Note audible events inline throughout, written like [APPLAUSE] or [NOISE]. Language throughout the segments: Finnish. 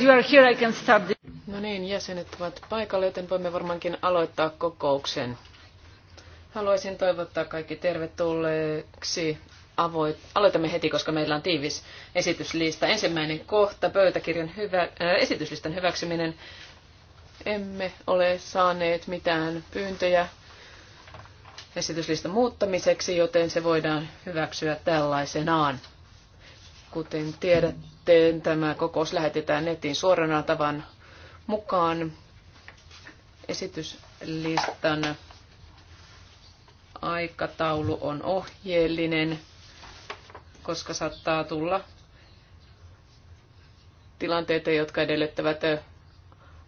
you are here, I can start No niin, jäsenet ovat paikalla, joten voimme varmaankin aloittaa kokouksen. Haluaisin toivottaa kaikki tervetulleeksi. Avoit, aloitamme heti, koska meillä on tiivis esityslista. Ensimmäinen kohta, pöytäkirjan hyvä, äh, esityslistan hyväksyminen. Emme ole saaneet mitään pyyntöjä esityslistan muuttamiseksi, joten se voidaan hyväksyä tällaisenaan. Kuten tiedätte, tämä kokous lähetetään netin suorana tavan mukaan esityslistan aikataulu on ohjeellinen, koska saattaa tulla tilanteita, jotka edellyttävät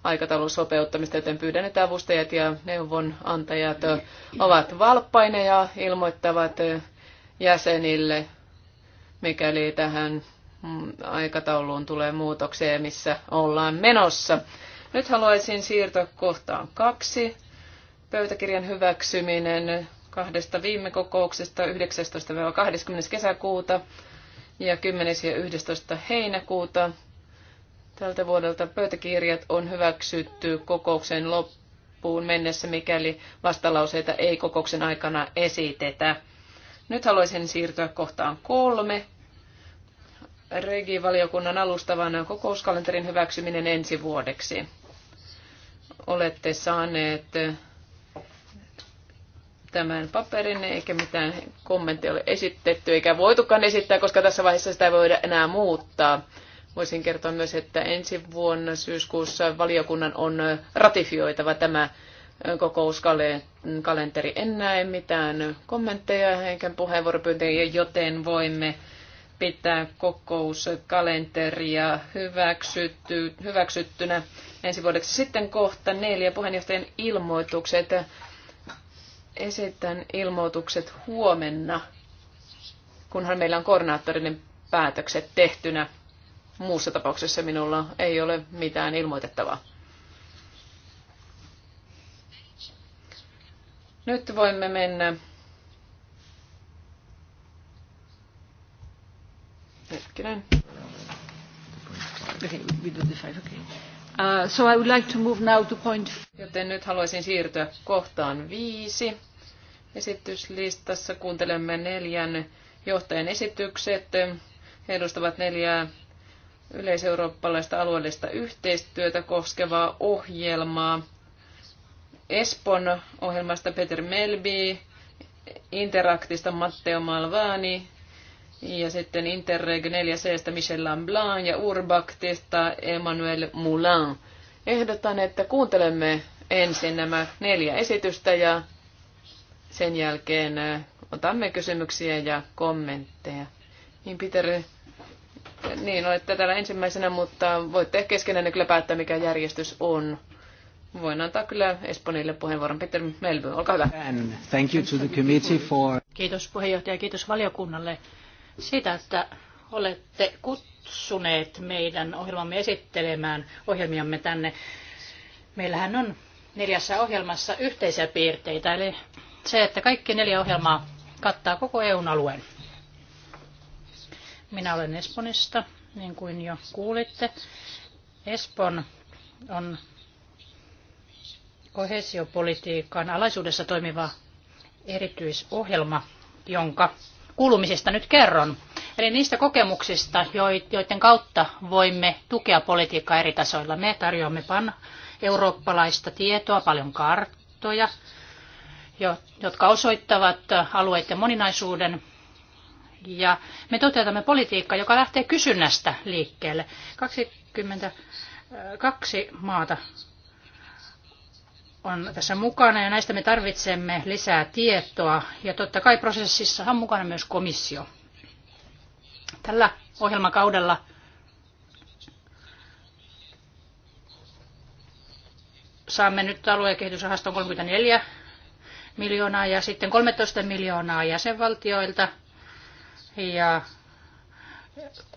aikataulun sopeuttamista, joten pyydän, että avustajat ja neuvonantajat ovat valppaina ja ilmoittavat jäsenille mikäli tähän aikatauluun tulee muutoksia, missä ollaan menossa. Nyt haluaisin siirtyä kohtaan kaksi. Pöytäkirjan hyväksyminen kahdesta viime kokouksesta 19-20. kesäkuuta ja 10. ja 11. heinäkuuta. Tältä vuodelta pöytäkirjat on hyväksytty kokouksen loppuun mennessä, mikäli vastalauseita ei kokouksen aikana esitetä. Nyt haluaisin siirtyä kohtaan kolme regivaliokunnan alustavan kokouskalenterin hyväksyminen ensi vuodeksi. Olette saaneet tämän paperin, eikä mitään kommentteja ole esitetty, eikä voitukaan esittää, koska tässä vaiheessa sitä ei voida enää muuttaa. Voisin kertoa myös, että ensi vuonna syyskuussa valiokunnan on ratifioitava tämä kokouskalenteri. En näe mitään kommentteja eikä puheenvuoropyyntöjä, joten voimme pitää kokouskalenteria hyväksytty, hyväksyttynä ensi vuodeksi. Sitten kohta neljä puheenjohtajan ilmoitukset. Esitän ilmoitukset huomenna, kunhan meillä on koordinaattorinen päätökset tehtynä. Muussa tapauksessa minulla ei ole mitään ilmoitettavaa. Nyt voimme mennä Hetkinen. Joten nyt haluaisin siirtyä kohtaan viisi. Esityslistassa kuuntelemme neljän johtajan esitykset. He edustavat neljää yleiseurooppalaista alueellista yhteistyötä koskevaa ohjelmaa. Espon ohjelmasta Peter Melby, Interaktista Matteo Malvani ja sitten Interreg 4 c Michel Lamblin ja Urbaktista Emmanuel Moulin. Ehdotan, että kuuntelemme ensin nämä neljä esitystä ja sen jälkeen äh, otamme kysymyksiä ja kommentteja. Niin Peter, äh, niin olette täällä ensimmäisenä, mutta voitte keskenään kyllä päättää, mikä järjestys on. Voin antaa kyllä Espanjille puheenvuoron. Peter Melby, olkaa hyvä. thank you to the committee for... Kiitos puheenjohtaja, kiitos valiokunnalle siitä, että olette kutsuneet meidän ohjelmamme esittelemään ohjelmiamme tänne. Meillähän on neljässä ohjelmassa yhteisiä piirteitä, eli se, että kaikki neljä ohjelmaa kattaa koko EUn alueen. Minä olen Esponista, niin kuin jo kuulitte. Espon on kohesiopolitiikan alaisuudessa toimiva erityisohjelma, jonka kuulumisista nyt kerron. Eli niistä kokemuksista, joiden kautta voimme tukea politiikkaa eri tasoilla. Me tarjoamme pan eurooppalaista tietoa, paljon karttoja, jotka osoittavat alueiden moninaisuuden. Ja me toteutamme politiikkaa, joka lähtee kysynnästä liikkeelle. 22 maata on tässä mukana ja näistä me tarvitsemme lisää tietoa. Ja totta kai prosessissa on mukana myös komissio. Tällä ohjelmakaudella saamme nyt aluekehitysrahaston 34 miljoonaa ja sitten 13 miljoonaa jäsenvaltioilta ja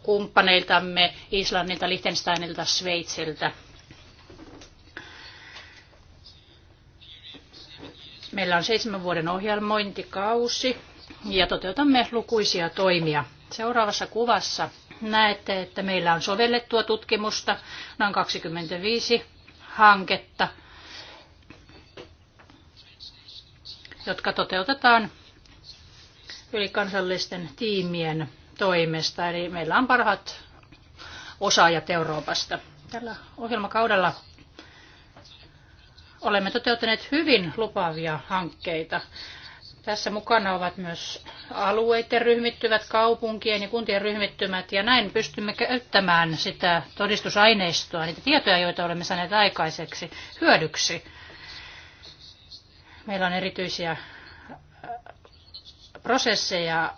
kumppaneiltamme Islannilta, Liechtensteinilta, Sveitsiltä – Meillä on seitsemän vuoden ohjelmointikausi ja toteutamme lukuisia toimia. Seuraavassa kuvassa näette, että meillä on sovellettua tutkimusta, noin 25 hanketta, jotka toteutetaan ylikansallisten tiimien toimesta. Eli meillä on parhaat osaajat Euroopasta. Tällä ohjelmakaudella olemme toteuttaneet hyvin lupaavia hankkeita. Tässä mukana ovat myös alueiden ryhmittyvät, kaupunkien ja kuntien ryhmittymät, ja näin pystymme käyttämään sitä todistusaineistoa, niitä tietoja, joita olemme saaneet aikaiseksi, hyödyksi. Meillä on erityisiä prosesseja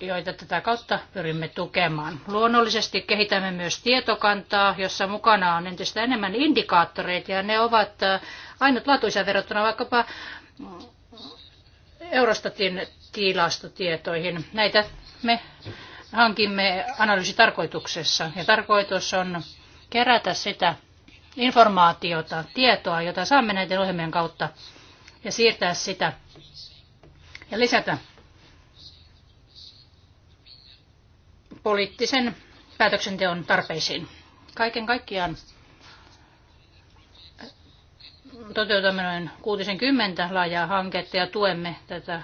joita tätä kautta pyrimme tukemaan. Luonnollisesti kehitämme myös tietokantaa, jossa mukana on entistä enemmän indikaattoreita ja ne ovat äh, ainutlaatuisia verrattuna vaikkapa äh, Eurostatin tilastotietoihin. Näitä me hankimme analyysitarkoituksessa ja tarkoitus on kerätä sitä informaatiota, tietoa, jota saamme näiden ohjelmien kautta ja siirtää sitä ja lisätä poliittisen päätöksenteon tarpeisiin. Kaiken kaikkiaan toteutamme noin 60 laajaa hanketta ja tuemme tätä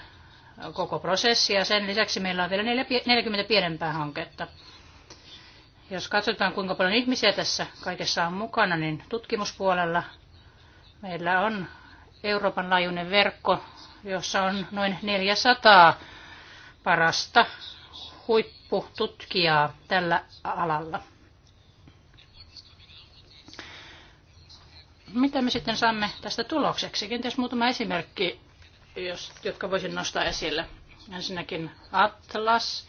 koko prosessia. Sen lisäksi meillä on vielä 40 pienempää hanketta. Jos katsotaan, kuinka paljon ihmisiä tässä kaikessa on mukana, niin tutkimuspuolella meillä on Euroopan laajuinen verkko, jossa on noin 400 parasta huippututkijaa tällä alalla. Mitä me sitten saamme tästä tulokseksi? Kenties muutama esimerkki, jos, jotka voisin nostaa esille. Ensinnäkin Atlas,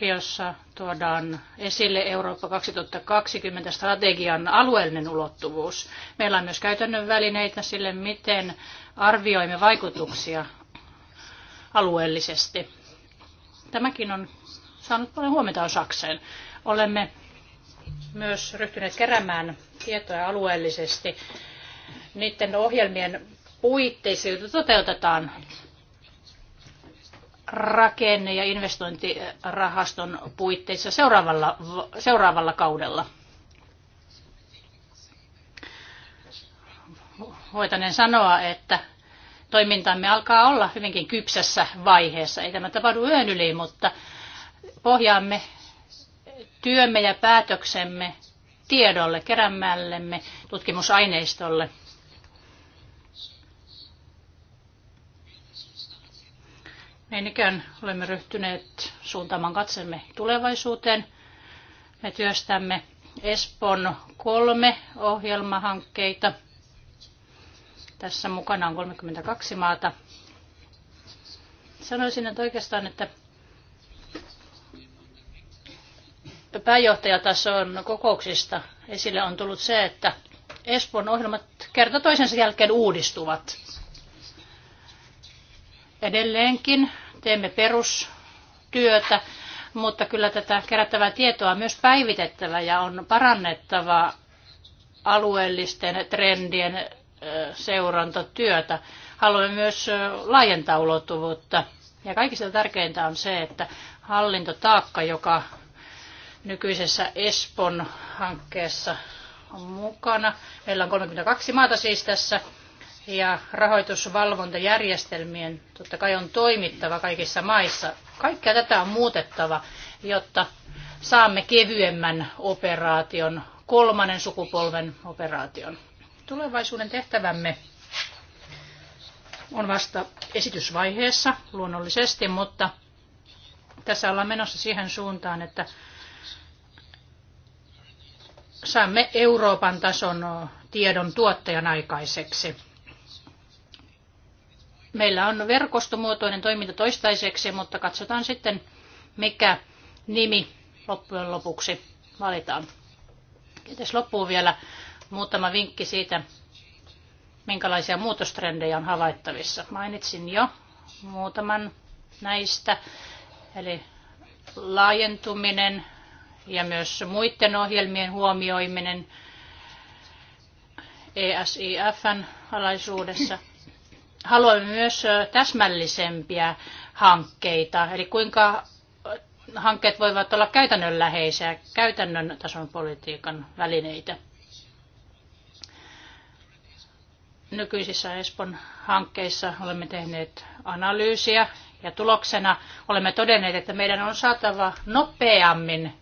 jossa tuodaan esille Eurooppa 2020 strategian alueellinen ulottuvuus. Meillä on myös käytännön välineitä sille, miten arvioimme vaikutuksia alueellisesti. Tämäkin on saanut paljon huomiota osakseen. Olemme myös ryhtyneet keräämään tietoja alueellisesti niiden ohjelmien puitteissa, joita toteutetaan rakenne- ja investointirahaston puitteissa seuraavalla, seuraavalla kaudella. Voitanen sanoa, että toimintamme alkaa olla hyvinkin kypsässä vaiheessa. Ei tämä tapahdu yön yli, mutta pohjaamme työmme ja päätöksemme tiedolle, keräämällemme tutkimusaineistolle. Me ikään olemme ryhtyneet suuntaamaan katsemme tulevaisuuteen. Me työstämme Espon kolme ohjelmahankkeita. Tässä mukana on 32 maata. Sanoisin, että oikeastaan, että pääjohtajatason kokouksista esille on tullut se, että Espoon ohjelmat kerta toisensa jälkeen uudistuvat. Edelleenkin teemme perustyötä, mutta kyllä tätä kerättävää tietoa on myös päivitettävä ja on parannettava alueellisten trendien seurantatyötä. Haluamme myös laajentaa ulottuvuutta. Ja kaikista tärkeintä on se, että hallintotaakka, joka nykyisessä Espon hankkeessa on mukana. Meillä on 32 maata siis tässä ja rahoitusvalvontajärjestelmien totta kai on toimittava kaikissa maissa. Kaikkea tätä on muutettava, jotta saamme kevyemmän operaation, kolmannen sukupolven operaation. Tulevaisuuden tehtävämme on vasta esitysvaiheessa luonnollisesti, mutta tässä ollaan menossa siihen suuntaan, että saamme Euroopan tason tiedon tuottajan aikaiseksi. Meillä on verkostomuotoinen toiminta toistaiseksi, mutta katsotaan sitten, mikä nimi loppujen lopuksi valitaan. Kiitos loppuun vielä muutama vinkki siitä, minkälaisia muutostrendejä on havaittavissa. Mainitsin jo muutaman näistä, eli laajentuminen, ja myös muiden ohjelmien huomioiminen ESIFn alaisuudessa. Haluamme myös täsmällisempiä hankkeita, eli kuinka hankkeet voivat olla käytännönläheisiä, käytännön tason politiikan välineitä. Nykyisissä Espon hankkeissa olemme tehneet analyysiä ja tuloksena olemme todenneet, että meidän on saatava nopeammin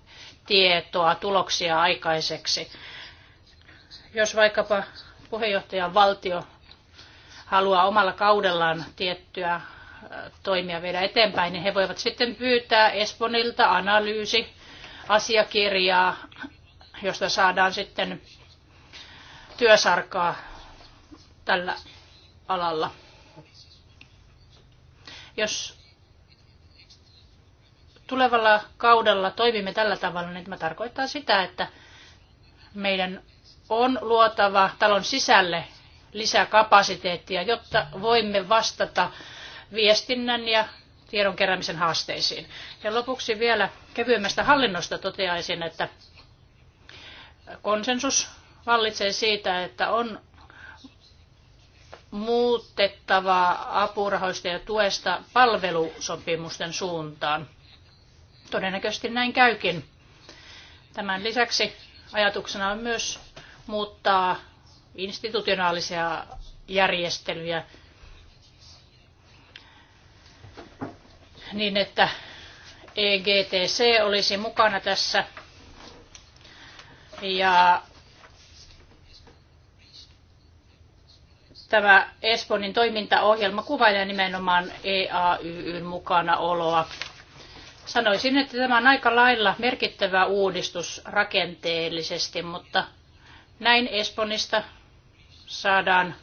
tietoa, tuloksia aikaiseksi. Jos vaikkapa puheenjohtajan valtio haluaa omalla kaudellaan tiettyä toimia viedä eteenpäin, niin he voivat sitten pyytää Esponilta analyysi asiakirjaa, josta saadaan sitten työsarkaa tällä alalla. Jos tulevalla kaudella toimimme tällä tavalla, niin tämä tarkoittaa sitä, että meidän on luotava talon sisälle lisää kapasiteettia, jotta voimme vastata viestinnän ja tiedon keräämisen haasteisiin. Ja lopuksi vielä kevyemmästä hallinnosta toteaisin, että konsensus vallitsee siitä, että on muutettava apurahoista ja tuesta palvelusopimusten suuntaan. Todennäköisesti näin käykin. Tämän lisäksi ajatuksena on myös muuttaa institutionaalisia järjestelyjä niin, että EGTC olisi mukana tässä ja tämä Espoonin toimintaohjelma kuvailee nimenomaan EAYyn oloa. Sanoisin, että tämä on aika lailla merkittävä uudistus rakenteellisesti, mutta näin Esponista saadaan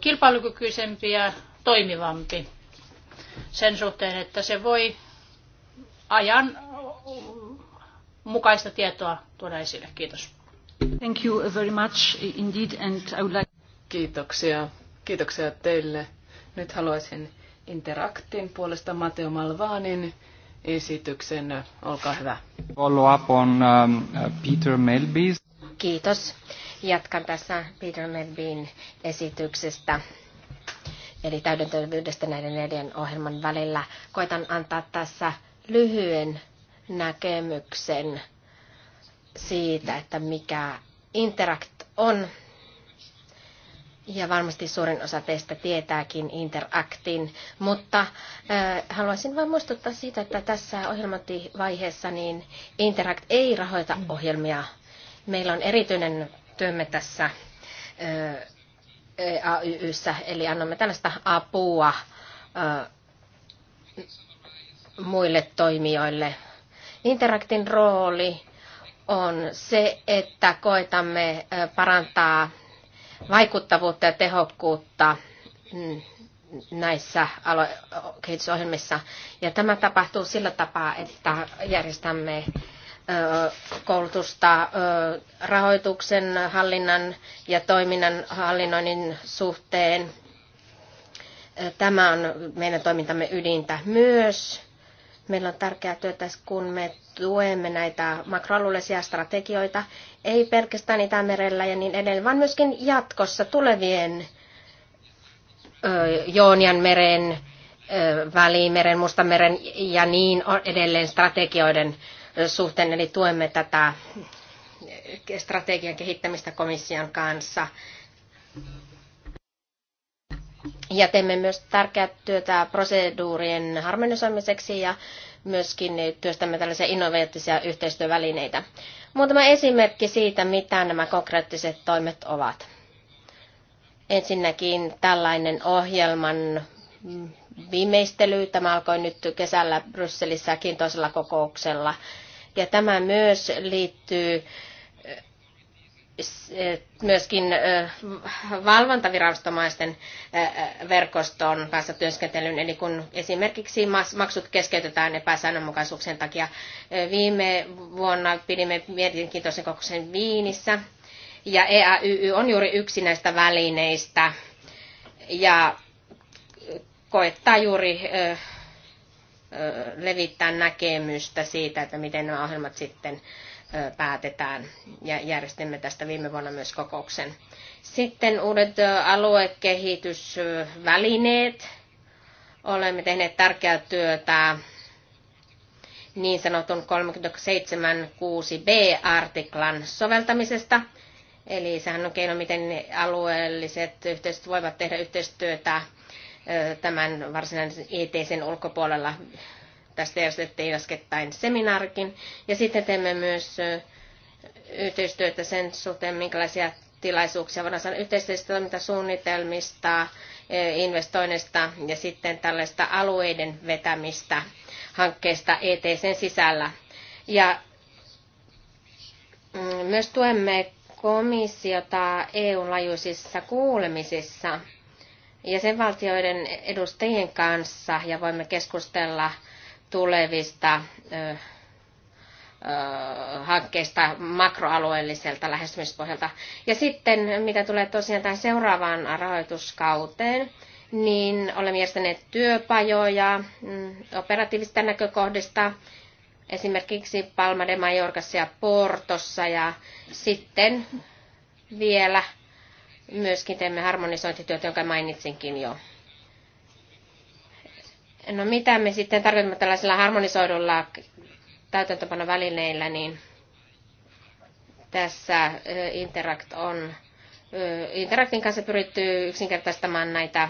kilpailukykyisempi ja toimivampi sen suhteen, että se voi ajan mukaista tietoa tuoda esille. Kiitos. Thank you very much indeed and I would like... Kiitoksia. Kiitoksia teille. Nyt haluaisin Interaktin puolesta Matteo Malvanin esityksen. Olkaa hyvä. Follow up on um, Peter Melby's. Kiitos. Jatkan tässä Peter Melbyn esityksestä eli täydentävyydestä näiden neljän ohjelman välillä. Koitan antaa tässä lyhyen näkemyksen siitä, että mikä Interact on ja varmasti suurin osa teistä tietääkin Interactin, mutta äh, haluaisin vain muistuttaa siitä, että tässä ohjelmointivaiheessa niin Interact ei rahoita ohjelmia. Meillä on erityinen työmme tässä äh, e AYYssä, eli annamme tällaista apua äh, muille toimijoille. Interaktin rooli on se, että koetamme parantaa vaikuttavuutta ja tehokkuutta mm, näissä kehitysohjelmissa. Ja tämä tapahtuu sillä tapaa, että järjestämme koulutusta rahoituksen hallinnan ja toiminnan hallinnoinnin suhteen. Tämä on meidän toimintamme ydintä myös. Meillä on tärkeää työtä, kun me tuemme näitä makroalueellisia strategioita, ei pelkästään Itämerellä ja niin edelleen, vaan myöskin jatkossa tulevien Joonian meren, Välimeren, Mustameren ja niin edelleen strategioiden suhteen, eli tuemme tätä strategian kehittämistä komission kanssa. Ja teemme myös tärkeää työtä proseduurien harmonisoimiseksi ja myöskin työstämme tällaisia innovatiivisia yhteistyövälineitä. Muutama esimerkki siitä, mitä nämä konkreettiset toimet ovat. Ensinnäkin tällainen ohjelman viimeistely. Tämä alkoi nyt kesällä Brysselissäkin toisella kokouksella. Ja tämä myös liittyy myöskin valvontaviranomaisten verkoston kanssa työskentelyyn, eli kun esimerkiksi maksut keskeytetään epäsäännönmukaisuuksien takia. Viime vuonna pidimme mielenkiintoisen kokouksen Viinissä, ja EAYY on juuri yksi näistä välineistä, ja koettaa juuri levittää näkemystä siitä, että miten nämä ohjelmat sitten päätetään ja järjestimme tästä viime vuonna myös kokouksen. Sitten uudet aluekehitysvälineet. Olemme tehneet tärkeää työtä niin sanotun 37.6b-artiklan soveltamisesta. Eli sehän on keino, miten alueelliset yhteisöt voivat tehdä yhteistyötä tämän varsinaisen ETCn ulkopuolella Tästä järjestettiin äskettäin seminaarikin. Ja sitten teemme myös yhteistyötä sen suhteen, minkälaisia tilaisuuksia voidaan saada yhteistyöstä toimintasuunnitelmista, investoinnista ja sitten tällaista alueiden vetämistä hankkeesta ETCn sisällä. Ja mm, myös tuemme komissiota EU-lajuisissa kuulemisissa jäsenvaltioiden edustajien kanssa ja voimme keskustella tulevista hankkeista makroalueelliselta lähestymispohjalta. Ja sitten, mitä tulee tosiaan tähän seuraavaan rahoituskauteen, niin olemme järjestäneet työpajoja mm, operatiivista näkökohdista, esimerkiksi Palma de Mallorcassa ja Portossa, ja sitten vielä myöskin teemme harmonisointityötä, jonka mainitsinkin jo. No mitä me sitten tarkoitamme tällaisella harmonisoidulla täytäntöpanovälineillä, niin tässä Interact on, Interactin kanssa pyritty yksinkertaistamaan näitä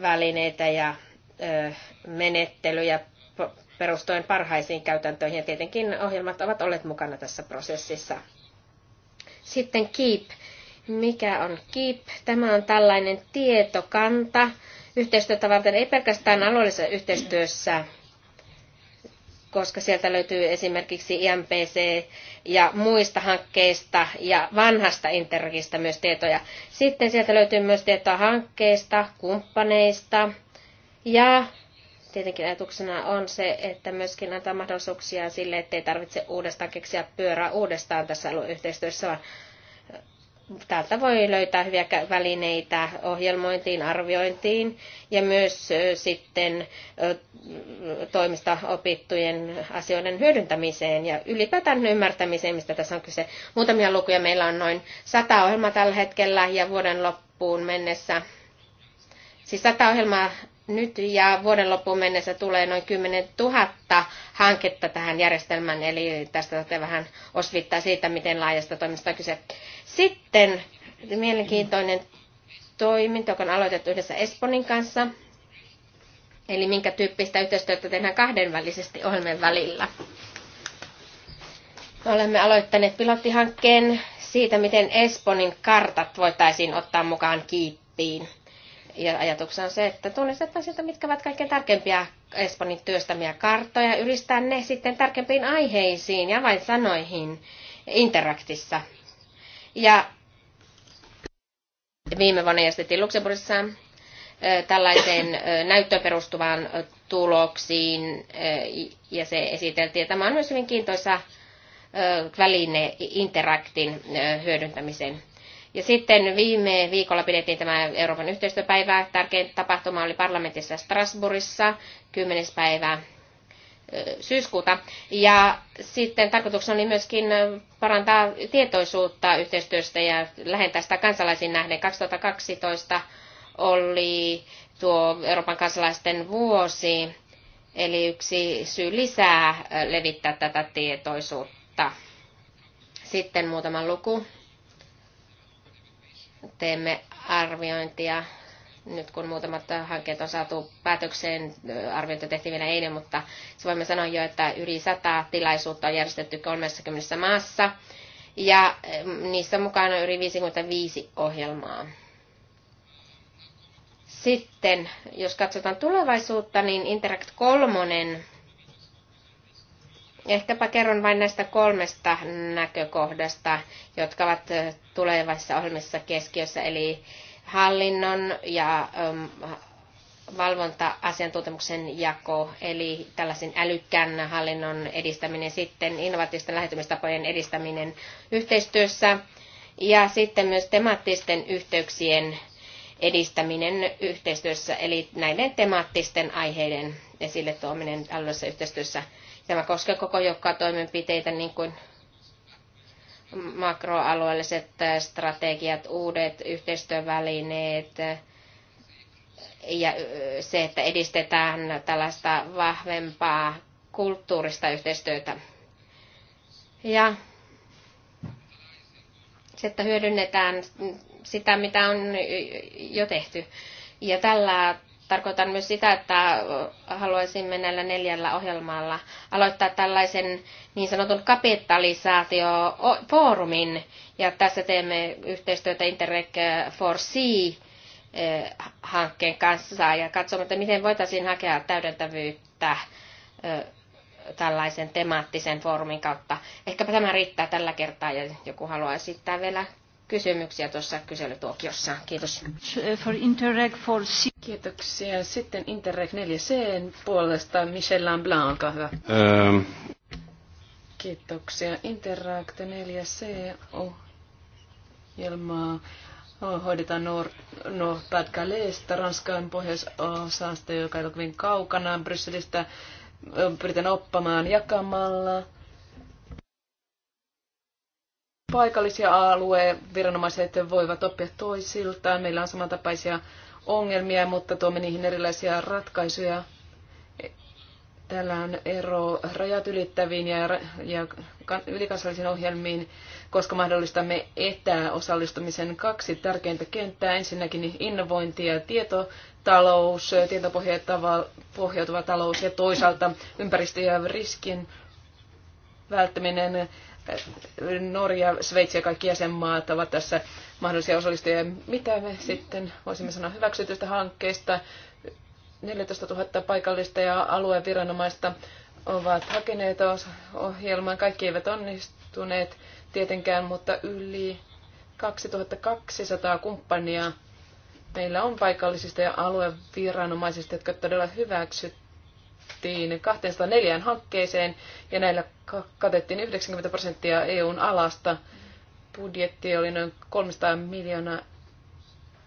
välineitä ja menettelyjä perustuen parhaisiin käytäntöihin ja tietenkin ohjelmat ovat olleet mukana tässä prosessissa. Sitten Keep. Mikä on Keep? Tämä on tällainen tietokanta, yhteistyötä varten, ei pelkästään alueellisessa yhteistyössä, koska sieltä löytyy esimerkiksi IMPC ja muista hankkeista ja vanhasta Interregistä myös tietoja. Sitten sieltä löytyy myös tietoa hankkeista, kumppaneista ja tietenkin ajatuksena on se, että myöskin antaa mahdollisuuksia sille, ettei tarvitse uudestaan keksiä pyörää uudestaan tässä alueyhteistyössä, vaan täältä voi löytää hyviä välineitä ohjelmointiin, arviointiin ja myös sitten toimista opittujen asioiden hyödyntämiseen ja ylipäätään ymmärtämiseen, mistä tässä on kyse. Muutamia lukuja meillä on noin 100 ohjelmaa tällä hetkellä ja vuoden loppuun mennessä. Siis 100 ohjelmaa nyt ja vuoden loppuun mennessä tulee noin 10 000 hanketta tähän järjestelmään, eli tästä saatte vähän osvittaa siitä, miten laajasta toimista on kyse. Sitten mielenkiintoinen toiminta, joka on aloitettu yhdessä Esponin kanssa, eli minkä tyyppistä yhteistyötä tehdään kahdenvälisesti ohjelmien välillä. Olemme aloittaneet pilottihankkeen siitä, miten Esponin kartat voitaisiin ottaa mukaan kiippiin – ja ajatuksena on se, että tunnistetaan sieltä, mitkä ovat kaikkein tärkeimpiä Espanjan työstämiä karttoja, yhdistää ne sitten tärkeimpiin aiheisiin ja vain sanoihin interaktissa. Ja viime vuonna järjestettiin Luxemburgissa tällaiseen näyttöön perustuvaan tuloksiin, ja se esiteltiin. Tämä on myös hyvin kiintoisa väline interaktin hyödyntämiseen. Ja sitten viime viikolla pidettiin tämä Euroopan yhteistyöpäivä. Tärkein tapahtuma oli parlamentissa Strasbourgissa 10. päivää syyskuuta. Ja sitten tarkoituksena oli myöskin parantaa tietoisuutta yhteistyöstä ja lähentää sitä kansalaisiin nähden. 2012 oli tuo Euroopan kansalaisten vuosi, eli yksi syy lisää levittää tätä tietoisuutta. Sitten muutama luku teemme arviointia nyt kun muutamat hankkeet on saatu päätökseen, arviointi tehtiin vielä eilen, mutta se voimme sanoa jo, että yli 100 tilaisuutta on järjestetty 30 maassa ja niissä mukana on yli 55 ohjelmaa. Sitten, jos katsotaan tulevaisuutta, niin Interact 3 Ehkäpä kerron vain näistä kolmesta näkökohdasta, jotka ovat tulevassa ohjelmissa keskiössä, eli hallinnon ja valvonta-asiantuntemuksen jako, eli tällaisen älykkään hallinnon edistäminen, sitten innovatiivisten lähetymistapojen edistäminen yhteistyössä ja sitten myös temaattisten yhteyksien edistäminen yhteistyössä, eli näiden temaattisten aiheiden esille tuominen alueellisessa yhteistyössä. Tämä koskee koko joukkoa toimenpiteitä, niin kuin makroalueelliset strategiat, uudet yhteistyövälineet ja se, että edistetään tällaista vahvempaa kulttuurista yhteistyötä. Ja se, että hyödynnetään sitä, mitä on jo tehty. Ja tällä tarkoitan myös sitä, että haluaisimme näillä neljällä ohjelmalla aloittaa tällaisen niin sanotun kapitalisaatiofoorumin. Ja tässä teemme yhteistyötä Interreg for c hankkeen kanssa ja katsomme, että miten voitaisiin hakea täydentävyyttä tällaisen temaattisen foorumin kautta. Ehkäpä tämä riittää tällä kertaa ja joku haluaa esittää vielä kysymyksiä tuossa kyselytuokiossa. Kiitos. For Interreg for C. Kiitoksia. Sitten Interreg 4C puolesta Michel Lamblin, olkaa hyvä. Um. Kiitoksia. Interact 4C ohjelmaa hoidetaan Nord, Nord Calaiста, Ranskan pohjoisosasta, joka ei ole kovin kaukana Brysselistä. Pyritään oppamaan jakamalla paikallisia alueviranomaiset voivat oppia toisiltaan. Meillä on samantapaisia ongelmia, mutta tuomme niihin erilaisia ratkaisuja. Täällä on ero rajat ylittäviin ja, ja ylikansallisiin ohjelmiin, koska mahdollistamme etäosallistumisen kaksi tärkeintä kenttää. Ensinnäkin innovointi ja tietotalous, tietopohjautuva talous ja toisaalta ympäristö- ja riskin välttäminen Norja, Sveitsi ja kaikki jäsenmaat ovat tässä mahdollisia osallistujia. Mitä me sitten voisimme sanoa hyväksytystä hankkeista? 14 000 paikallista ja alueviranomaista ovat hakeneet ohjelman. Kaikki eivät onnistuneet tietenkään, mutta yli 2200 kumppania meillä on paikallisista ja alueviranomaisista, jotka todella hyväksyt, ryhdyttiin 204 hankkeeseen ja näillä katettiin 90 prosenttia EUn alasta. Budjetti oli noin 300 miljoonaa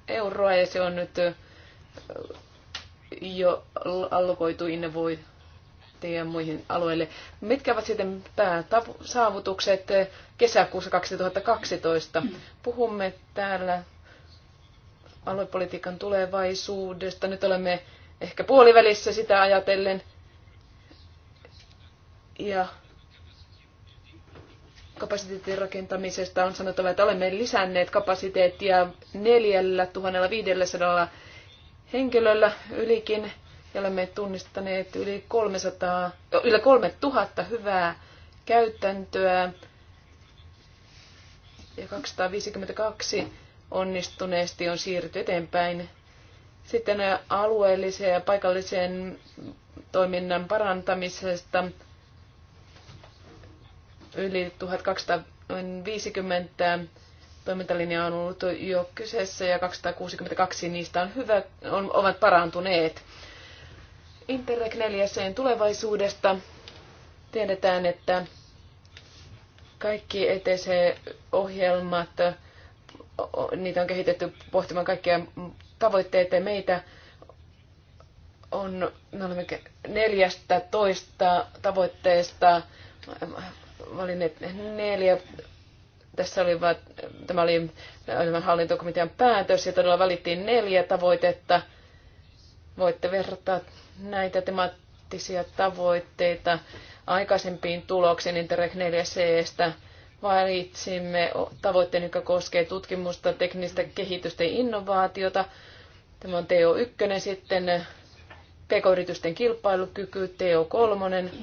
euroa ja se on nyt jo allokoitu ja muihin alueille. Mitkä ovat sitten pääsaavutukset kesäkuussa 2012? Puhumme täällä aluepolitiikan tulevaisuudesta. Nyt olemme ehkä puolivälissä sitä ajatellen ja kapasiteetin rakentamisesta on sanottava, että olemme lisänneet kapasiteettia 4500 henkilöllä ylikin ja olemme tunnistaneet yli, 300, no, yli 3000 hyvää käytäntöä ja 252 onnistuneesti on siirrytty eteenpäin. Sitten alueelliseen ja paikalliseen toiminnan parantamisesta yli 1250 toimintalinjaa on ollut jo kyseessä ja 262 niistä on hyvä, on, ovat parantuneet. Interreg 4 tulevaisuudesta tiedetään, että kaikki ETC-ohjelmat, niitä on kehitetty pohtimaan kaikkia tavoitteita meitä on, me olemme tavoitteesta Valimme neljä. Tässä oli vain, tämä oli tämän hallintokomitean päätös ja todella valittiin neljä tavoitetta. Voitte verrata näitä temaattisia tavoitteita aikaisempiin tuloksiin Interreg 4Cstä valitsimme tavoitteen, joka koskee tutkimusta, teknistä kehitystä ja innovaatiota. Tämä on TO1, sitten PK-yritysten kilpailukyky, TO3,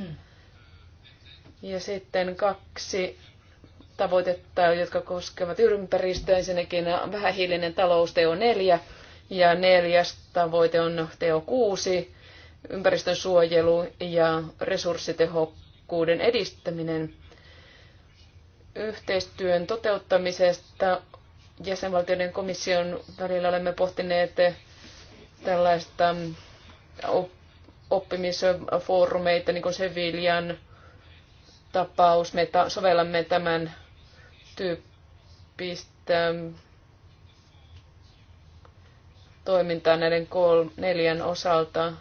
ja sitten kaksi tavoitetta, jotka koskevat ympäristöä. Ensinnäkin vähähiilinen talous teo 4 ja neljäs tavoite on teo 6, ympäristön suojelu ja resurssitehokkuuden edistäminen. Yhteistyön toteuttamisesta jäsenvaltioiden komission välillä olemme pohtineet tällaista oppimisfoorumeita, niin kuin Seviljan tapaus. Me ta- sovellamme tämän tyyppistä ähm, toimintaa näiden kol- neljän osalta.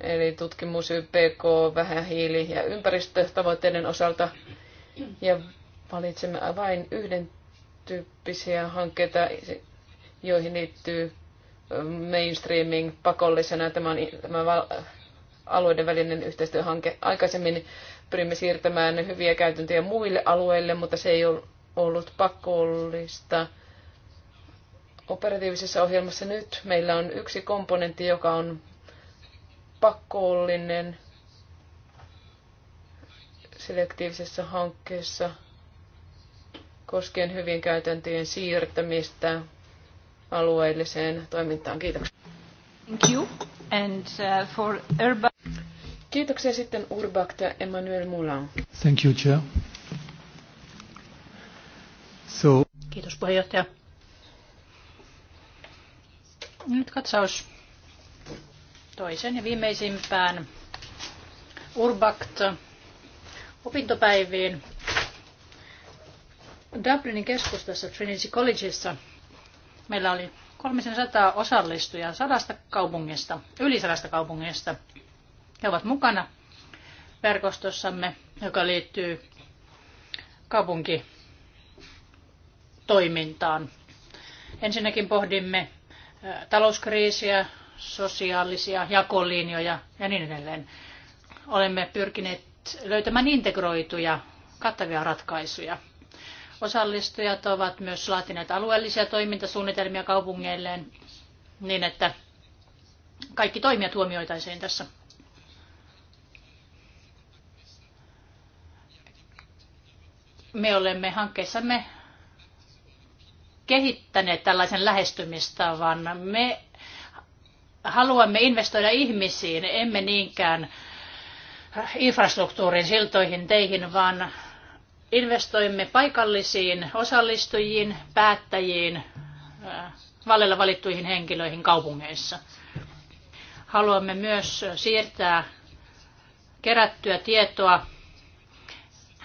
Eli tutkimus, YPK, vähähiili ja ympäristötavoitteiden osalta. Ja valitsemme vain yhden tyyppisiä hankkeita, joihin liittyy ähm, mainstreaming pakollisena. Tämä on tämä alueiden välinen yhteistyöhanke. Aikaisemmin pyrimme siirtämään hyviä käytäntöjä muille alueille, mutta se ei ollut pakollista operatiivisessa ohjelmassa nyt. Meillä on yksi komponentti, joka on pakollinen selektiivisessä hankkeessa koskien hyvien käytäntöjen siirtämistä alueelliseen toimintaan. Kiitoksia. Thank you. And uh, for Urba... Kiitoksia sitten Urbakta Emmanuel Moulin. Thank you, Chair. So... Kiitos puheenjohtaja. Nyt katsaus toisen ja viimeisimpään Urbakt opintopäiviin Dublinin keskustassa Trinity Collegeissa meillä oli 300 osallistujaa sadasta kaupungista, yli sadasta kaupungista. He ovat mukana verkostossamme, joka liittyy kaupunkitoimintaan. Ensinnäkin pohdimme talouskriisiä, sosiaalisia jakolinjoja ja niin edelleen. Olemme pyrkineet löytämään integroituja, kattavia ratkaisuja – Osallistujat ovat myös laatineet alueellisia toimintasuunnitelmia kaupungeilleen niin, että kaikki toimijat huomioitaisiin tässä. Me olemme hankkeessamme kehittäneet tällaisen lähestymistavan. Me haluamme investoida ihmisiin, emme niinkään infrastruktuurin siltoihin, teihin, vaan investoimme paikallisiin osallistujiin, päättäjiin, äh, vallella valittuihin henkilöihin kaupungeissa. Haluamme myös siirtää kerättyä tietoa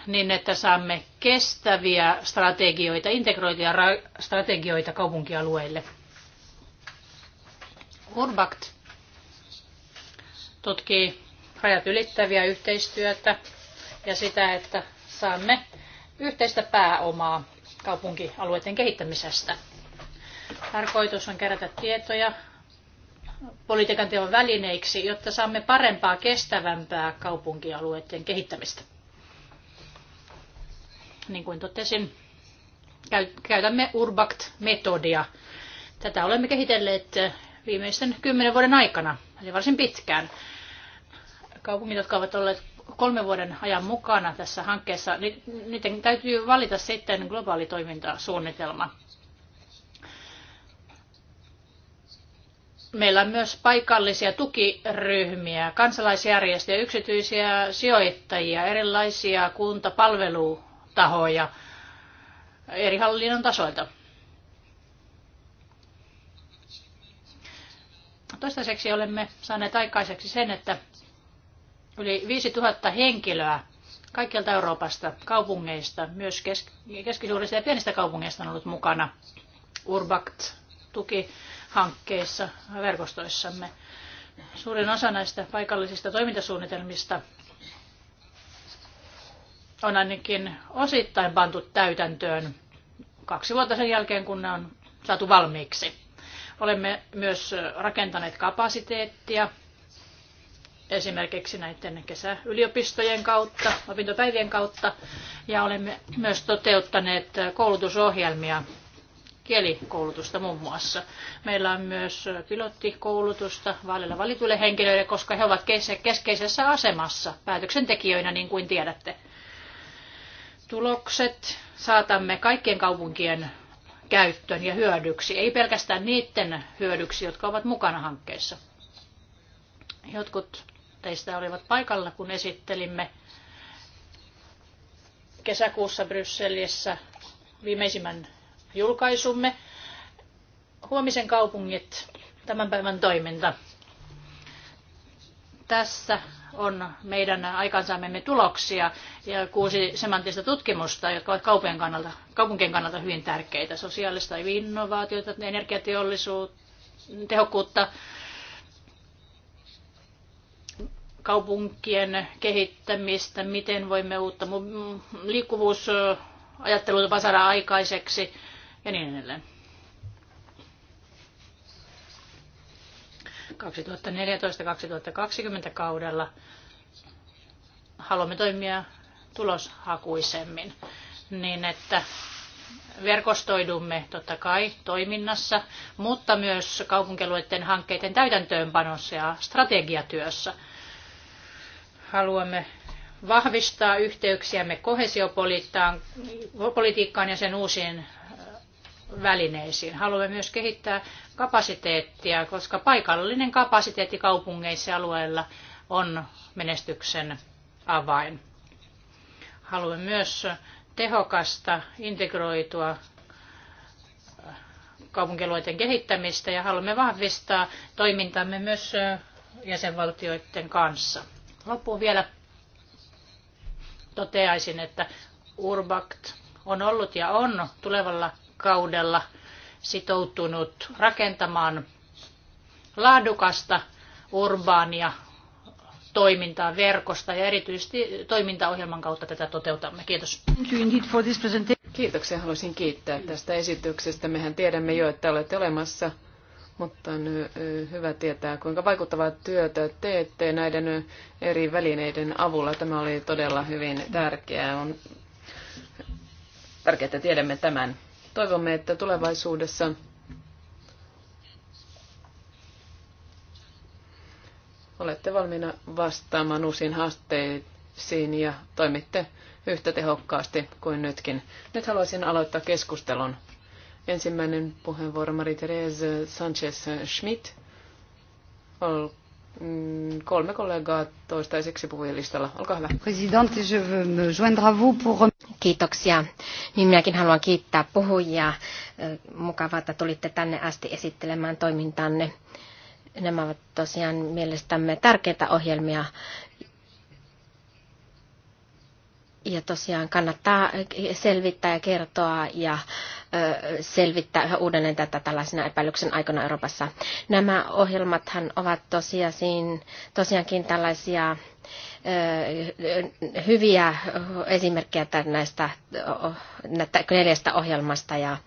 niin, että saamme kestäviä strategioita, integroituja strategioita kaupunkialueille. Urbact tutkii rajat ylittäviä yhteistyötä ja sitä, että saamme yhteistä pääomaa kaupunkialueiden kehittämisestä. Tarkoitus on kerätä tietoja politiikan teon välineiksi, jotta saamme parempaa, kestävämpää kaupunkialueiden kehittämistä. Niin kuin totesin, käytämme Urbact-metodia. Tätä olemme kehitelleet viimeisten kymmenen vuoden aikana, eli varsin pitkään. Kaupungit, jotka ovat olleet kolmen vuoden ajan mukana tässä hankkeessa, niin niiden täytyy valita sitten globaali toimintasuunnitelma. Meillä on myös paikallisia tukiryhmiä, kansalaisjärjestöjä, yksityisiä sijoittajia, erilaisia kuntapalvelutahoja eri hallinnon tasoilta. Toistaiseksi olemme saaneet aikaiseksi sen, että yli 5000 henkilöä kaikkialta Euroopasta, kaupungeista, myös keskisuurista ja pienistä kaupungeista on ollut mukana Urbact-tukihankkeissa verkostoissamme. Suurin osa näistä paikallisista toimintasuunnitelmista on ainakin osittain pantu täytäntöön kaksi vuotta sen jälkeen, kun ne on saatu valmiiksi. Olemme myös rakentaneet kapasiteettia esimerkiksi näiden kesäyliopistojen kautta, opintopäivien kautta, ja olemme myös toteuttaneet koulutusohjelmia, kielikoulutusta muun muassa. Meillä on myös pilottikoulutusta vaaleilla valituille henkilöille, koska he ovat keskeisessä asemassa päätöksentekijöinä, niin kuin tiedätte. Tulokset saatamme kaikkien kaupunkien käyttöön ja hyödyksi, ei pelkästään niiden hyödyksi, jotka ovat mukana hankkeessa jotkut teistä olivat paikalla, kun esittelimme kesäkuussa Brysselissä viimeisimmän julkaisumme. Huomisen kaupungit, tämän päivän toiminta. Tässä on meidän aikaansaamemme tuloksia ja kuusi semanttista tutkimusta, jotka ovat kaupunkien kannalta, kaupunkien kannalta hyvin tärkeitä. Sosiaalista innovaatiota, energiateollisuutta, tehokkuutta, kaupunkien kehittämistä, miten voimme uutta liikkuvuusajattelua saada aikaiseksi ja niin edelleen. 2014-2020 kaudella haluamme toimia tuloshakuisemmin niin, että verkostoidumme totta kai toiminnassa, mutta myös kaupunkialueiden hankkeiden täytäntöönpanossa ja strategiatyössä – Haluamme vahvistaa yhteyksiämme kohesiopolitiikkaan ja sen uusiin välineisiin. Haluamme myös kehittää kapasiteettia, koska paikallinen kapasiteetti kaupungeissa ja alueilla on menestyksen avain. Haluamme myös tehokasta, integroitua kaupunkialueiden kehittämistä ja haluamme vahvistaa toimintamme myös jäsenvaltioiden kanssa. Loppuun vielä toteaisin, että Urbact on ollut ja on tulevalla kaudella sitoutunut rakentamaan laadukasta urbaania toimintaa verkosta ja erityisesti toimintaohjelman kautta tätä toteutamme. Kiitos. Kiitoksia. Haluaisin kiittää tästä esityksestä. Mehän tiedämme jo, että olette olemassa mutta on hyvä tietää, kuinka vaikuttavaa työtä teette näiden eri välineiden avulla. Tämä oli todella hyvin tärkeää. On tärkeää, että tiedämme tämän. Toivomme, että tulevaisuudessa olette valmiina vastaamaan uusiin haasteisiin ja toimitte yhtä tehokkaasti kuin nytkin. Nyt haluaisin aloittaa keskustelun. Ensimmäinen puheenvuoro Marie-Therese Sanchez-Schmidt. Mm, kolme kollegaa toistaiseksi puhujalistalla. Olkaa hyvä. Presidente, je veux me joindre à vous pour... Kiitoksia. Niin minäkin haluan kiittää puhujia. Mukavaa, että tulitte tänne asti esittelemään toimintanne. Nämä ovat tosiaan mielestämme tärkeitä ohjelmia, ja tosiaan kannattaa selvittää ja kertoa ja selvittää yhä uudelleen tätä tällaisena epäilyksen aikana Euroopassa. Nämä ohjelmathan ovat tosiaan, tosiaankin tällaisia hyviä esimerkkejä näistä neljästä ohjelmasta ja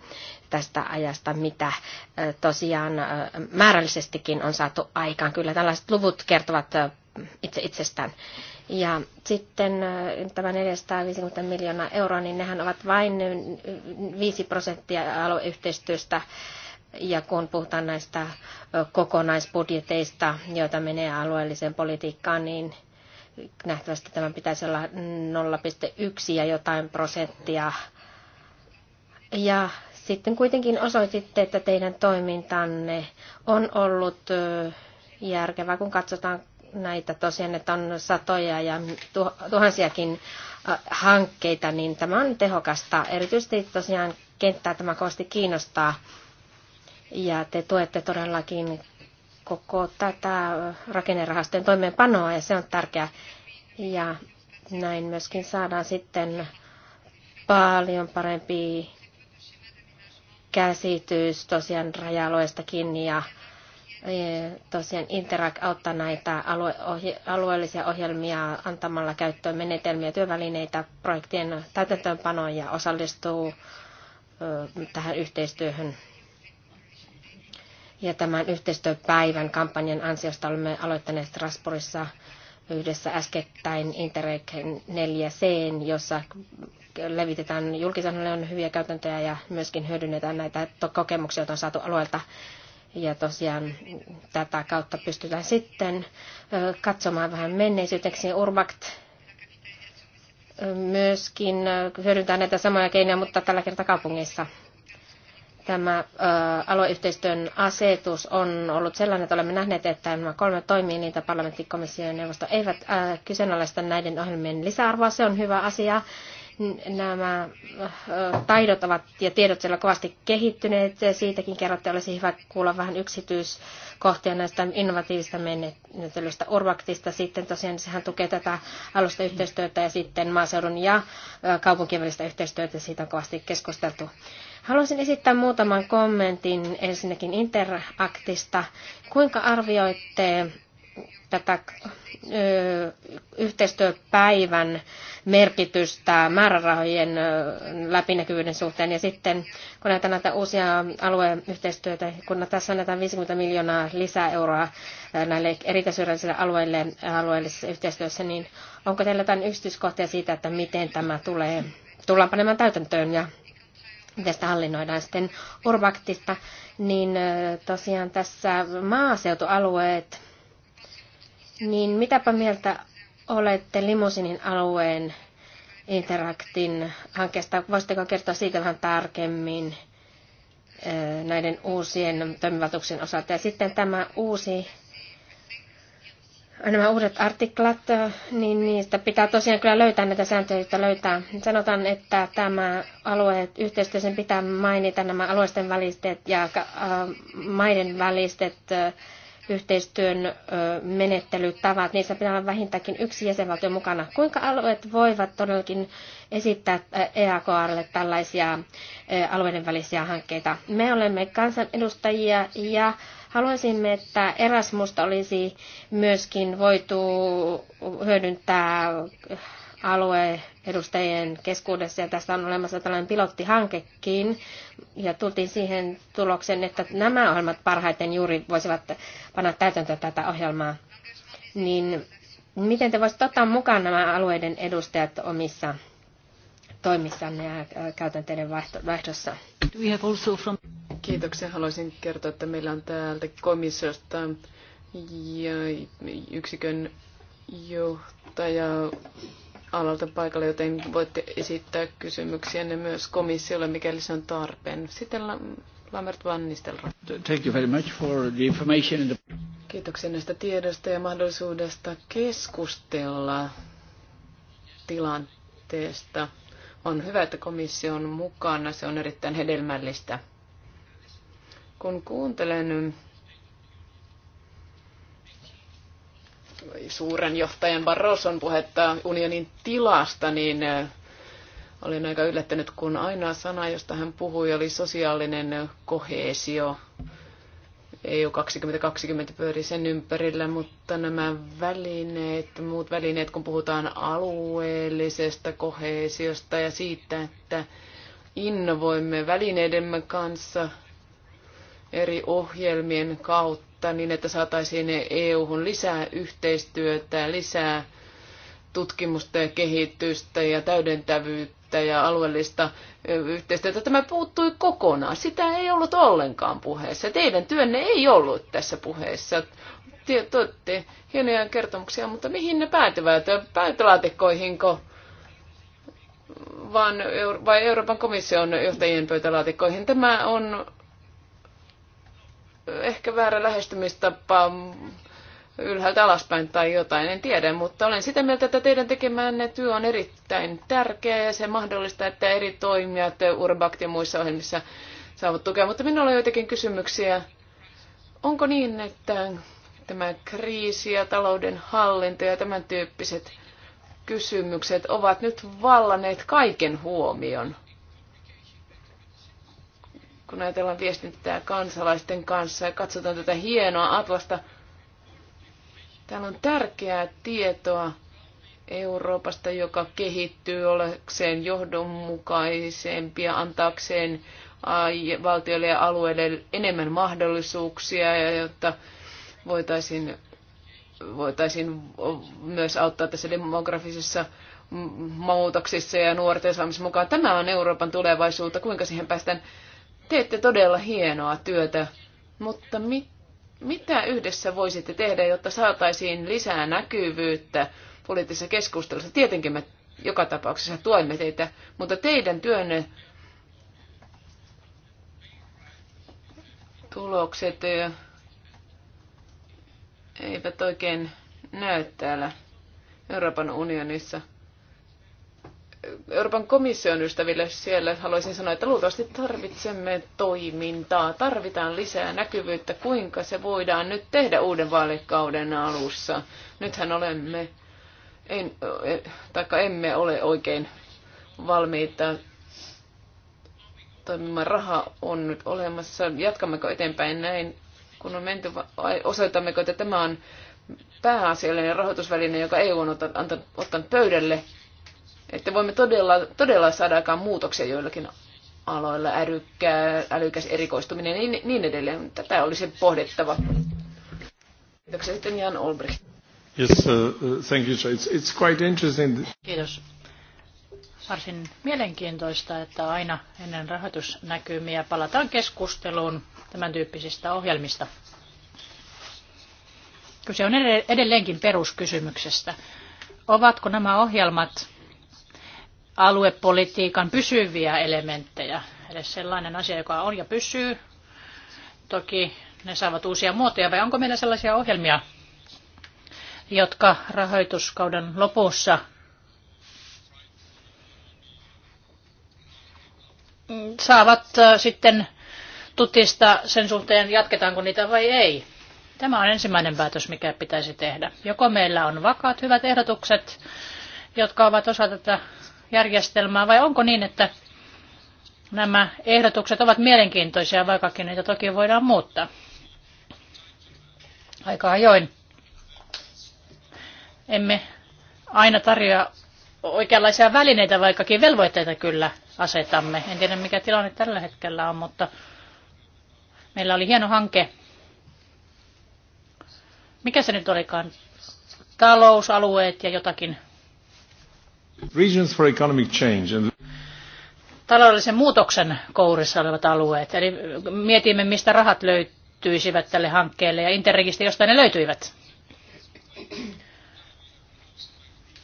tästä ajasta, mitä tosiaan määrällisestikin on saatu aikaan. Kyllä tällaiset luvut kertovat itse itsestään. Ja sitten äh, tämä 450 miljoonaa euroa, niin nehän ovat vain 5 prosenttia alueyhteistyöstä. Ja kun puhutaan näistä äh, kokonaisbudjeteista, joita menee alueelliseen politiikkaan, niin nähtävästi tämän pitäisi olla 0,1 ja jotain prosenttia. Ja sitten kuitenkin osoititte, että teidän toimintanne on ollut äh, järkevää, kun katsotaan näitä tosiaan, että on satoja ja tuhansiakin äh, hankkeita, niin tämä on tehokasta. Erityisesti tosiaan kenttää tämä kosti kiinnostaa ja te tuette todellakin koko tätä rakennerahastojen toimeenpanoa ja se on tärkeää. Ja näin myöskin saadaan sitten paljon parempi käsitys tosiaan raja-alueestakin ja tosiaan Interac auttaa näitä alue, ohje, alueellisia ohjelmia antamalla käyttöön menetelmiä, työvälineitä, projektien täytäntöönpanoon ja osallistuu tähän yhteistyöhön. Ja tämän yhteistyöpäivän kampanjan ansiosta olemme aloittaneet Strasbourgissa yhdessä äskettäin Interreg 4C, jossa levitetään julkisen hyviä käytäntöjä ja myöskin hyödynnetään näitä kokemuksia, joita on saatu alueelta ja tosiaan tätä kautta pystytään sitten katsomaan vähän menneisyyteksi. Urbakt myöskin hyödyntää näitä samoja keinoja, mutta tällä kertaa kaupungeissa. Tämä alueyhteistyön asetus on ollut sellainen, että olemme nähneet, että nämä kolme toimii, niitä parlamentti, ja neuvosto eivät kyseenalaista näiden ohjelmien lisäarvoa. Se on hyvä asia. Nämä äh, taidot ovat ja tiedot siellä kovasti kehittyneet. Siitäkin kerrotte, olisi hyvä kuulla vähän yksityiskohtia näistä innovatiivista menettelyistä Urbaktista. Sitten tosiaan sehän tukee tätä alusta yhteistyötä ja sitten maaseudun ja äh, kaupunkien välistä yhteistyötä. Siitä on kovasti keskusteltu. Haluaisin esittää muutaman kommentin ensinnäkin Interaktista. Kuinka arvioitte tätä yhteistyöpäivän merkitystä määrärahojen läpinäkyvyyden suhteen. Ja sitten kun näitä, näitä uusia alueyhteistyötä, kun tässä annetaan 50 miljoonaa lisää euroa näille erityisyydellisille alueille alueellisessa yhteistyössä, niin onko teillä jotain yksityiskohtia siitä, että miten tämä tulee, tullaan panemaan täytäntöön ja miten sitä hallinnoidaan sitten Urbaktista, niin tosiaan tässä maaseutualueet, niin mitäpä mieltä olette limosinin alueen Interactin hankkeesta? Voisitteko kertoa siitä vähän tarkemmin näiden uusien toimivaltuuksien osalta? Ja sitten tämä uusi nämä uudet artiklat, niin niistä pitää tosiaan kyllä löytää näitä sääntöjä, joita löytää. Sanotaan, että tämä alueet yhteistyö, sen pitää mainita nämä alueisten väliset ja maiden väliset yhteistyön menettelytavat, niissä pitää olla vähintäänkin yksi jäsenvaltio mukana. Kuinka alueet voivat todellakin esittää EAKRlle tällaisia alueiden välisiä hankkeita? Me olemme kansanedustajia ja haluaisimme, että Erasmusta olisi myöskin voitu hyödyntää alueedustajien keskuudessa, ja tästä on olemassa tällainen pilottihankekin, ja tultiin siihen tulokseen, että nämä ohjelmat parhaiten juuri voisivat panna täytäntöön tätä ohjelmaa. Niin miten te voisitte ottaa mukaan nämä alueiden edustajat omissa toimissanne ja käytänteiden vaihdossa? Kiitoksia. Haluaisin kertoa, että meillä on täältä komissiosta ja yksikön johtaja alalta paikalle, joten voitte esittää ne myös komissiolle, mikäli se on tarpeen. Sitten Lambert Van Nistelrooy. Thank you very much for the information. the... Kiitoksia näistä tiedosta ja mahdollisuudesta keskustella tilanteesta. On hyvä, että komissio on mukana. Se on erittäin hedelmällistä. Kun kuuntelen suuren johtajan Barroson puhetta unionin tilasta, niin äh, olin aika yllättänyt kun ainoa sana, josta hän puhui, oli sosiaalinen koheesio. EU 2020 pyöri sen ympärillä, mutta nämä välineet, muut välineet, kun puhutaan alueellisesta koheesiosta ja siitä, että innovoimme välineidemme kanssa – eri ohjelmien kautta niin, että saataisiin EU-hun lisää yhteistyötä, lisää tutkimusta ja kehitystä ja täydentävyyttä ja alueellista yhteistyötä. Tämä puuttui kokonaan. Sitä ei ollut ollenkaan puheessa. Teidän työnne ei ollut tässä puheessa. Tuotte hienoja kertomuksia, mutta mihin ne päätyvät? Päätölaatikkoihinko? Vaan, vai Euroopan komission johtajien pöytälaatikkoihin? Tämä on ehkä väärä lähestymistapa mm, ylhäältä alaspäin tai jotain, en tiedä, mutta olen sitä mieltä, että teidän tekemänne työ on erittäin tärkeä ja se mahdollistaa, että eri toimijat Urbakt ja muissa ohjelmissa saavat tukea. Mutta minulla on joitakin kysymyksiä. Onko niin, että tämä kriisi ja talouden hallinta ja tämän tyyppiset kysymykset ovat nyt vallanneet kaiken huomion? kun ajatellaan viestintää kansalaisten kanssa ja katsotaan tätä hienoa atlasta. Täällä on tärkeää tietoa Euroopasta, joka kehittyy olekseen johdonmukaisempia, antaakseen valtioille ja alueille enemmän mahdollisuuksia, ja jotta voitaisiin, voitaisiin myös auttaa tässä demografisessa muutoksissa ja nuorten saamisessa mukaan. Tämä on Euroopan tulevaisuutta, kuinka siihen päästään Teette todella hienoa työtä, mutta mit, mitä yhdessä voisitte tehdä, jotta saataisiin lisää näkyvyyttä poliittisessa keskustelussa? Tietenkin me joka tapauksessa tuemme teitä, mutta teidän työnne tulokset eh, eivät oikein näy täällä Euroopan unionissa. Euroopan komission ystäville siellä haluaisin sanoa, että luultavasti tarvitsemme toimintaa, tarvitaan lisää näkyvyyttä, kuinka se voidaan nyt tehdä uuden vaalikauden alussa. Nythän olemme, en, eh, taikka emme ole oikein valmiita toimimaan. Raha on nyt olemassa. Jatkammeko eteenpäin näin, kun on menty, vai osoitammeko, että tämä on pääasiallinen rahoitusväline, joka EU on ottanut pöydälle – että voimme todella, todella saada aikaan muutoksia joillakin aloilla, älykkää, älykäs erikoistuminen ja niin, niin edelleen. Tätä olisi pohdittava. Kiitoksia sitten Jan Olbricht. Yes, uh, uh thank you. It's, it's quite interesting. Kiitos. Varsin mielenkiintoista, että aina ennen rahoitusnäkymiä palataan keskusteluun tämän tyyppisistä ohjelmista. Kyse on edelleenkin peruskysymyksestä. Ovatko nämä ohjelmat aluepolitiikan pysyviä elementtejä. Eli sellainen asia, joka on ja pysyy. Toki ne saavat uusia muotoja, vai onko meillä sellaisia ohjelmia, jotka rahoituskauden lopussa saavat sitten tutista sen suhteen, jatketaanko niitä vai ei. Tämä on ensimmäinen päätös, mikä pitäisi tehdä. Joko meillä on vakaat hyvät ehdotukset, jotka ovat osa tätä järjestelmää vai onko niin, että nämä ehdotukset ovat mielenkiintoisia, vaikkakin niitä toki voidaan muuttaa aika ajoin. Emme aina tarjoa oikeanlaisia välineitä, vaikkakin velvoitteita kyllä asetamme. En tiedä mikä tilanne tällä hetkellä on, mutta meillä oli hieno hanke. Mikä se nyt olikaan? Talousalueet ja jotakin Regions for economic change and... Taloudellisen muutoksen kourissa olevat alueet. Eli mietimme, mistä rahat löytyisivät tälle hankkeelle ja Interregistä josta ne löytyivät.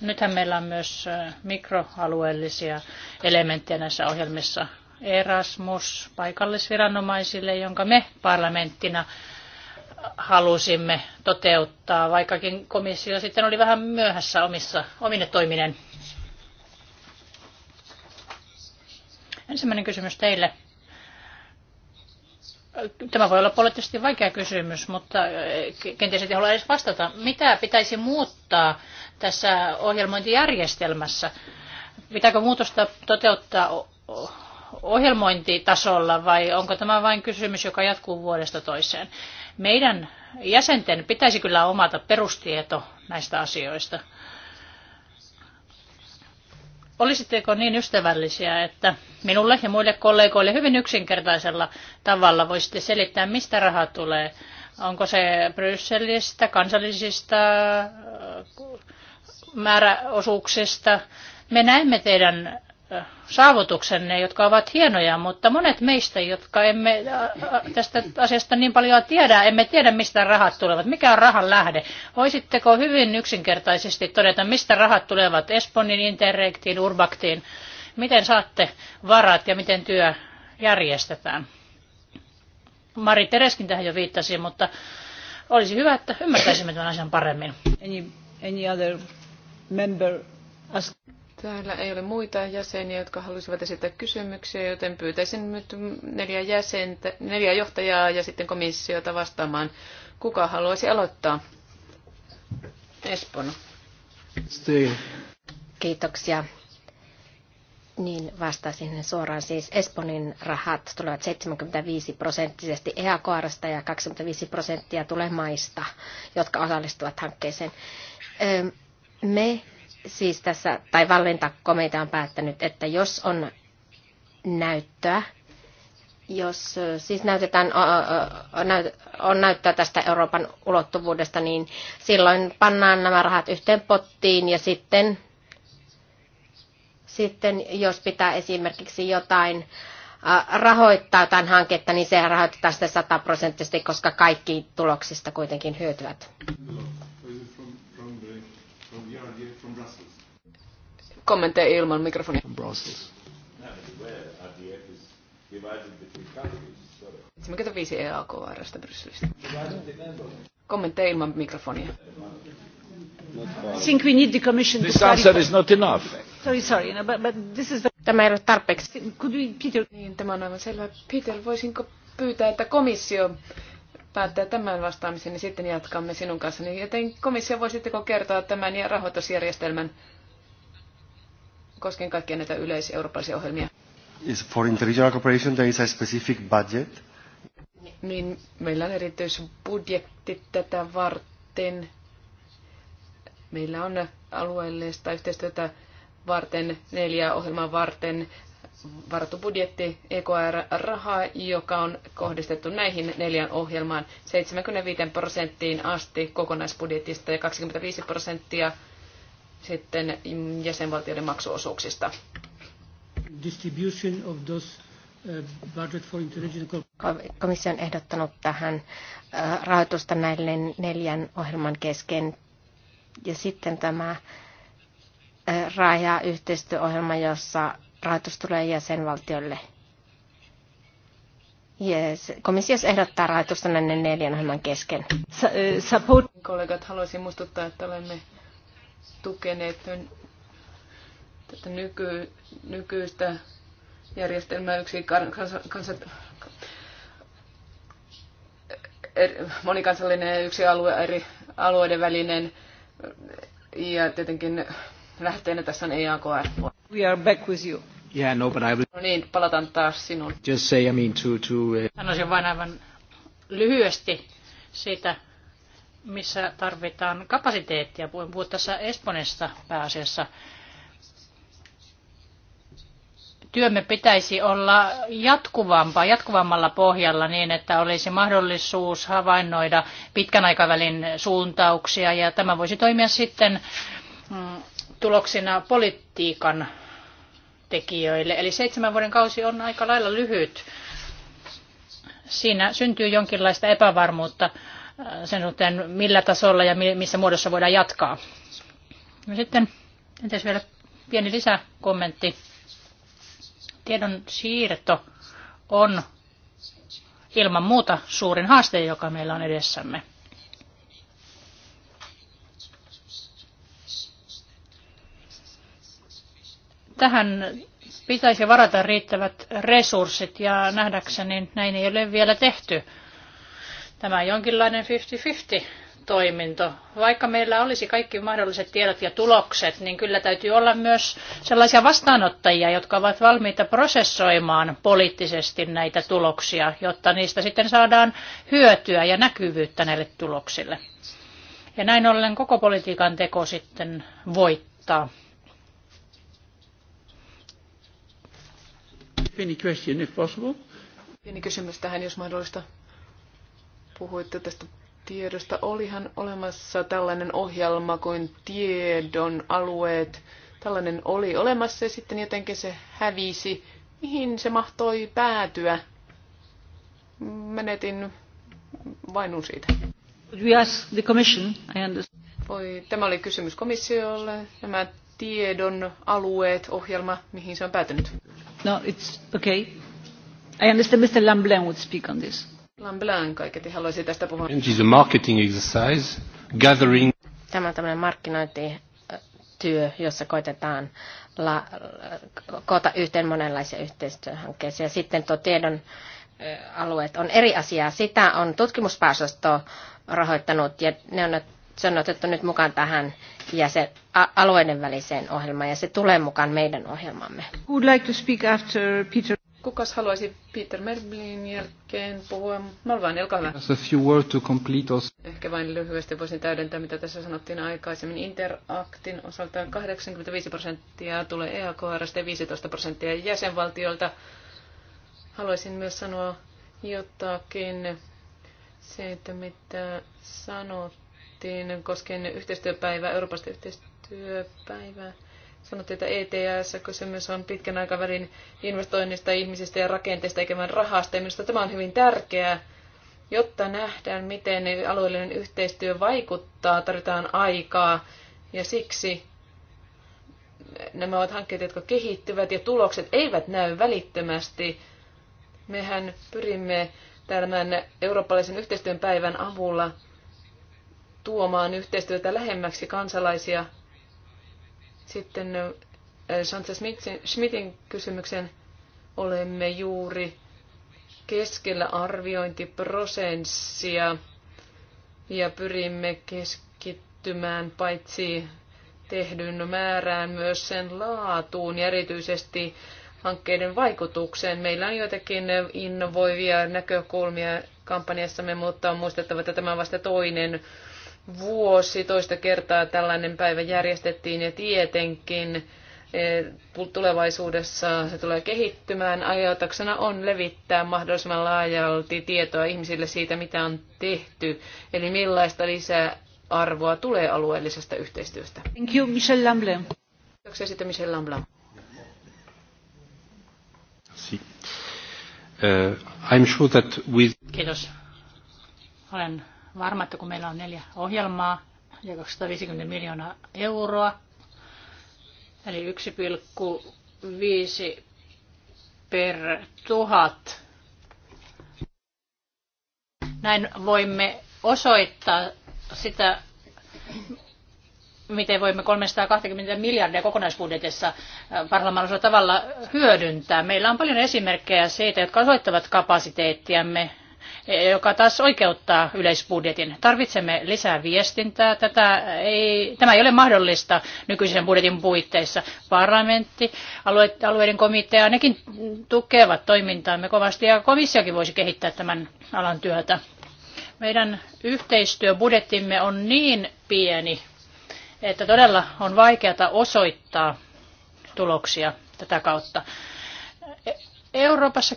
Nythän meillä on myös mikroalueellisia elementtejä näissä ohjelmissa. Erasmus paikallisviranomaisille, jonka me parlamenttina halusimme toteuttaa, vaikkakin komissio sitten oli vähän myöhässä omissa, omine toiminen. Ensimmäinen kysymys teille. Tämä voi olla poliittisesti vaikea kysymys, mutta kenties ei halua edes vastata. Mitä pitäisi muuttaa tässä ohjelmointijärjestelmässä? Pitääkö muutosta toteuttaa ohjelmointitasolla vai onko tämä vain kysymys, joka jatkuu vuodesta toiseen? Meidän jäsenten pitäisi kyllä omata perustieto näistä asioista. Olisitteko niin ystävällisiä, että minulle ja muille kollegoille hyvin yksinkertaisella tavalla voisitte selittää, mistä raha tulee? Onko se Brysselistä, kansallisista äh, määräosuuksista? Me näemme teidän saavutuksenne, jotka ovat hienoja, mutta monet meistä, jotka emme tästä asiasta niin paljon tiedä, emme tiedä, mistä rahat tulevat. Mikä on rahan lähde? Voisitteko hyvin yksinkertaisesti todeta, mistä rahat tulevat Esponin, Interrektiin, Urbaktiin? Miten saatte varat ja miten työ järjestetään? Mari Tereskin tähän jo viittasi, mutta olisi hyvä, että ymmärtäisimme tämän asian paremmin. Any, any other member ask? Täällä ei ole muita jäseniä, jotka haluaisivat esittää kysymyksiä, joten pyytäisin nyt neljä, jäsentä, neljä johtajaa ja sitten komissiota vastaamaan. Kuka haluaisi aloittaa? Espon. Kiitoksia. Niin vastasin suoraan siis. Esponin rahat tulevat 75 prosenttisesti EAKRsta ja 25 prosenttia tulee maista, jotka osallistuvat hankkeeseen. Öö, me siis tässä, tai vallintakomitea on päättänyt, että jos on näyttöä, jos siis näytetään, on näyttöä tästä Euroopan ulottuvuudesta, niin silloin pannaan nämä rahat yhteen pottiin ja sitten, sitten jos pitää esimerkiksi jotain rahoittaa jotain hanketta, niin se rahoitetaan sitten sataprosenttisesti, koska kaikki tuloksista kuitenkin hyötyvät. kommentteja ilman mikrofonia. Brussels. viisi EAKR-stä Brysselistä. Kommentteja ilman mikrofonia. I think we need the commission to This answer is not enough. Sorry, sorry, no, but, but this is... Tämä ei ole tarpeeksi. Could we, Peter... Niin, tämä on aivan selvä. Peter, voisinko pyytää, että komissio päättää tämän vastaamisen, ja niin sitten jatkamme sinun kanssa. Niin joten komissio, voisitteko kertoa tämän ja rahoitusjärjestelmän koskien kaikkia näitä yleiseurooppalaisia ohjelmia. Is for interregional cooperation there is a specific budget? Niin, meillä on erityisbudjetti tätä varten. Meillä on alueellista yhteistyötä varten, neljä ohjelmaa varten varattu budjetti EKR-rahaa, joka on kohdistettu näihin neljään ohjelmaan 75 prosenttiin asti kokonaisbudjetista ja 25 prosenttia sitten jäsenvaltioiden maksuosuuksista. Distribution of those uh, Komissio on ehdottanut tähän uh, rahoitusta näille neljän ohjelman kesken. Ja sitten tämä uh, raja yhteistyöohjelma, jossa rahoitus tulee jäsenvaltiolle. Yes. Komissio ehdottaa rahoitusta näiden neljän ohjelman kesken. Support. Kollegat, haluaisin muistuttaa, että olemme tukeneet tätä nyky, nykyistä järjestelmää yksi kansa, er, monikansallinen ja yksi alue, eri alueiden välinen ja tietenkin lähteenä tässä on EAKR. We are back with you. Yeah, no, but I will... No niin, palataan taas sinun. Just say, I mean, to, to... Uh... Sanoisin vain aivan lyhyesti siitä missä tarvitaan kapasiteettia. Voin puhua tässä Espanjasta pääasiassa. Työmme pitäisi olla jatkuvampaa, jatkuvammalla pohjalla niin, että olisi mahdollisuus havainnoida pitkän aikavälin suuntauksia ja tämä voisi toimia sitten mm, tuloksina politiikan tekijöille. Eli seitsemän vuoden kausi on aika lailla lyhyt. Siinä syntyy jonkinlaista epävarmuutta sen suhteen, millä tasolla ja missä muodossa voidaan jatkaa. No sitten, entäs vielä pieni lisäkommentti. Tiedon siirto on ilman muuta suurin haaste, joka meillä on edessämme. Tähän pitäisi varata riittävät resurssit ja nähdäkseni näin ei ole vielä tehty. Tämä on jonkinlainen 50-50 toiminto. Vaikka meillä olisi kaikki mahdolliset tiedot ja tulokset, niin kyllä täytyy olla myös sellaisia vastaanottajia, jotka ovat valmiita prosessoimaan poliittisesti näitä tuloksia, jotta niistä sitten saadaan hyötyä ja näkyvyyttä näille tuloksille. Ja näin ollen koko politiikan teko sitten voittaa. Pieni kysymys tähän, jos mahdollista puhuitte tästä tiedosta. Olihan olemassa tällainen ohjelma kuin tiedon alueet. Tällainen oli olemassa ja sitten jotenkin se hävisi. Mihin se mahtoi päätyä? Menetin vainun siitä. We the commission, Voi, tämä oli kysymys komissiolle. Nämä tiedon alueet ohjelma, mihin se on päätynyt? No, it's okay. I understand Mr. Lamblin would speak on this. Lamblanc kaiketi haluaisi tästä puhua. Is a marketing exercise, gathering. Tämä on tämmöinen markkinointityö, jossa koitetaan la, koota yhteen monenlaisia yhteistyöhankkeisia. Ja sitten tuo tiedon alueet on eri asiaa. Sitä on tutkimuspääsosto rahoittanut ja ne on, se on otettu nyt mukaan tähän ja se alueiden väliseen ohjelmaan ja se tulee mukaan meidän ohjelmamme. Who would like to speak after Peter? Kukas haluaisi Peter Merblin jälkeen puhua? Malvain, olkaa hyvä. a few words to complete us. Ehkä vain lyhyesti voisin täydentää, mitä tässä sanottiin aikaisemmin. Interaktin osalta 85 prosenttia tulee EAKRstä ja 15 prosenttia jäsenvaltioilta. Haluaisin myös sanoa jotakin se, että mitä sanottiin koskien yhteistyöpäivää, Euroopasta yhteistyöpäivää sanottiin, että ETS, kysymys on pitkän aikavälin investoinnista, ihmisistä ja rakenteista, eikä vain rahasta. Ja minusta tämä on hyvin tärkeää, jotta nähdään, miten alueellinen yhteistyö vaikuttaa, tarvitaan aikaa. Ja siksi nämä ovat hankkeet, jotka kehittyvät ja tulokset eivät näy välittömästi. Mehän pyrimme tämän eurooppalaisen yhteistyön päivän avulla tuomaan yhteistyötä lähemmäksi kansalaisia sitten äh, Sanchez Schmidtin kysymyksen olemme juuri keskellä arviointiprosessia ja pyrimme keskittymään paitsi tehdyn määrään myös sen laatuun ja erityisesti hankkeiden vaikutukseen. Meillä on joitakin innovoivia näkökulmia kampanjassamme, mutta on muistettava, että tämä on vasta toinen vuosi toista kertaa tällainen päivä järjestettiin ja tietenkin e, tulevaisuudessa se tulee kehittymään. Ajatuksena on levittää mahdollisimman laajalti tietoa ihmisille siitä, mitä on tehty, eli millaista lisäarvoa tulee alueellisesta yhteistyöstä. Thank you, Michel Lamblin. Kiitoksia sitten Michel Lamblin. Si. Uh, I'm sure that with... Kiitos. Olen varma, että kun meillä on neljä ohjelmaa ja 250 miljoonaa euroa, eli 1,5 per tuhat, näin voimme osoittaa sitä, miten voimme 320 miljardia kokonaisbudjetissa äh, parhaimmalla tavalla hyödyntää. Meillä on paljon esimerkkejä siitä, jotka osoittavat kapasiteettiamme joka taas oikeuttaa yleisbudjetin. Tarvitsemme lisää viestintää. Tätä ei, tämä ei ole mahdollista nykyisen budjetin puitteissa. Parlamentti, alueiden komitea, nekin tukevat toimintaamme kovasti ja komissiokin voisi kehittää tämän alan työtä. Meidän yhteistyöbudjettimme on niin pieni, että todella on vaikeata osoittaa tuloksia tätä kautta. E- Euroopassa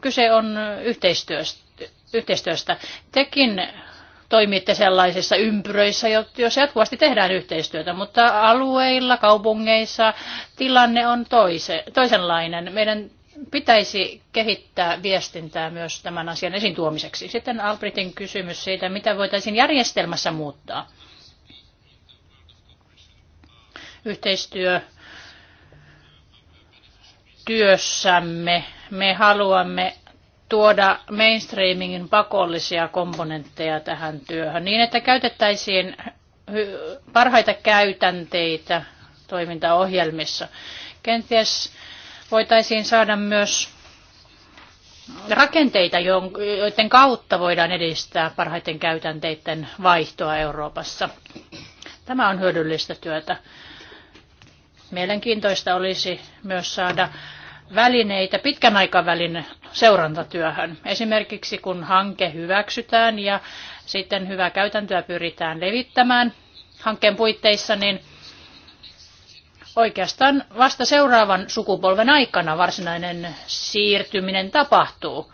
kyse on yhteistyöstä yhteistyöstä. Tekin toimitte sellaisissa ympyröissä, joissa jatkuvasti tehdään yhteistyötä, mutta alueilla, kaupungeissa tilanne on toise, toisenlainen. Meidän pitäisi kehittää viestintää myös tämän asian esiin tuomiseksi. Sitten Albritin kysymys siitä, mitä voitaisiin järjestelmässä muuttaa. Yhteistyö työssämme me haluamme tuoda mainstreamingin pakollisia komponentteja tähän työhön niin, että käytettäisiin parhaita käytänteitä toimintaohjelmissa. Kenties voitaisiin saada myös rakenteita, joiden kautta voidaan edistää parhaiten käytänteiden vaihtoa Euroopassa. Tämä on hyödyllistä työtä. Mielenkiintoista olisi myös saada välineitä pitkän aikavälin seurantatyöhön. Esimerkiksi kun hanke hyväksytään ja sitten hyvää käytäntöä pyritään levittämään hankkeen puitteissa, niin oikeastaan vasta seuraavan sukupolven aikana varsinainen siirtyminen tapahtuu.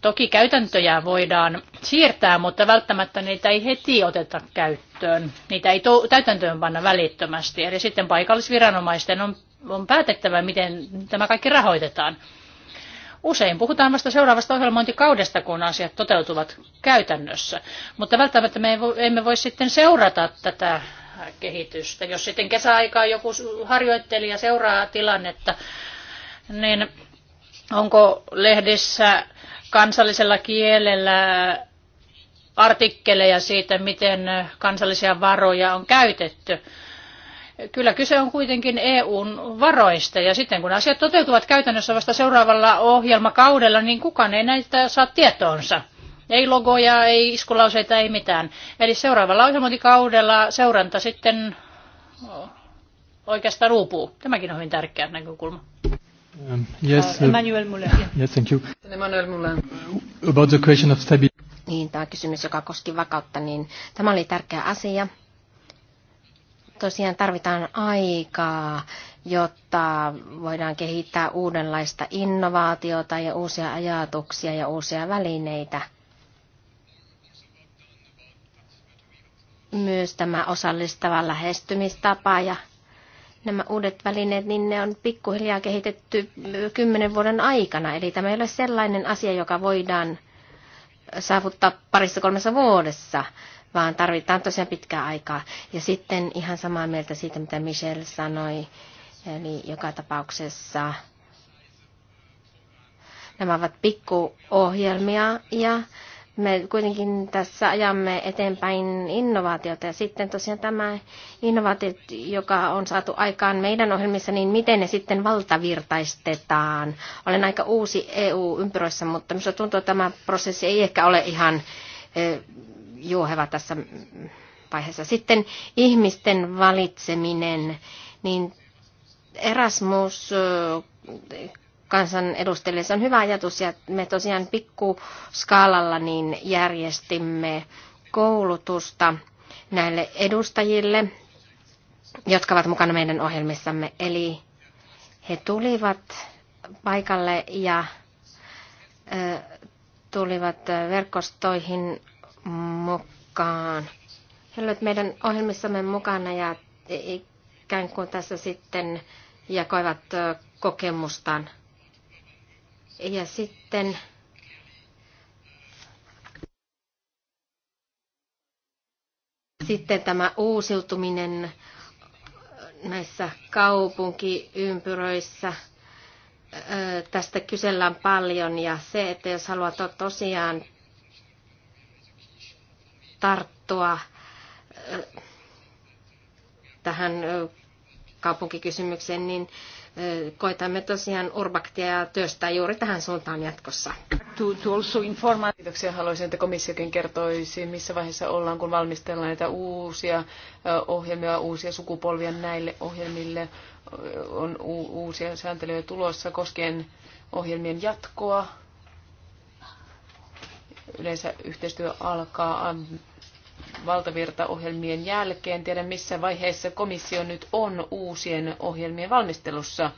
Toki käytäntöjä voidaan siirtää, mutta välttämättä niitä ei heti oteta käyttöön. Niitä ei to- täytäntöön panna välittömästi. Eli sitten paikallisviranomaisten on on päätettävä, miten tämä kaikki rahoitetaan. Usein puhutaan vasta seuraavasta ohjelmointikaudesta, kun asiat toteutuvat käytännössä, mutta välttämättä me emme voi sitten seurata tätä kehitystä. Jos sitten kesäaikaan joku harjoittelija seuraa tilannetta, niin onko lehdissä kansallisella kielellä artikkeleja siitä, miten kansallisia varoja on käytetty? Kyllä kyse on kuitenkin EUn varoista ja sitten kun asiat toteutuvat käytännössä vasta seuraavalla ohjelmakaudella, niin kukaan ei näitä saa tietoonsa. Ei logoja, ei iskulauseita, ei mitään. Eli seuraavalla ohjelmointikaudella seuranta sitten oikeastaan uupuu. Tämäkin on hyvin tärkeä näkökulma. Um, yes, uh, Emmanuel Muller. Yes, thank you. Emmanuel Muller. Uh, about the question of stability. Niin, tämä kysymys, joka koski vakautta, niin tämä oli tärkeä asia tosiaan tarvitaan aikaa, jotta voidaan kehittää uudenlaista innovaatiota ja uusia ajatuksia ja uusia välineitä. Myös tämä osallistava lähestymistapa ja nämä uudet välineet, niin ne on pikkuhiljaa kehitetty kymmenen vuoden aikana. Eli tämä ei ole sellainen asia, joka voidaan saavuttaa parissa kolmessa vuodessa vaan tarvitaan tosiaan pitkää aikaa. Ja sitten ihan samaa mieltä siitä, mitä Michelle sanoi, eli joka tapauksessa nämä ovat pikkuohjelmia ja me kuitenkin tässä ajamme eteenpäin innovaatiota ja sitten tosiaan tämä innovaatio, joka on saatu aikaan meidän ohjelmissa, niin miten ne sitten valtavirtaistetaan. Olen aika uusi EU-ympyröissä, mutta minusta tuntuu, että tämä prosessi ei ehkä ole ihan eh, juoheva tässä vaiheessa. Sitten ihmisten valitseminen, niin Erasmus kansanedustajille. Se on hyvä ajatus ja me tosiaan pikkuskaalalla niin järjestimme koulutusta näille edustajille, jotka ovat mukana meidän ohjelmissamme. Eli he tulivat paikalle ja tulivat verkostoihin mukaan. He olivat meidän ohjelmissamme mukana ja ikään kuin tässä sitten jakoivat kokemustaan. Ja sitten sitten tämä uusiutuminen näissä kaupunkiympyröissä. Tästä kysellään paljon ja se, että jos haluat tosiaan tarttua tähän kaupunkikysymykseen, niin koitamme tosiaan urbaktia työstää juuri tähän suuntaan jatkossa. To, to also Kiitoksia. Haluaisin, että komissiokin kertoisi, missä vaiheessa ollaan, kun valmistellaan näitä uusia ohjelmia, uusia sukupolvia näille ohjelmille. On uusia sääntelyjä tulossa koskien ohjelmien jatkoa. Yleensä yhteistyö alkaa valtavirtaohjelmien jälkeen. Tiedä missä vaiheessa komissio nyt on uusien ohjelmien valmistelussa.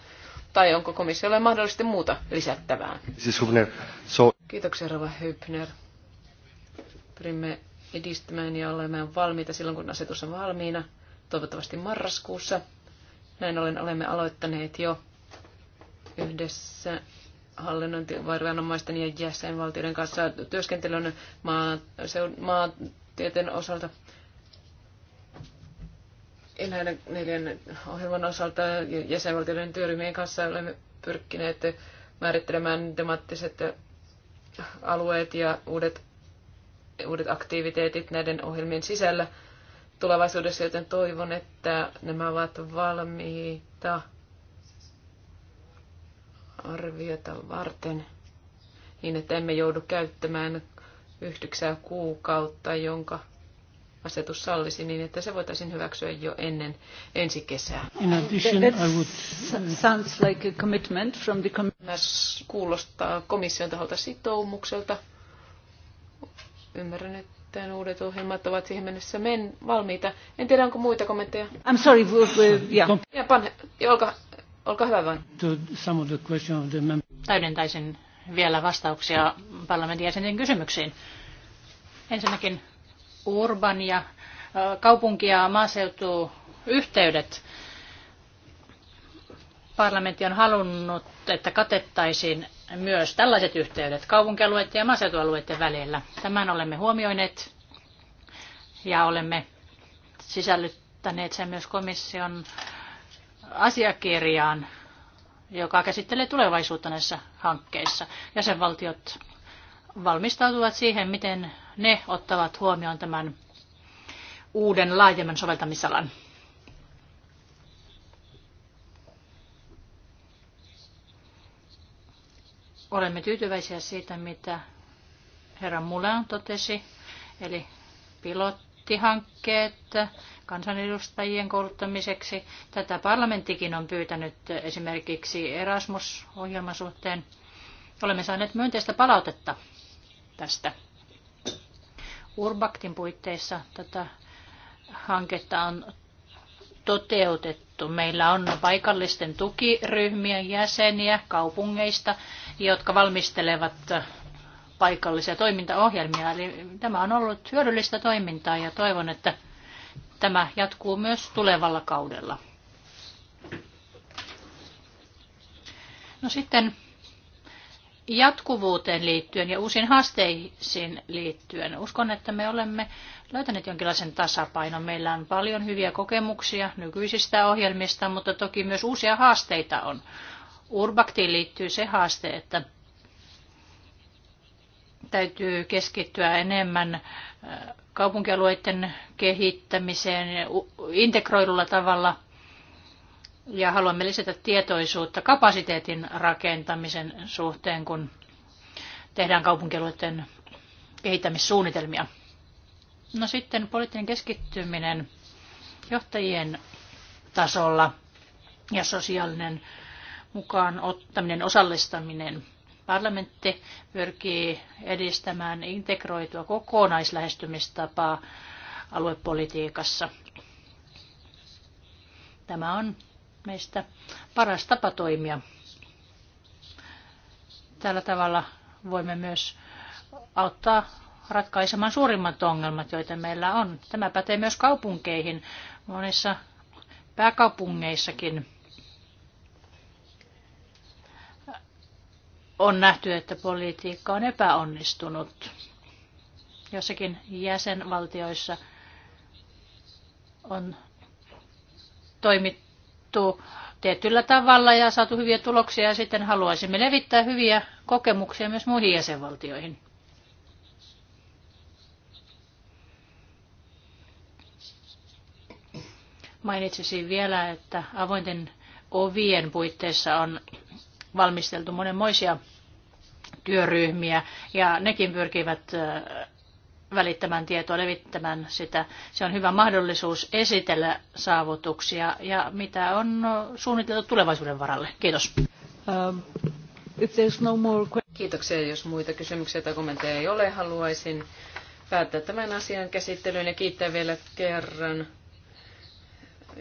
Tai onko komissiolle mahdollisesti muuta lisättävää? Kiitoksia, Rova Hübner. Pyrimme edistämään ja olemaan valmiita silloin, kun asetus on valmiina, toivottavasti marraskuussa. Näin ollen olemme aloittaneet jo yhdessä hallinnointiviranomaisten ja jäsenvaltioiden kanssa työskentelyn se, maa, tieteen osalta eläinen neljän ohjelman osalta jäsenvaltioiden työryhmien kanssa olemme pyrkineet määrittelemään temaattiset alueet ja uudet, uudet aktiviteetit näiden ohjelmien sisällä tulevaisuudessa, joten toivon, että nämä ovat valmiita arviota varten niin, että emme joudu käyttämään yhdeksää kuukautta, jonka asetus sallisi, niin että se voitaisiin hyväksyä jo ennen ensi kesää. In addition, I would... sounds like a commitment from the Tämä kuulostaa komission taholta sitoumukselta. Ymmärrän, että uudet ohjelmat ovat siihen mennessä men valmiita. En tiedä, onko muita kommentteja. I'm sorry, we'll, we'll, yeah. ja, pan. olkaa, olkaa hyvä vain. To some of the of the Täydentäisin vielä vastauksia parlamentin jäsenen kysymyksiin. Ensinnäkin urban ja kaupunki- ja maaseutuyhteydet. Parlamentti on halunnut, että katettaisiin myös tällaiset yhteydet kaupunkialueiden ja maaseutualueiden välillä. Tämän olemme huomioineet ja olemme sisällyttäneet sen myös komission asiakirjaan joka käsittelee tulevaisuutta näissä hankkeissa. Jäsenvaltiot valmistautuvat siihen, miten ne ottavat huomioon tämän uuden laajemman soveltamisalan. Olemme tyytyväisiä siitä, mitä herra Mulan totesi, eli pilottihankkeet, kansanedustajien kouluttamiseksi. Tätä parlamenttikin on pyytänyt esimerkiksi Erasmus-ohjelman suhteen. Olemme saaneet myönteistä palautetta tästä. Urbaktin puitteissa tätä hanketta on toteutettu. Meillä on paikallisten tukiryhmien jäseniä kaupungeista, jotka valmistelevat paikallisia toimintaohjelmia. Eli tämä on ollut hyödyllistä toimintaa ja toivon, että Tämä jatkuu myös tulevalla kaudella. No sitten jatkuvuuteen liittyen ja uusiin haasteisiin liittyen. Uskon, että me olemme löytäneet jonkinlaisen tasapainon. Meillä on paljon hyviä kokemuksia nykyisistä ohjelmista, mutta toki myös uusia haasteita on. Urbaktiin liittyy se haaste, että täytyy keskittyä enemmän kaupunkialueiden kehittämiseen integroidulla tavalla ja haluamme lisätä tietoisuutta kapasiteetin rakentamisen suhteen, kun tehdään kaupunkialueiden kehittämissuunnitelmia. No sitten poliittinen keskittyminen johtajien tasolla ja sosiaalinen mukaan ottaminen, osallistaminen – Parlamentti pyrkii edistämään integroitua kokonaislähestymistapaa aluepolitiikassa. Tämä on meistä paras tapa toimia. Tällä tavalla voimme myös auttaa ratkaisemaan suurimmat ongelmat, joita meillä on. Tämä pätee myös kaupunkeihin. Monissa pääkaupungeissakin on nähty, että politiikka on epäonnistunut. Jossakin jäsenvaltioissa on toimittu tietyllä tavalla ja saatu hyviä tuloksia ja sitten haluaisimme levittää hyviä kokemuksia myös muihin jäsenvaltioihin. Mainitsisin vielä, että avointen ovien puitteissa on valmisteltu monenmoisia työryhmiä ja nekin pyrkivät välittämään tietoa, levittämään sitä. Se on hyvä mahdollisuus esitellä saavutuksia ja mitä on suunniteltu tulevaisuuden varalle. Kiitos. Um, no more... Kiitoksia, jos muita kysymyksiä tai kommentteja ei ole. Haluaisin päättää tämän asian käsittelyyn ja kiittää vielä kerran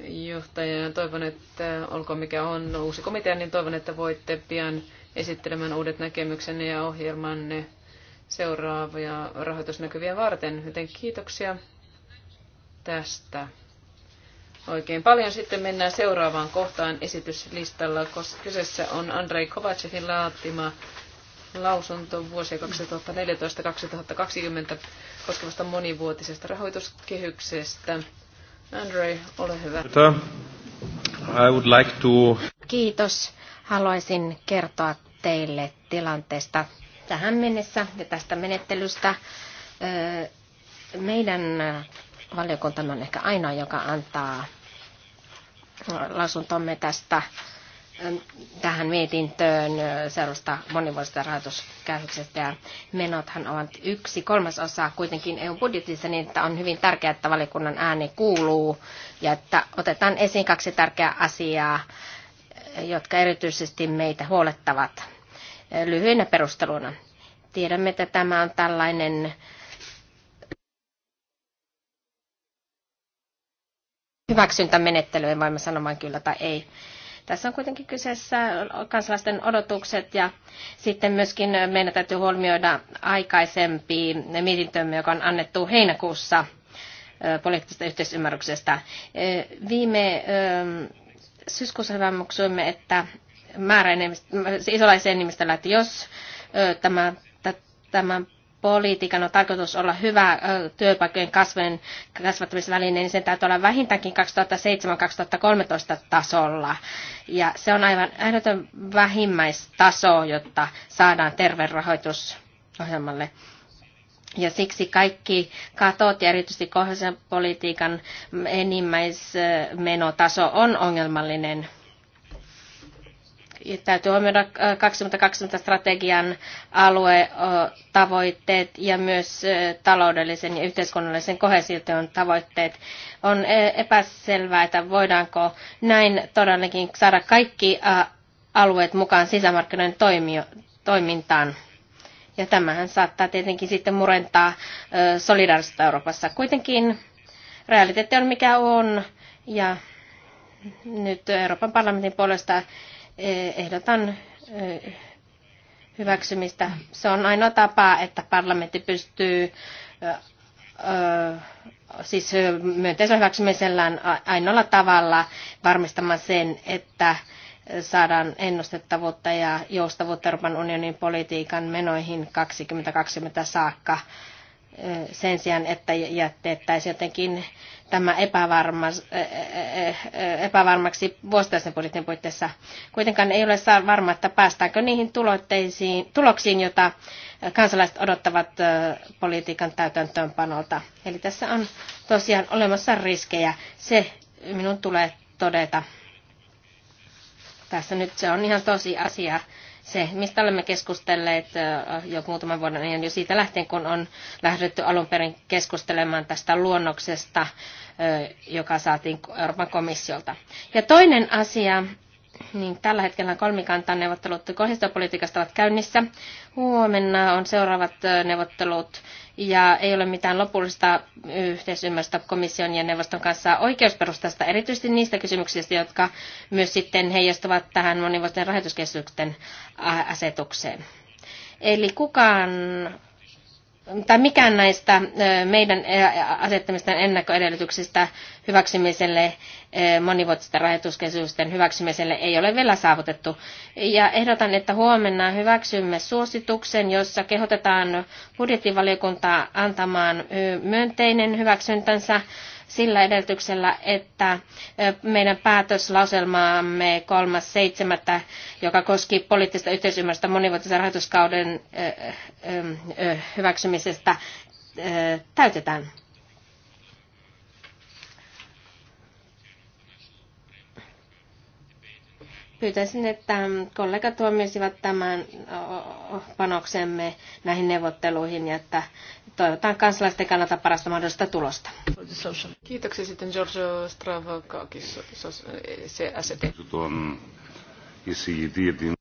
johtajana. Toivon, että olkoon mikä on uusi komitea, niin toivon, että voitte pian esittelemään uudet näkemyksenne ja ohjelmanne seuraavia rahoitusnäkyviä varten. Joten kiitoksia tästä. Oikein paljon sitten mennään seuraavaan kohtaan esityslistalla, koska kyseessä on Andrei Kovacevin laatima lausunto vuosia 2014-2020 koskevasta monivuotisesta rahoituskehyksestä ole hyvä. I would like to... Kiitos. Haluaisin kertoa teille tilanteesta tähän mennessä ja tästä menettelystä. Meidän valiokuntamme on ehkä ainoa, joka antaa lausuntomme tästä tähän mietintöön seurasta monivuotisesta rahoituskehyksestä ja menothan ovat yksi kolmas osa, kuitenkin EU-budjetissa, niin että on hyvin tärkeää, että valiokunnan ääni kuuluu ja että otetaan esiin kaksi tärkeää asiaa, jotka erityisesti meitä huolettavat lyhyinä perusteluna. Tiedämme, että tämä on tällainen hyväksyntämenettely, en voi sanomaan kyllä tai ei tässä on kuitenkin kyseessä kansalaisten odotukset ja sitten myöskin meidän täytyy huomioida aikaisempi mietintömme, joka on annettu heinäkuussa poliittisesta yhteisymmärryksestä. Viime syyskuussa hyväksyimme, että määräenemmistö, enemmistö, isolaisen nimistä että jos tämä, tämä politiikan on tarkoitus olla hyvä työpaikkojen kasvun kasvattamisväline, niin sen täytyy olla vähintäänkin 2007-2013 tasolla. Ja se on aivan älytön vähimmäistaso, jotta saadaan terve rahoitus ohjelmalle. Ja siksi kaikki katot ja erityisesti kohdallisen politiikan enimmäismenotaso on ongelmallinen täytyy huomioida 2020 äh, strategian aluetavoitteet ja myös taloudellisen ja yhteiskunnallisen kohesiotyön tavoitteet. On epäselvää, että voidaanko näin todellakin saada kaikki alueet mukaan sisämarkkinoiden toimintaan. Ja tämähän saattaa tietenkin sitten murentaa solidaarisuutta Euroopassa. Kuitenkin realiteetti on mikä on ja nyt Euroopan parlamentin puolesta Eh, ehdotan eh, hyväksymistä. Se on ainoa tapa, että parlamentti pystyy eh, siis myönteisen hyväksymisellään ainoalla tavalla varmistamaan sen, että saadaan ennustettavuutta ja joustavuutta Euroopan unionin politiikan menoihin 2020 saakka sen sijaan, että jätteettäisiin jotenkin tämä e, e, e, epävarmaksi vuosittaisen budjetin puitteissa. Kuitenkaan ei ole varma, että päästäänkö niihin tuloksiin, joita kansalaiset odottavat politiikan täytäntöönpanolta. Eli tässä on tosiaan olemassa riskejä. Se minun tulee todeta. Tässä nyt se on ihan tosi asia. Se, mistä olemme keskustelleet jo muutaman vuoden ajan jo siitä lähtien, kun on lähdetty alun perin keskustelemaan tästä luonnoksesta, joka saatiin Euroopan komissiolta. Ja toinen asia, niin tällä hetkellä kolmikantaan neuvottelut kohdistopolitiikasta ovat käynnissä. Huomenna on seuraavat neuvottelut ja ei ole mitään lopullista yhteisymmärrystä komission ja neuvoston kanssa oikeusperustasta, erityisesti niistä kysymyksistä, jotka myös sitten heijastuvat tähän monivuotisen rahoituskeskusten asetukseen. Eli kukaan tai mikään näistä meidän asettamista ennakkoedellytyksistä hyväksymiselle monivuotisten rajoituskeskusten hyväksymiselle ei ole vielä saavutettu. Ja ehdotan, että huomenna hyväksymme suosituksen, jossa kehotetaan budjettivaliokuntaa antamaan myönteinen hyväksyntänsä sillä edellytyksellä, että meidän päätöslauselmaamme 3.7., joka koski poliittista yhteisymmärrystä monivuotisen rahoituskauden hyväksymisestä, täytetään. pyytäisin, että kollegat tuomisivat tämän panoksemme näihin neuvotteluihin ja että toivotan kansalaisten kannalta parasta mahdollista tulosta. Kiitoksia sitten Giorgio Stravakakis, CSD. E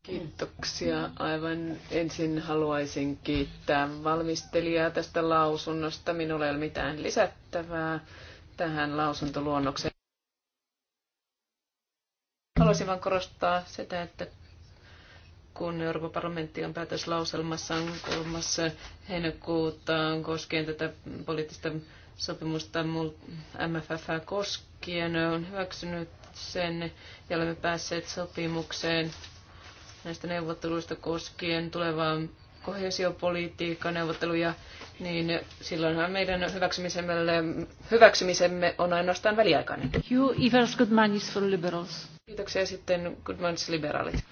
Kiitoksia. Aivan ensin haluaisin kiittää valmistelijaa tästä lausunnosta. Minulla ei ole mitään lisättävää tähän lausuntoluonnokseen. Haluaisin vain korostaa sitä, että kun Euroopan parlamentti on päätöslauselmassaan 3. heinäkuuta koskien tätä poliittista sopimusta MFF koskien on hyväksynyt sen ja olemme päässeet sopimukseen näistä neuvotteluista koskien tulevaa kohesiopolitiikka neuvotteluja, niin silloinhan meidän hyväksymisemme, hyväksymisemme on ainoastaan väliaikainen. for liberals. Kiitoksia sitten Goodmans liberaalit.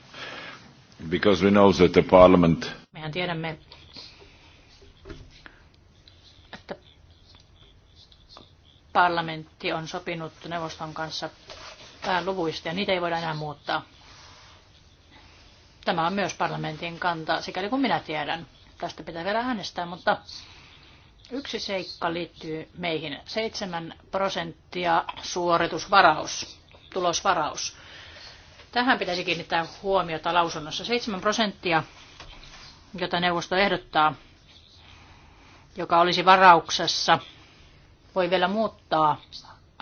Because we know that the parliament... Mehän tiedämme, että parlamentti on sopinut neuvoston kanssa pääluvuista ja niitä ei voida enää muuttaa. Tämä on myös parlamentin kanta, sikäli kuin minä tiedän. Tästä pitää vielä äänestää, mutta yksi seikka liittyy meihin. 7 prosenttia suoritusvaraus, tulosvaraus. Tähän pitäisi kiinnittää huomiota lausunnossa. 7 prosenttia, jota neuvosto ehdottaa, joka olisi varauksessa, voi vielä muuttaa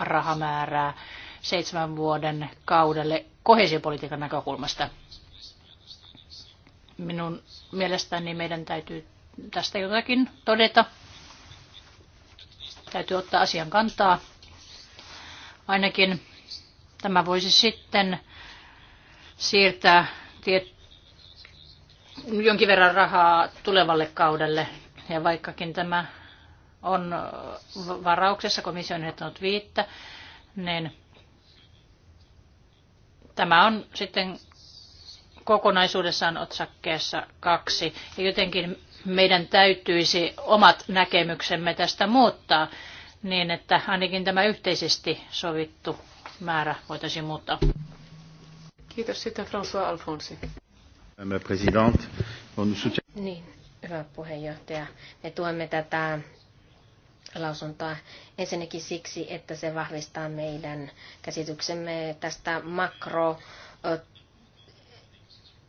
rahamäärää seitsemän vuoden kaudelle kohesiopolitiikan näkökulmasta. Minun mielestäni meidän täytyy tästä jotakin todeta. Täytyy ottaa asian kantaa. Ainakin tämä voisi sitten siirtää tiet, jonkin verran rahaa tulevalle kaudelle. Ja vaikkakin tämä on varauksessa, komissio on ehdottanut viittä, niin tämä on sitten kokonaisuudessaan otsakkeessa kaksi. Ja jotenkin meidän täytyisi omat näkemyksemme tästä muuttaa niin, että ainakin tämä yhteisesti sovittu määrä voitaisiin muuttaa. Kiitos sitten François Alfonsi. Niin, hyvä puheenjohtaja. Me tuemme tätä lausuntoa ensinnäkin siksi, että se vahvistaa meidän käsityksemme tästä makro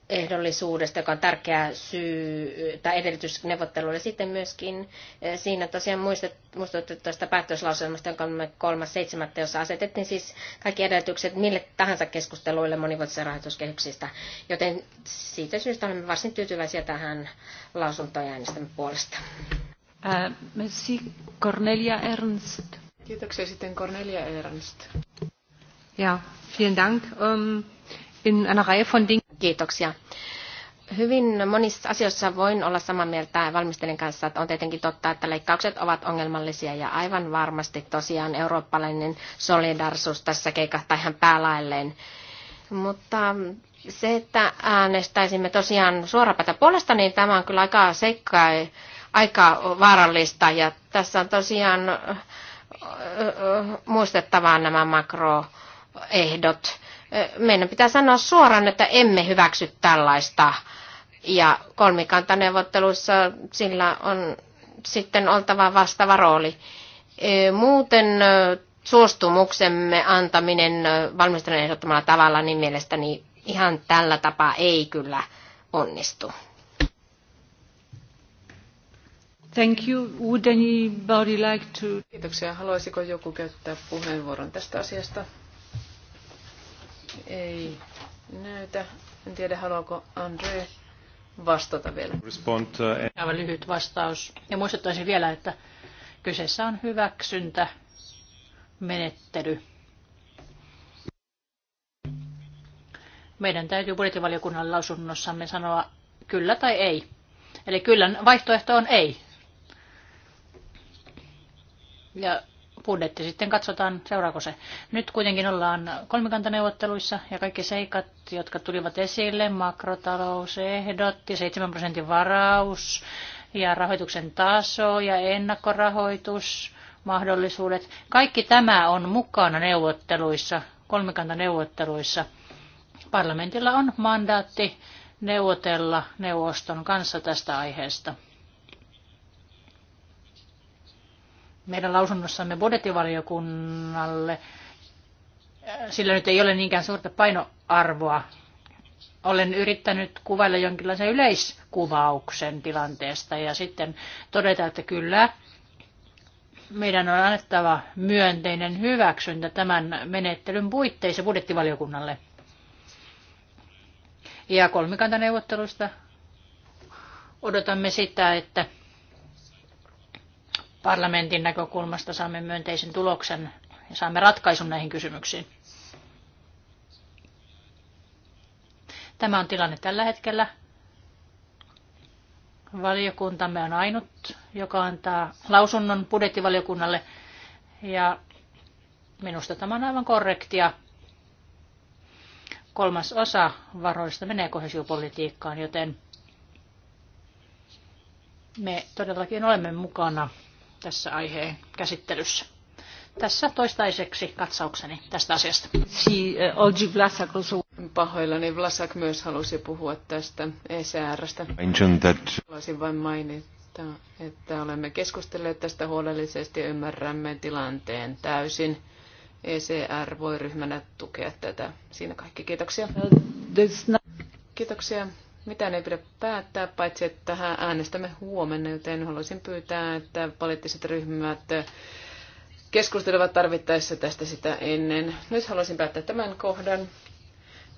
ehdollisuudesta, joka on tärkeä syy tai edellytys neuvotteluille. Sitten myöskin eh, siinä tosiaan muistutettu tästä päätöslauselmasta, jonka me 3.7. jossa asetettiin siis kaikki edellytykset mille tahansa keskusteluille monivuotisista rahoituskehyksistä. Joten siitä syystä olemme varsin tyytyväisiä tähän lausuntoon äänestämme puolesta. merci Cornelia Ernst. Kiitoksia sitten Cornelia Ernst. Ja, vielen Dank. Um, in einer Reihe von Dingen Kiitoksia. Hyvin monissa asioissa voin olla samaa mieltä valmistelin kanssa, että on tietenkin totta, että leikkaukset ovat ongelmallisia ja aivan varmasti tosiaan eurooppalainen solidarisuus tässä keikahtaa ihan päälailleen. Mutta se, että äänestäisimme tosiaan suorapäätä puolesta, niin tämä on kyllä aika ja aika vaarallista ja tässä on tosiaan muistettava nämä makroehdot meidän pitää sanoa suoraan, että emme hyväksy tällaista. Ja kolmikantaneuvotteluissa sillä on sitten oltava vastaava rooli. Muuten suostumuksemme antaminen valmistelun ehdottomalla tavalla, niin mielestäni ihan tällä tapaa ei kyllä onnistu. Thank you. Would anybody like to... Kiitoksia. Haluaisiko joku käyttää puheenvuoron tästä asiasta? Ei näytä. En tiedä, haluaako Andre vastata vielä. Uh, Aivan lyhyt vastaus. Ja muistuttaisin vielä, että kyseessä on hyväksyntä menettely. Meidän täytyy budjettivaliokunnan lausunnossamme sanoa kyllä tai ei. Eli kyllä vaihtoehto on ei. Ja budjetti. Sitten katsotaan, seuraako se. Nyt kuitenkin ollaan kolmikantaneuvotteluissa ja kaikki seikat, jotka tulivat esille, makrotalousehdot ja 7 prosentin varaus ja rahoituksen taso ja ennakkorahoitus, mahdollisuudet. Kaikki tämä on mukana neuvotteluissa, kolmikantaneuvotteluissa. Parlamentilla on mandaatti neuvotella neuvoston kanssa tästä aiheesta. meidän lausunnossamme budjettivaliokunnalle, sillä nyt ei ole niinkään suurta painoarvoa. Olen yrittänyt kuvailla jonkinlaisen yleiskuvauksen tilanteesta ja sitten todeta, että kyllä, meidän on annettava myönteinen hyväksyntä tämän menettelyn puitteissa budjettivaliokunnalle. Ja kolmikantaneuvottelusta odotamme sitä, että parlamentin näkökulmasta saamme myönteisen tuloksen ja saamme ratkaisun näihin kysymyksiin. Tämä on tilanne tällä hetkellä. Valiokuntamme on ainut, joka antaa lausunnon budjettivaliokunnalle. Ja minusta tämä on aivan korrektia. Kolmas osa varoista menee kohesiopolitiikkaan, joten me todellakin olemme mukana tässä aiheen käsittelyssä. Tässä toistaiseksi katsaukseni tästä asiasta. Eh, Pahoillani Vlasak myös halusi puhua tästä ECRstä. Haluaisin vain mainita, että olemme keskustelleet tästä huolellisesti ja ymmärrämme tilanteen täysin. ECR voi ryhmänä tukea tätä. Siinä kaikki. Kiitoksia. No- Kiitoksia. Mitään ei pidä päättää, paitsi että tähän äänestämme huomenna, joten haluaisin pyytää, että poliittiset ryhmät keskustelevat tarvittaessa tästä sitä ennen. Nyt haluaisin päättää tämän kohdan.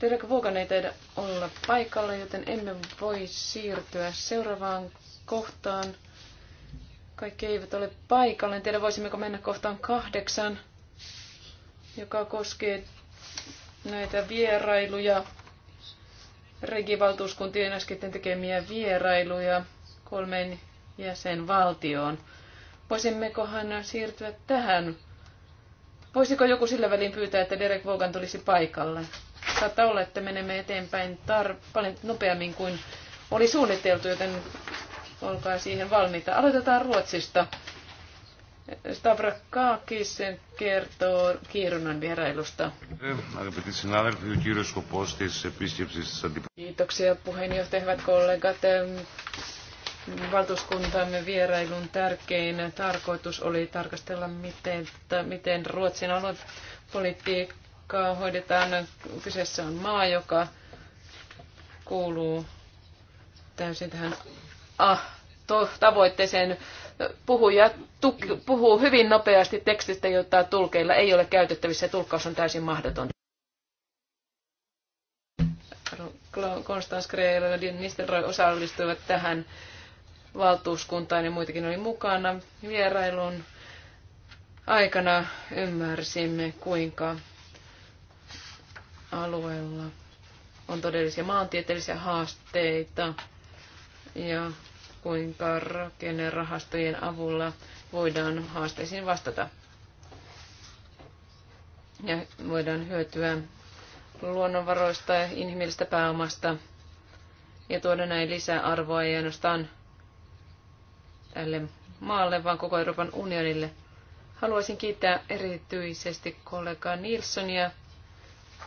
Derek Vuokan ei teidän olla paikalla, joten emme voi siirtyä seuraavaan kohtaan. Kaikki eivät ole paikalla. En tiedä, voisimmeko mennä kohtaan kahdeksan, joka koskee näitä vierailuja regivaltuuskuntien äsken tekemiä vierailuja kolmeen jäsenvaltioon. Voisimmekohan siirtyä tähän? Voisiko joku sillä välin pyytää, että Derek Vogan tulisi paikalle? Saattaa olla, että menemme eteenpäin tar- paljon nopeammin kuin oli suunniteltu, joten olkaa siihen valmiita. Aloitetaan Ruotsista. Stavrakakis kertoo Kiirunan vierailusta. Kiitoksia puheenjohtaja, hyvät kollegat. Valtuuskuntamme vierailun tärkein tarkoitus oli tarkastella, miten, miten Ruotsin aluepolitiikkaa hoidetaan. Kyseessä on maa, joka kuuluu täysin tähän ah, to, tavoitteeseen puhuja tuk- puhuu hyvin nopeasti tekstistä, jota tulkeilla ei ole käytettävissä ja tulkkaus on täysin mahdoton. Konstans Kreel ja Nistelrooy osallistuivat tähän valtuuskuntaan ja muitakin oli mukana vierailun aikana ymmärsimme, kuinka alueella on todellisia maantieteellisiä haasteita ja kuinka rakennerahastojen avulla voidaan haasteisiin vastata ja voidaan hyötyä luonnonvaroista ja inhimillisestä pääomasta ja tuoda näin lisää arvoa ei ainoastaan tälle maalle, vaan koko Euroopan unionille. Haluaisin kiittää erityisesti kollega Nilssonia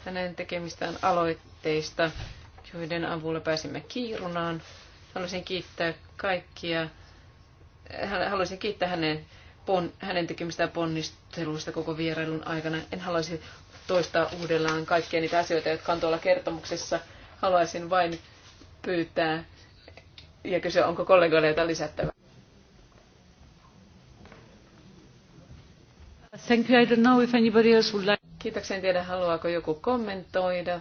hänen tekemistään aloitteista, joiden avulla pääsimme kiirunaan. Haluaisin kiittää kaikkia. Haluaisin kiittää hänen, pon, hänen tekemistään ponnisteluista koko vierailun aikana. En haluaisi toistaa uudellaan kaikkia niitä asioita, jotka on tuolla kertomuksessa. Haluaisin vain pyytää ja kysyä, onko kollegoille jotain lisättävää. Thank you. I don't know if anybody else would like... Kiitoksia. En tiedä, haluaako joku kommentoida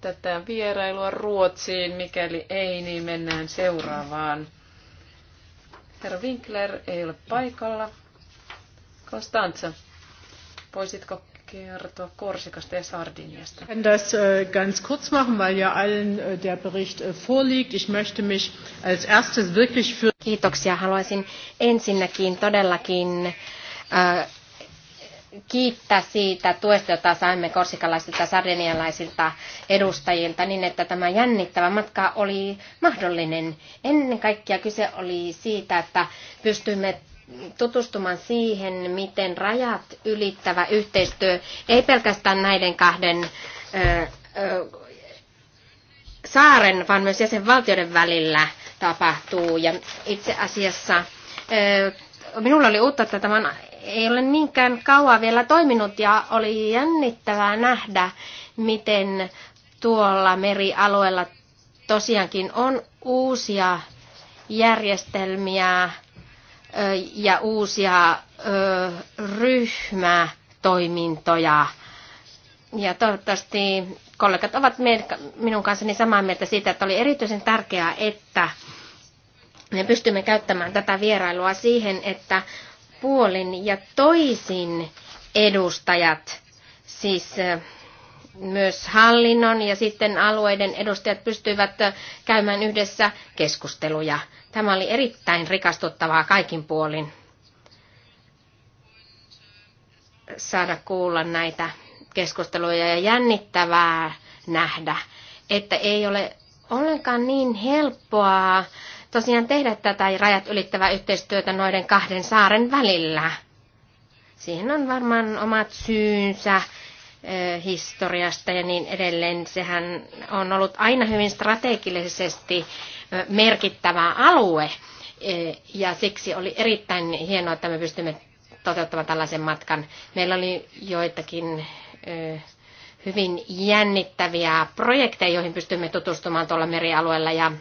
tätä vierailua Ruotsiin. Mikäli ei, niin mennään seuraavaan Herra Winkler ei ole paikalla. Konstanza, voisitko kertoa Korsikasta ja Sardiniasta? Kann das äh, ganz kurz machen, weil ja allen äh, der Bericht äh, vorliegt. Ich möchte mich als erstes wirklich für... Kiitoksia. Haluaisin ensinnäkin todellakin äh, kiittää siitä tuesta, jota saimme korsikalaisilta sardinialaisilta edustajilta, niin että tämä jännittävä matka oli mahdollinen. Ennen kaikkea kyse oli siitä, että pystymme tutustumaan siihen, miten rajat ylittävä yhteistyö, ei pelkästään näiden kahden ö, ö, saaren, vaan myös jäsenvaltioiden välillä tapahtuu. Ja itse asiassa ö, minulla oli uutta, että tämän ei ole niinkään kauan vielä toiminut ja oli jännittävää nähdä, miten tuolla merialueella tosiaankin on uusia järjestelmiä ja uusia ryhmätoimintoja. Ja toivottavasti kollegat ovat minun kanssani samaa mieltä siitä, että oli erityisen tärkeää, että me pystymme käyttämään tätä vierailua siihen, että puolin ja toisin edustajat, siis myös hallinnon ja sitten alueiden edustajat pystyivät käymään yhdessä keskusteluja. Tämä oli erittäin rikastuttavaa kaikin puolin saada kuulla näitä keskusteluja ja jännittävää nähdä, että ei ole ollenkaan niin helppoa tosiaan tehdä tätä rajat ylittävää yhteistyötä noiden kahden saaren välillä. Siihen on varmaan omat syynsä historiasta ja niin edelleen. Sehän on ollut aina hyvin strategisesti merkittävä alue ja siksi oli erittäin hienoa, että me pystymme toteuttamaan tällaisen matkan. Meillä oli joitakin hyvin jännittäviä projekteja, joihin pystymme tutustumaan tuolla merialueella ja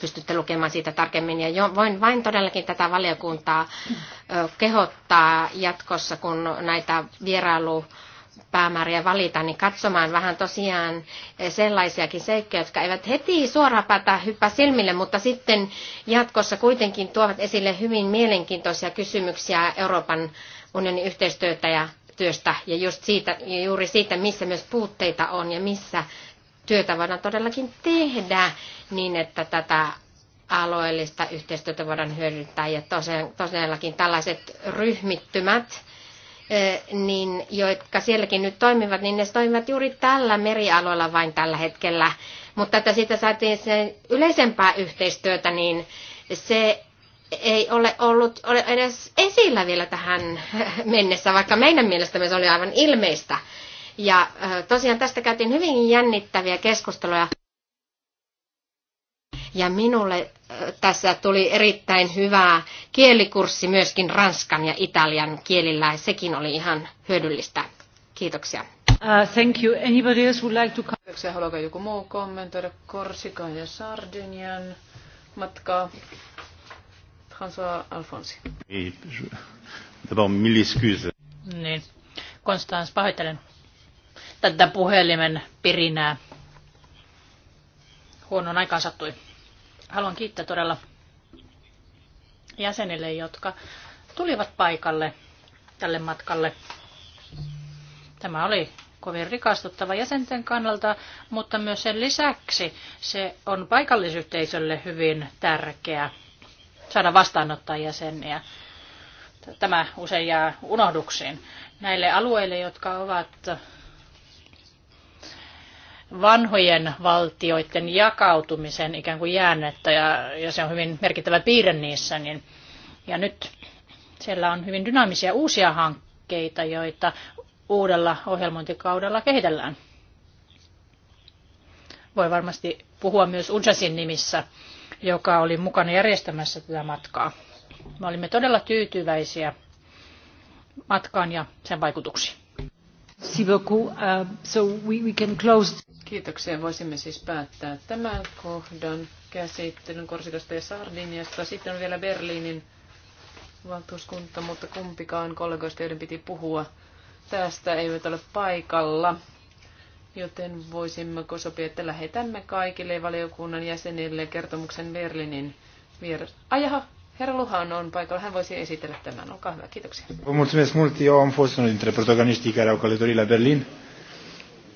pystytte lukemaan siitä tarkemmin. Ja jo, voin vain todellakin tätä valiokuntaa kehottaa jatkossa, kun näitä vierailu päämääriä valita, niin katsomaan vähän tosiaan e, sellaisiakin seikkoja, jotka eivät heti suoraan päätä hyppää silmille, mutta sitten jatkossa kuitenkin tuovat esille hyvin mielenkiintoisia kysymyksiä Euroopan unionin yhteistyötä ja työstä ja, just siitä, ja juuri siitä, missä myös puutteita on ja missä työtä voidaan todellakin tehdä niin, että tätä alueellista yhteistyötä voidaan hyödyntää. Ja tosiaankin tällaiset ryhmittymät, niin, jotka sielläkin nyt toimivat, niin ne toimivat juuri tällä merialueella vain tällä hetkellä. Mutta että siitä saatiin se yleisempää yhteistyötä, niin se ei ole ollut ole edes esillä vielä tähän [LAUGHS] mennessä, vaikka meidän mielestämme se oli aivan ilmeistä. Ja tosiaan tästä käytiin hyvin jännittäviä keskusteluja. Ja minulle tässä tuli erittäin hyvä kielikurssi myöskin ranskan ja italian kielillä. Ja sekin oli ihan hyödyllistä. Kiitoksia. Uh, thank you. Anybody else would like to come? Kiitoksia. Haluaako joku muu kommentoida Korsikan ja Sardinian matkaa? François Alfonsi. Ei, d'abord mille excuses. Niin. Konstans, pahoittelen tätä puhelimen pirinää. Huonon aikaan sattui. Haluan kiittää todella jäsenille, jotka tulivat paikalle tälle matkalle. Tämä oli kovin rikastuttava jäsenten kannalta, mutta myös sen lisäksi se on paikallisyhteisölle hyvin tärkeä saada vastaanottaa jäseniä. Tämä usein jää unohduksiin. Näille alueille, jotka ovat vanhojen valtioiden jakautumisen ikään kuin jäännettä ja, ja se on hyvin merkittävä piirre niissä. Niin, ja nyt siellä on hyvin dynaamisia uusia hankkeita, joita uudella ohjelmointikaudella kehitellään. Voi varmasti puhua myös Unsasin nimissä, joka oli mukana järjestämässä tätä matkaa. Me olimme todella tyytyväisiä matkaan ja sen vaikutuksiin. Uh, Kiitoksia. Voisimme siis päättää tämän kohdan käsittelyn Korsikasta ja Sardiniasta. Sitten on vielä Berliinin valtuuskunta, mutta kumpikaan kollegoista, joiden piti puhua tästä, eivät ole paikalla. Joten voisimmeko sopia, että lähetämme kaikille valiokunnan jäsenille kertomuksen Berliinin vieressä. Ai jaha, Herra Luhan on paikalla, hän voisi esitellä tämän. Olkaa hyvä, kiitoksia. Vă mulțumesc mult. Eu am fost unul dintre protagoniștii care au călătorit la Berlin.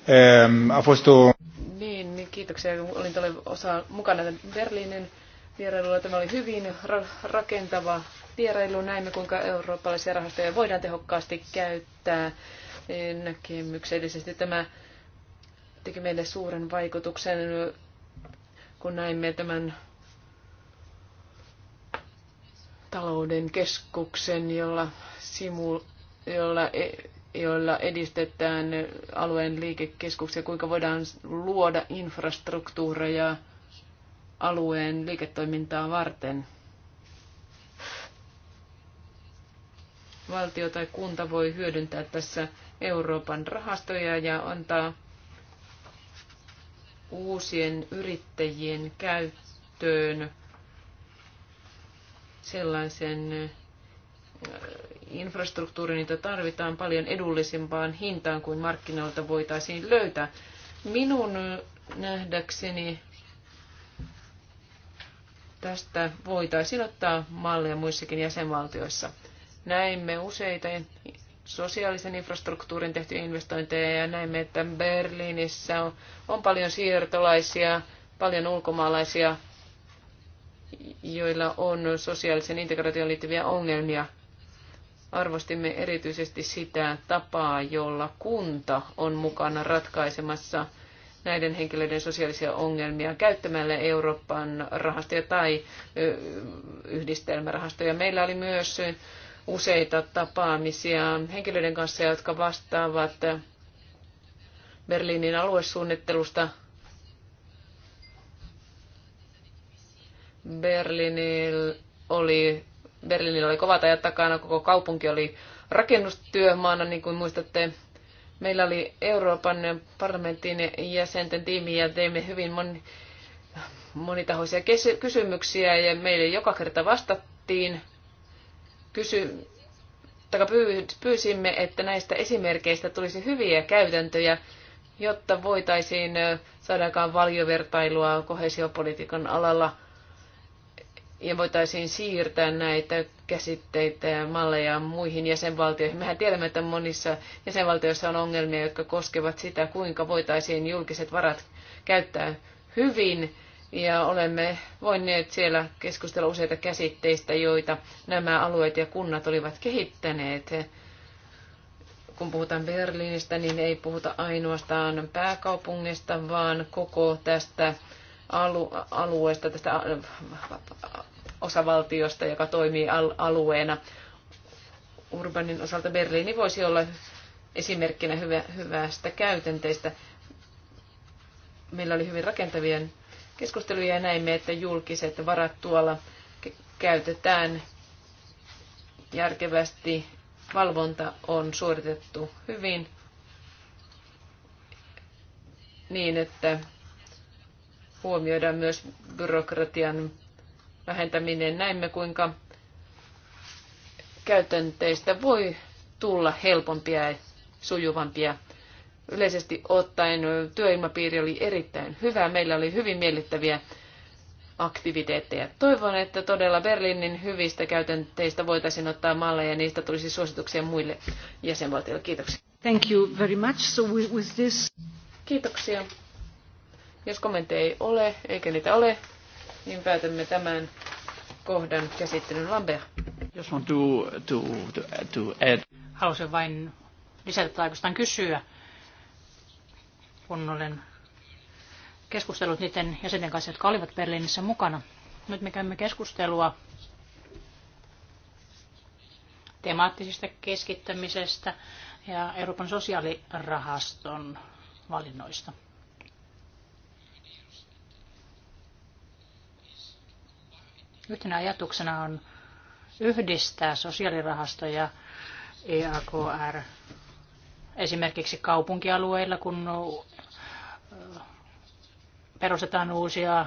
Ehm, a fost o... Niin, niin, kiitoksia. Olin tuolla osa mukana Berliinin vierailulla. Tämä oli hyvin ra- rakentava vierailu. Näimme, kuinka eurooppalaisia rahastoja voidaan tehokkaasti käyttää niin, näkemyksellisesti. Tämä teki meille suuren vaikutuksen, kun näimme tämän talouden keskuksen, jolla, simu, jolla, e, jolla edistetään alueen liikekeskuksia, kuinka voidaan luoda infrastruktuureja alueen liiketoimintaa varten. Valtio tai kunta voi hyödyntää tässä Euroopan rahastoja ja antaa uusien yrittäjien käyttöön sellaisen eh, infrastruktuurin, jota tarvitaan paljon edullisempaan hintaan kuin markkinoilta voitaisiin löytää. Minun nähdäkseni tästä voitaisiin ottaa mallia muissakin jäsenvaltioissa. Näimme useita sosiaalisen infrastruktuurin tehtyjä investointeja ja näimme, että Berliinissä on, on paljon siirtolaisia, paljon ulkomaalaisia joilla on sosiaalisen integraation liittyviä ongelmia. Arvostimme erityisesti sitä tapaa, jolla kunta on mukana ratkaisemassa näiden henkilöiden sosiaalisia ongelmia käyttämällä Euroopan rahastoja tai yhdistelmärahastoja. Meillä oli myös useita tapaamisia henkilöiden kanssa, jotka vastaavat Berliinin aluesuunnittelusta Berliinillä oli, Berliinillä oli kovat ajat takana, koko kaupunki oli rakennustyömaana, niin kuin muistatte. Meillä oli Euroopan parlamentin jäsenten tiimi ja teimme hyvin moni, monitahoisia kysymyksiä ja meille joka kerta vastattiin. Kysy, pyysimme, että näistä esimerkkeistä tulisi hyviä käytäntöjä, jotta voitaisiin saadaakaan valiovertailua kohesiopolitiikan alalla – ja voitaisiin siirtää näitä käsitteitä ja malleja muihin jäsenvaltioihin. Mehän tiedämme, että monissa jäsenvaltioissa on ongelmia, jotka koskevat sitä, kuinka voitaisiin julkiset varat käyttää hyvin. Ja olemme voineet siellä keskustella useita käsitteistä, joita nämä alueet ja kunnat olivat kehittäneet. Kun puhutaan Berliinistä, niin ei puhuta ainoastaan pääkaupungista, vaan koko tästä alueesta, tästä äh, osavaltiosta, joka toimii alueena. Urbanin osalta Berliini voisi olla esimerkkinä hyvä, hyvästä käytänteistä. Meillä oli hyvin rakentavia keskusteluja ja näimme, että julkiset varat tuolla käytetään järkevästi. Valvonta on suoritettu hyvin niin, että huomioida myös byrokratian vähentäminen. Näimme, kuinka käytänteistä voi tulla helpompia ja sujuvampia. Yleisesti ottaen työilmapiiri oli erittäin hyvä. Meillä oli hyvin miellyttäviä aktiviteetteja. Toivon, että todella Berliinin hyvistä käytänteistä voitaisiin ottaa malleja ja niistä tulisi suosituksia muille jäsenvaltioille. Kiitoksia. Thank you very much. So with this... Kiitoksia. Jos kommentteja ei ole, eikä niitä ole, niin päätämme tämän kohdan käsittelyn Lambert. Jos on to, to, to, to add. Haluaisin vain lisätä tai oikeastaan kysyä, kun olen keskustellut niiden jäsenten kanssa, jotka olivat Berliinissä mukana. Nyt me käymme keskustelua temaattisesta keskittämisestä ja Euroopan sosiaalirahaston valinnoista. Yhtenä ajatuksena on yhdistää sosiaalirahasto ja EAKR esimerkiksi kaupunkialueilla, kun perustetaan uusia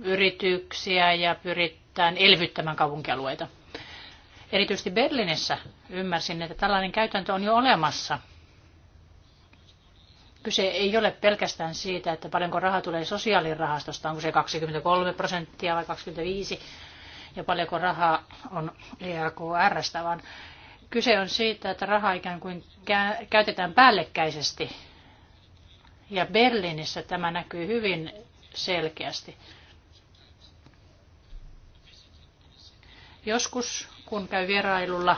yrityksiä ja pyritään elvyttämään kaupunkialueita. Erityisesti Berliinissä ymmärsin, että tällainen käytäntö on jo olemassa. Kyse ei ole pelkästään siitä, että paljonko rahaa tulee sosiaalirahastosta, onko se 23 prosenttia vai 25, ja paljonko rahaa on EAKRstä, vaan kyse on siitä, että rahaa ikään kuin käytetään päällekkäisesti. Ja Berliinissä tämä näkyy hyvin selkeästi. Joskus, kun käy vierailulla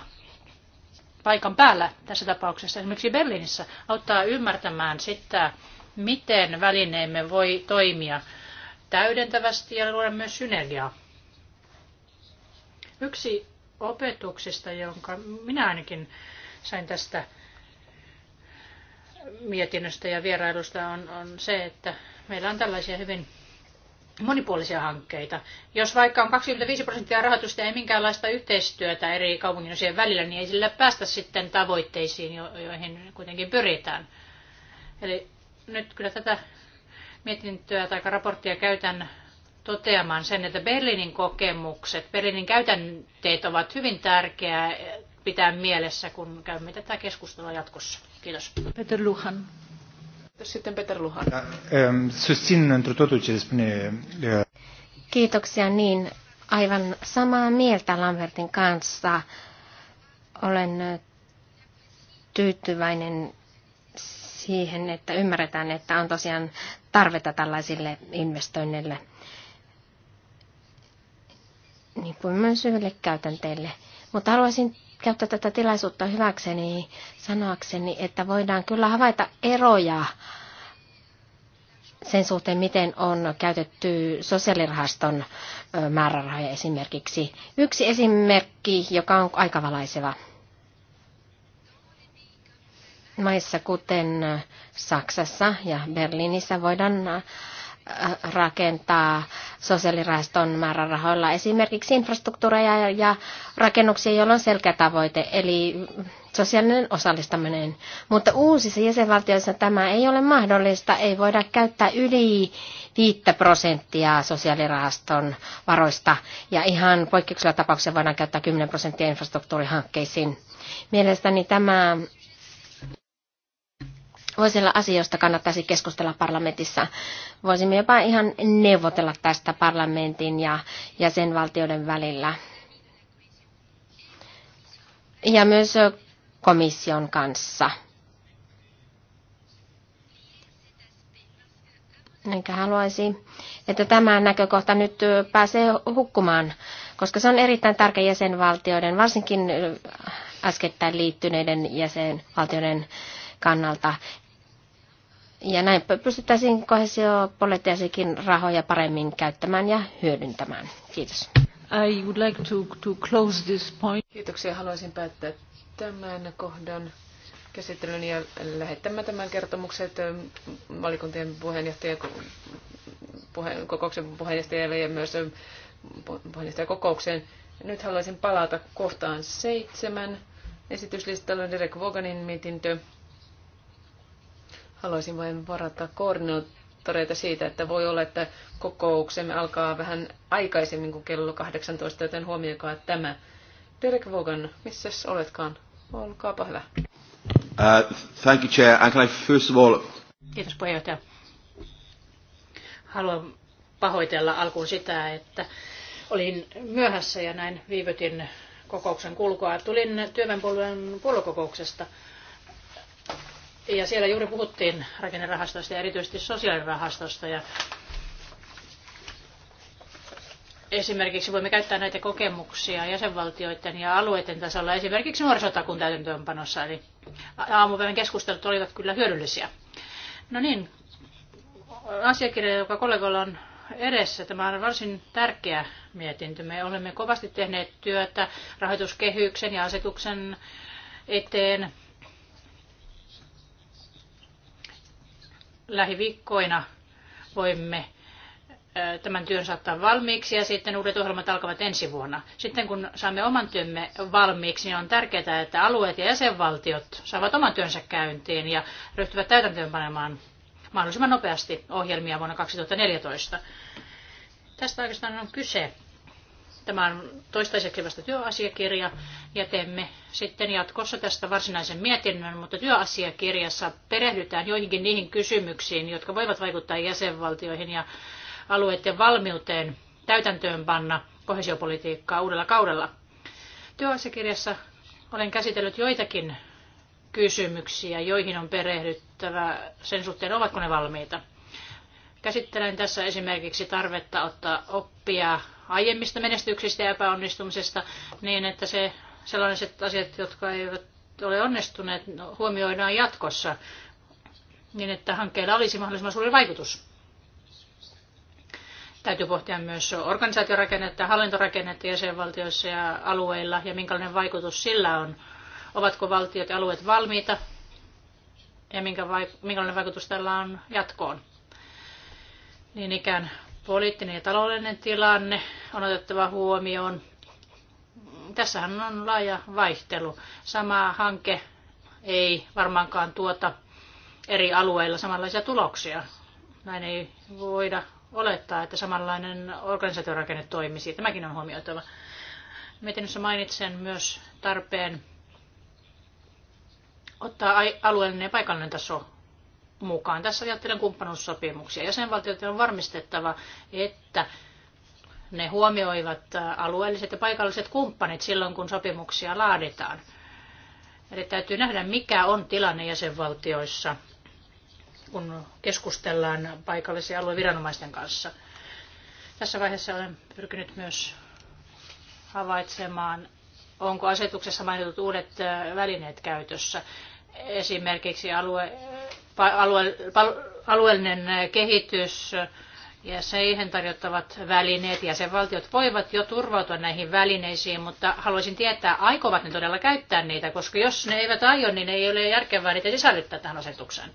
paikan päällä, tässä tapauksessa esimerkiksi Berliinissä, auttaa ymmärtämään sitä, miten välineemme voi toimia täydentävästi ja luoda myös synergiaa. Yksi opetuksista, jonka minä ainakin sain tästä mietinnöstä ja vierailusta, on, on se, että meillä on tällaisia hyvin monipuolisia hankkeita. Jos vaikka on 25 prosenttia rahoitusta ja ei minkäänlaista yhteistyötä eri kaupunginosien välillä, niin ei sillä päästä sitten tavoitteisiin, joihin kuitenkin pyritään. Eli nyt kyllä tätä mietintöä tai raporttia käytän toteamaan sen, että Berliinin kokemukset, Berliinin käytänteet ovat hyvin tärkeää pitää mielessä, kun käymme tätä keskustelua jatkossa. Kiitos. Peter Luhan. Sitten Peter Luhan. Eh, Kiitoksia niin. Aivan samaa mieltä Lambertin kanssa. Olen eh, tyytyväinen siihen, että ymmärretään, että on tosiaan tarvetta tällaisille investoinneille – niin kuin myös yhdelle käytänteelle. Mutta haluaisin käyttää tätä tilaisuutta hyväkseni sanoakseni, että voidaan kyllä havaita eroja sen suhteen, miten on käytetty sosiaalirahaston määrärahoja esimerkiksi. Yksi esimerkki, joka on aika valaiseva. Maissa kuten Saksassa ja Berliinissä voidaan Äh, rakentaa sosiaalirahaston määrärahoilla esimerkiksi infrastruktuureja ja rakennuksia, joilla on selkeä tavoite, eli sosiaalinen osallistaminen. Mutta uusissa jäsenvaltioissa tämä ei ole mahdollista, ei voida käyttää yli 5 prosenttia sosiaalirahaston varoista, ja ihan poikkeuksella tapauksessa voidaan käyttää 10 prosenttia infrastruktuurihankkeisiin. Mielestäni tämä voisilla asioista kannattaisi keskustella parlamentissa. Voisimme jopa ihan neuvotella tästä parlamentin ja jäsenvaltioiden välillä. Ja myös komission kanssa. Enkä haluaisi, että tämä näkökohta nyt pääsee hukkumaan, koska se on erittäin tärkeä jäsenvaltioiden, varsinkin äskettäin liittyneiden jäsenvaltioiden kannalta. Ja näin pystyttäisiin kohesiopolitiasikin rahoja paremmin käyttämään ja hyödyntämään. Kiitos. I would like to, to close this point. Kiitoksia. Haluaisin päättää tämän kohdan käsittelyn ja lähettämään tämän kertomukset valikuntien puheenjohtaja, puheen, kokouksen puheenjohtajalle ja myös puheenjohtajakokoukseen. Nyt haluaisin palata kohtaan seitsemän esityslistalla Derek Voganin mietintö Haluaisin vain varata koordinaattoreita siitä, että voi olla, että kokouksemme alkaa vähän aikaisemmin kuin kello 18, joten huomioikaa tämä. Derek Vogan, missä oletkaan? Olkaapa hyvä. Uh, thank you, Chair. And can I first of all... Kiitos puheenjohtaja. Haluan pahoitella alkuun sitä, että olin myöhässä ja näin viivytin kokouksen kulkoa. Tulin työväenpuolueen puolukokouksesta. Ja siellä juuri puhuttiin rakennerahastosta ja erityisesti sosiaalirahastosta. Ja esimerkiksi voimme käyttää näitä kokemuksia jäsenvaltioiden ja alueiden tasolla esimerkiksi nuorisotakun täytäntöönpanossa. Eli aamupäivän keskustelut olivat kyllä hyödyllisiä. No niin, asiakirja, joka kollegalla on edessä. Tämä on varsin tärkeä mietintö. Me olemme kovasti tehneet työtä rahoituskehyksen ja asetuksen eteen lähiviikkoina voimme tämän työn saattaa valmiiksi ja sitten uudet ohjelmat alkavat ensi vuonna. Sitten kun saamme oman työmme valmiiksi, niin on tärkeää, että alueet ja jäsenvaltiot saavat oman työnsä käyntiin ja ryhtyvät täytäntöönpanemaan mahdollisimman nopeasti ohjelmia vuonna 2014. Tästä oikeastaan on kyse. Tämä on toistaiseksi vasta työasiakirja ja teemme sitten jatkossa tästä varsinaisen mietinnön, mutta työasiakirjassa perehdytään joihinkin niihin kysymyksiin, jotka voivat vaikuttaa jäsenvaltioihin ja alueiden valmiuteen täytäntöönpanna kohesiopolitiikkaa uudella kaudella. Työasiakirjassa olen käsitellyt joitakin kysymyksiä, joihin on perehdyttävä sen suhteen, ovatko ne valmiita. Käsittelen tässä esimerkiksi tarvetta ottaa oppia aiemmista menestyksistä ja epäonnistumisesta niin, että se, sellaiset asiat, jotka eivät ole onnistuneet, huomioidaan jatkossa niin, että hankkeella olisi mahdollisimman suuri vaikutus. Täytyy pohtia myös organisaatiorakennetta ja hallintorakennetta jäsenvaltioissa ja alueilla ja minkälainen vaikutus sillä on. Ovatko valtiot ja alueet valmiita ja minkä vaik- minkälainen vaikutus tällä on jatkoon. Niin ikään Poliittinen ja taloudellinen tilanne on otettava huomioon. Tässähän on laaja vaihtelu. Sama hanke ei varmaankaan tuota eri alueilla samanlaisia tuloksia. Näin ei voida olettaa, että samanlainen organisaatiorakenne toimisi. Tämäkin on huomioitava. Mietinnössä mainitsen myös tarpeen ottaa alueellinen ja paikallinen taso mukaan. Tässä ajattelen kumppanuussopimuksia. Jäsenvaltioiden on varmistettava, että ne huomioivat alueelliset ja paikalliset kumppanit silloin, kun sopimuksia laaditaan. Eli täytyy nähdä, mikä on tilanne jäsenvaltioissa, kun keskustellaan paikallisen alueen viranomaisten kanssa. Tässä vaiheessa olen pyrkinyt myös havaitsemaan, onko asetuksessa mainitut uudet välineet käytössä, esimerkiksi alue, alue, alueellinen kehitys ja siihen tarjottavat välineet. Jäsenvaltiot voivat jo turvautua näihin välineisiin, mutta haluaisin tietää, aikovat ne todella käyttää niitä, koska jos ne eivät aio, niin ei ole järkevää niitä sisällyttää tähän asetukseen.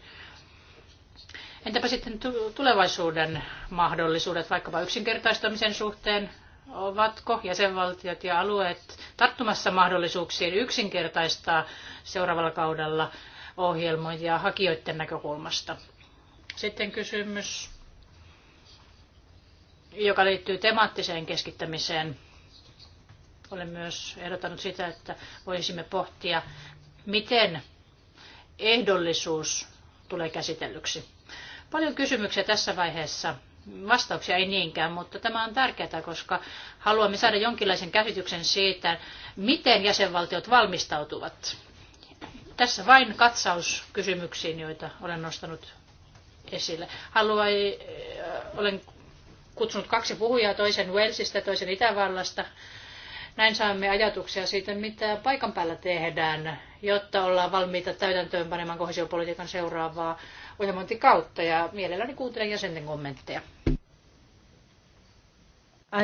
Entäpä sitten tulevaisuuden mahdollisuudet vaikkapa yksinkertaistamisen suhteen? Ovatko jäsenvaltiot ja alueet tarttumassa mahdollisuuksiin yksinkertaistaa seuraavalla kaudella ohjelmoijaa hakijoiden näkökulmasta. Sitten kysymys, joka liittyy temaattiseen keskittämiseen. Olen myös ehdottanut sitä, että voisimme pohtia, miten ehdollisuus tulee käsitellyksi. Paljon kysymyksiä tässä vaiheessa. Vastauksia ei niinkään, mutta tämä on tärkeää, koska haluamme saada jonkinlaisen käsityksen siitä, miten jäsenvaltiot valmistautuvat tässä vain katsaus kysymyksiin, joita olen nostanut esille. Haluan, äh, olen kutsunut kaksi puhujaa, toisen Walesista ja toisen Itävallasta. Näin saamme ajatuksia siitä, mitä paikan päällä tehdään, jotta ollaan valmiita täytäntöön panemaan kohesiopolitiikan seuraavaa ohjelmointikautta. Ja mielelläni kuuntelen jäsenten kommentteja.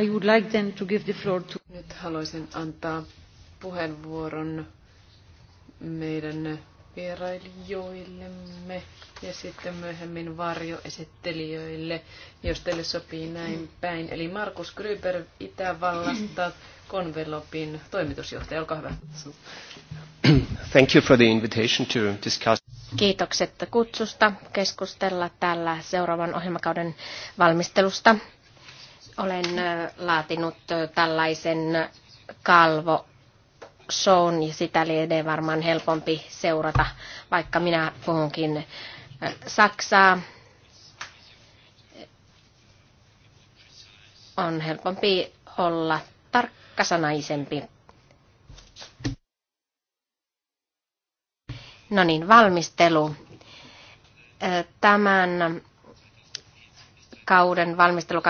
I would like then to give the floor to... Nyt haluaisin antaa puheenvuoron meidän vierailijoillemme ja sitten myöhemmin varjoesittelijöille, jos teille sopii näin päin. Eli Markus Gryber Itävallasta, Konvelopin toimitusjohtaja, olkaa hyvä. Thank you for the invitation to discuss. Kiitokset kutsusta keskustella täällä seuraavan ohjelmakauden valmistelusta. Olen äh, laatinut äh, tällaisen kalvo shown ja sitä lienee varmaan helpompi seurata, vaikka minä puhunkin äh, Saksaa. On helpompi olla tarkkasanaisempi. No niin, valmistelu. Äh, tämän kauden valmistelu 2014-2020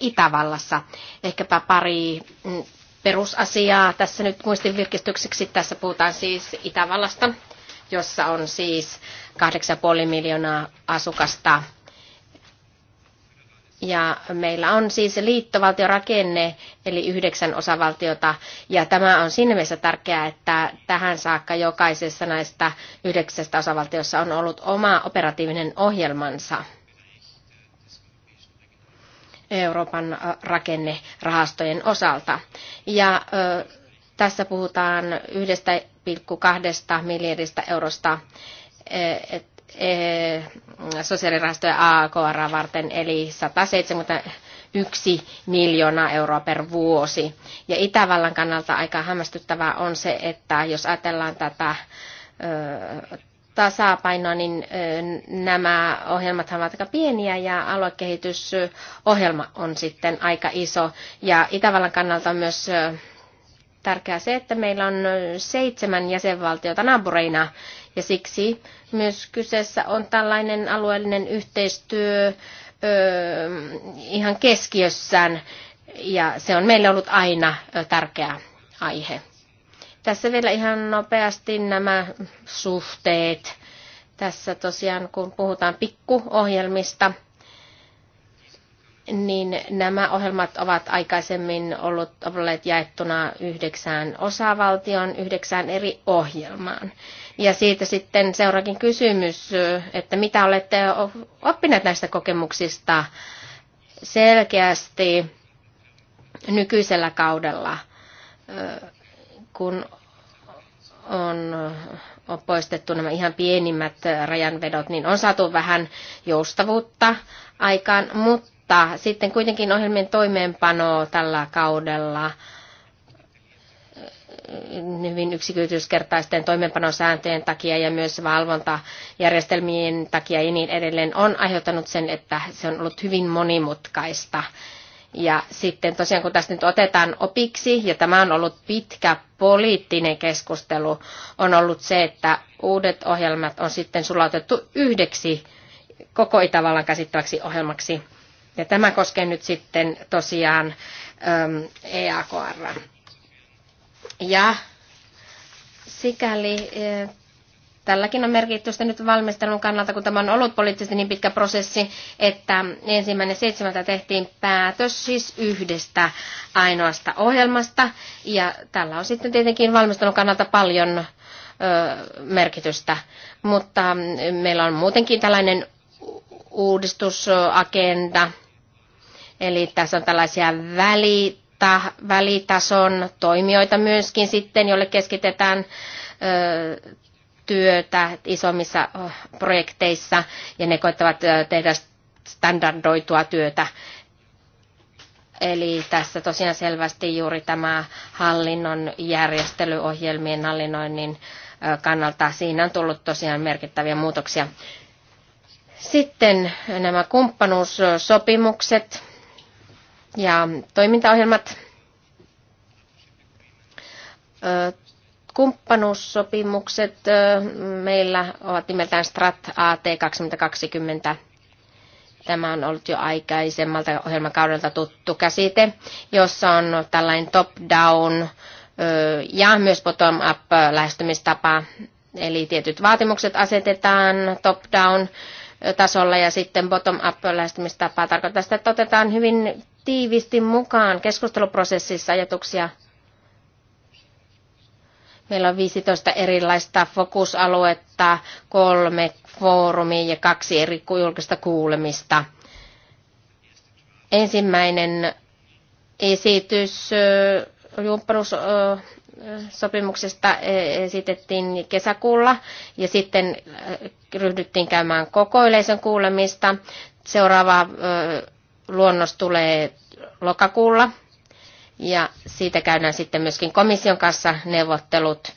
Itävallassa. Ehkäpä pari mm, perusasiaa tässä nyt muistin virkistykseksi. Tässä puhutaan siis Itävallasta, jossa on siis 8,5 miljoonaa asukasta. Ja meillä on siis liittovaltiorakenne, eli yhdeksän osavaltiota, ja tämä on siinä mielessä tärkeää, että tähän saakka jokaisessa näistä yhdeksästä osavaltiossa on ollut oma operatiivinen ohjelmansa. Euroopan rakennerahastojen osalta. Ja tässä puhutaan 1,2 miljardista eurosta e, sosiaalirahastoja AKR varten, eli 171 miljoonaa euroa per vuosi. Ja Itävallan kannalta aika hämmästyttävää on se, että jos ajatellaan tätä tasapainoa, niin nämä ohjelmat ovat aika pieniä ja aluekehitysohjelma on sitten aika iso. Ja Itävallan kannalta on myös tärkeää se, että meillä on seitsemän jäsenvaltiota naapureina ja siksi myös kyseessä on tällainen alueellinen yhteistyö ihan keskiössään ja se on meille ollut aina tärkeä aihe. Tässä vielä ihan nopeasti nämä suhteet. Tässä tosiaan, kun puhutaan pikkuohjelmista, niin nämä ohjelmat ovat aikaisemmin ollut, olleet jaettuna yhdeksään osavaltion, yhdeksään eri ohjelmaan. Ja siitä sitten seuraakin kysymys, että mitä olette oppineet näistä kokemuksista selkeästi nykyisellä kaudella kun on, on poistettu nämä ihan pienimmät rajanvedot, niin on saatu vähän joustavuutta aikaan, mutta sitten kuitenkin ohjelmien toimeenpano tällä kaudella hyvin yksityiskertaisten toimeenpanosääntöjen takia ja myös valvontajärjestelmien takia ja niin edelleen on aiheuttanut sen, että se on ollut hyvin monimutkaista ja sitten tosiaan kun tästä nyt otetaan opiksi, ja tämä on ollut pitkä poliittinen keskustelu, on ollut se, että uudet ohjelmat on sitten sulautettu yhdeksi koko Itävallan käsittäväksi ohjelmaksi. Ja tämä koskee nyt sitten tosiaan äm, EAKR. Ja sikäli eh, Tälläkin on merkitystä nyt valmistelun kannalta, kun tämä on ollut poliittisesti niin pitkä prosessi, että ensimmäinen seitsemältä tehtiin päätös siis yhdestä ainoasta ohjelmasta. Ja tällä on sitten tietenkin valmistelun kannalta paljon ö, merkitystä. Mutta meillä on muutenkin tällainen uudistusagenda. Eli tässä on tällaisia välita, välitason toimijoita myöskin sitten, jolle keskitetään työtä isommissa projekteissa ja ne koittavat tehdä standardoitua työtä. Eli tässä tosiaan selvästi juuri tämä hallinnon järjestelyohjelmien hallinnoinnin kannalta siinä on tullut tosiaan merkittäviä muutoksia. Sitten nämä kumppanuussopimukset ja toimintaohjelmat kumppanuussopimukset meillä ovat nimeltään Strat AT 2020. Tämä on ollut jo aikaisemmalta ohjelmakaudelta tuttu käsite, jossa on tällainen top-down ja myös bottom-up lähestymistapa. Eli tietyt vaatimukset asetetaan top-down tasolla ja sitten bottom-up lähestymistapa tarkoittaa sitä, että otetaan hyvin tiivisti mukaan keskusteluprosessissa ajatuksia – Meillä on 15 erilaista fokusaluetta, kolme foorumia ja kaksi eri julkista kuulemista. Ensimmäinen esitys jumppanussopimuksesta e, esitettiin kesäkuulla ja sitten ryhdyttiin käymään koko yleisön kuulemista. Seuraava luonnos tulee lokakuulla ja siitä käydään sitten myöskin komission kanssa neuvottelut.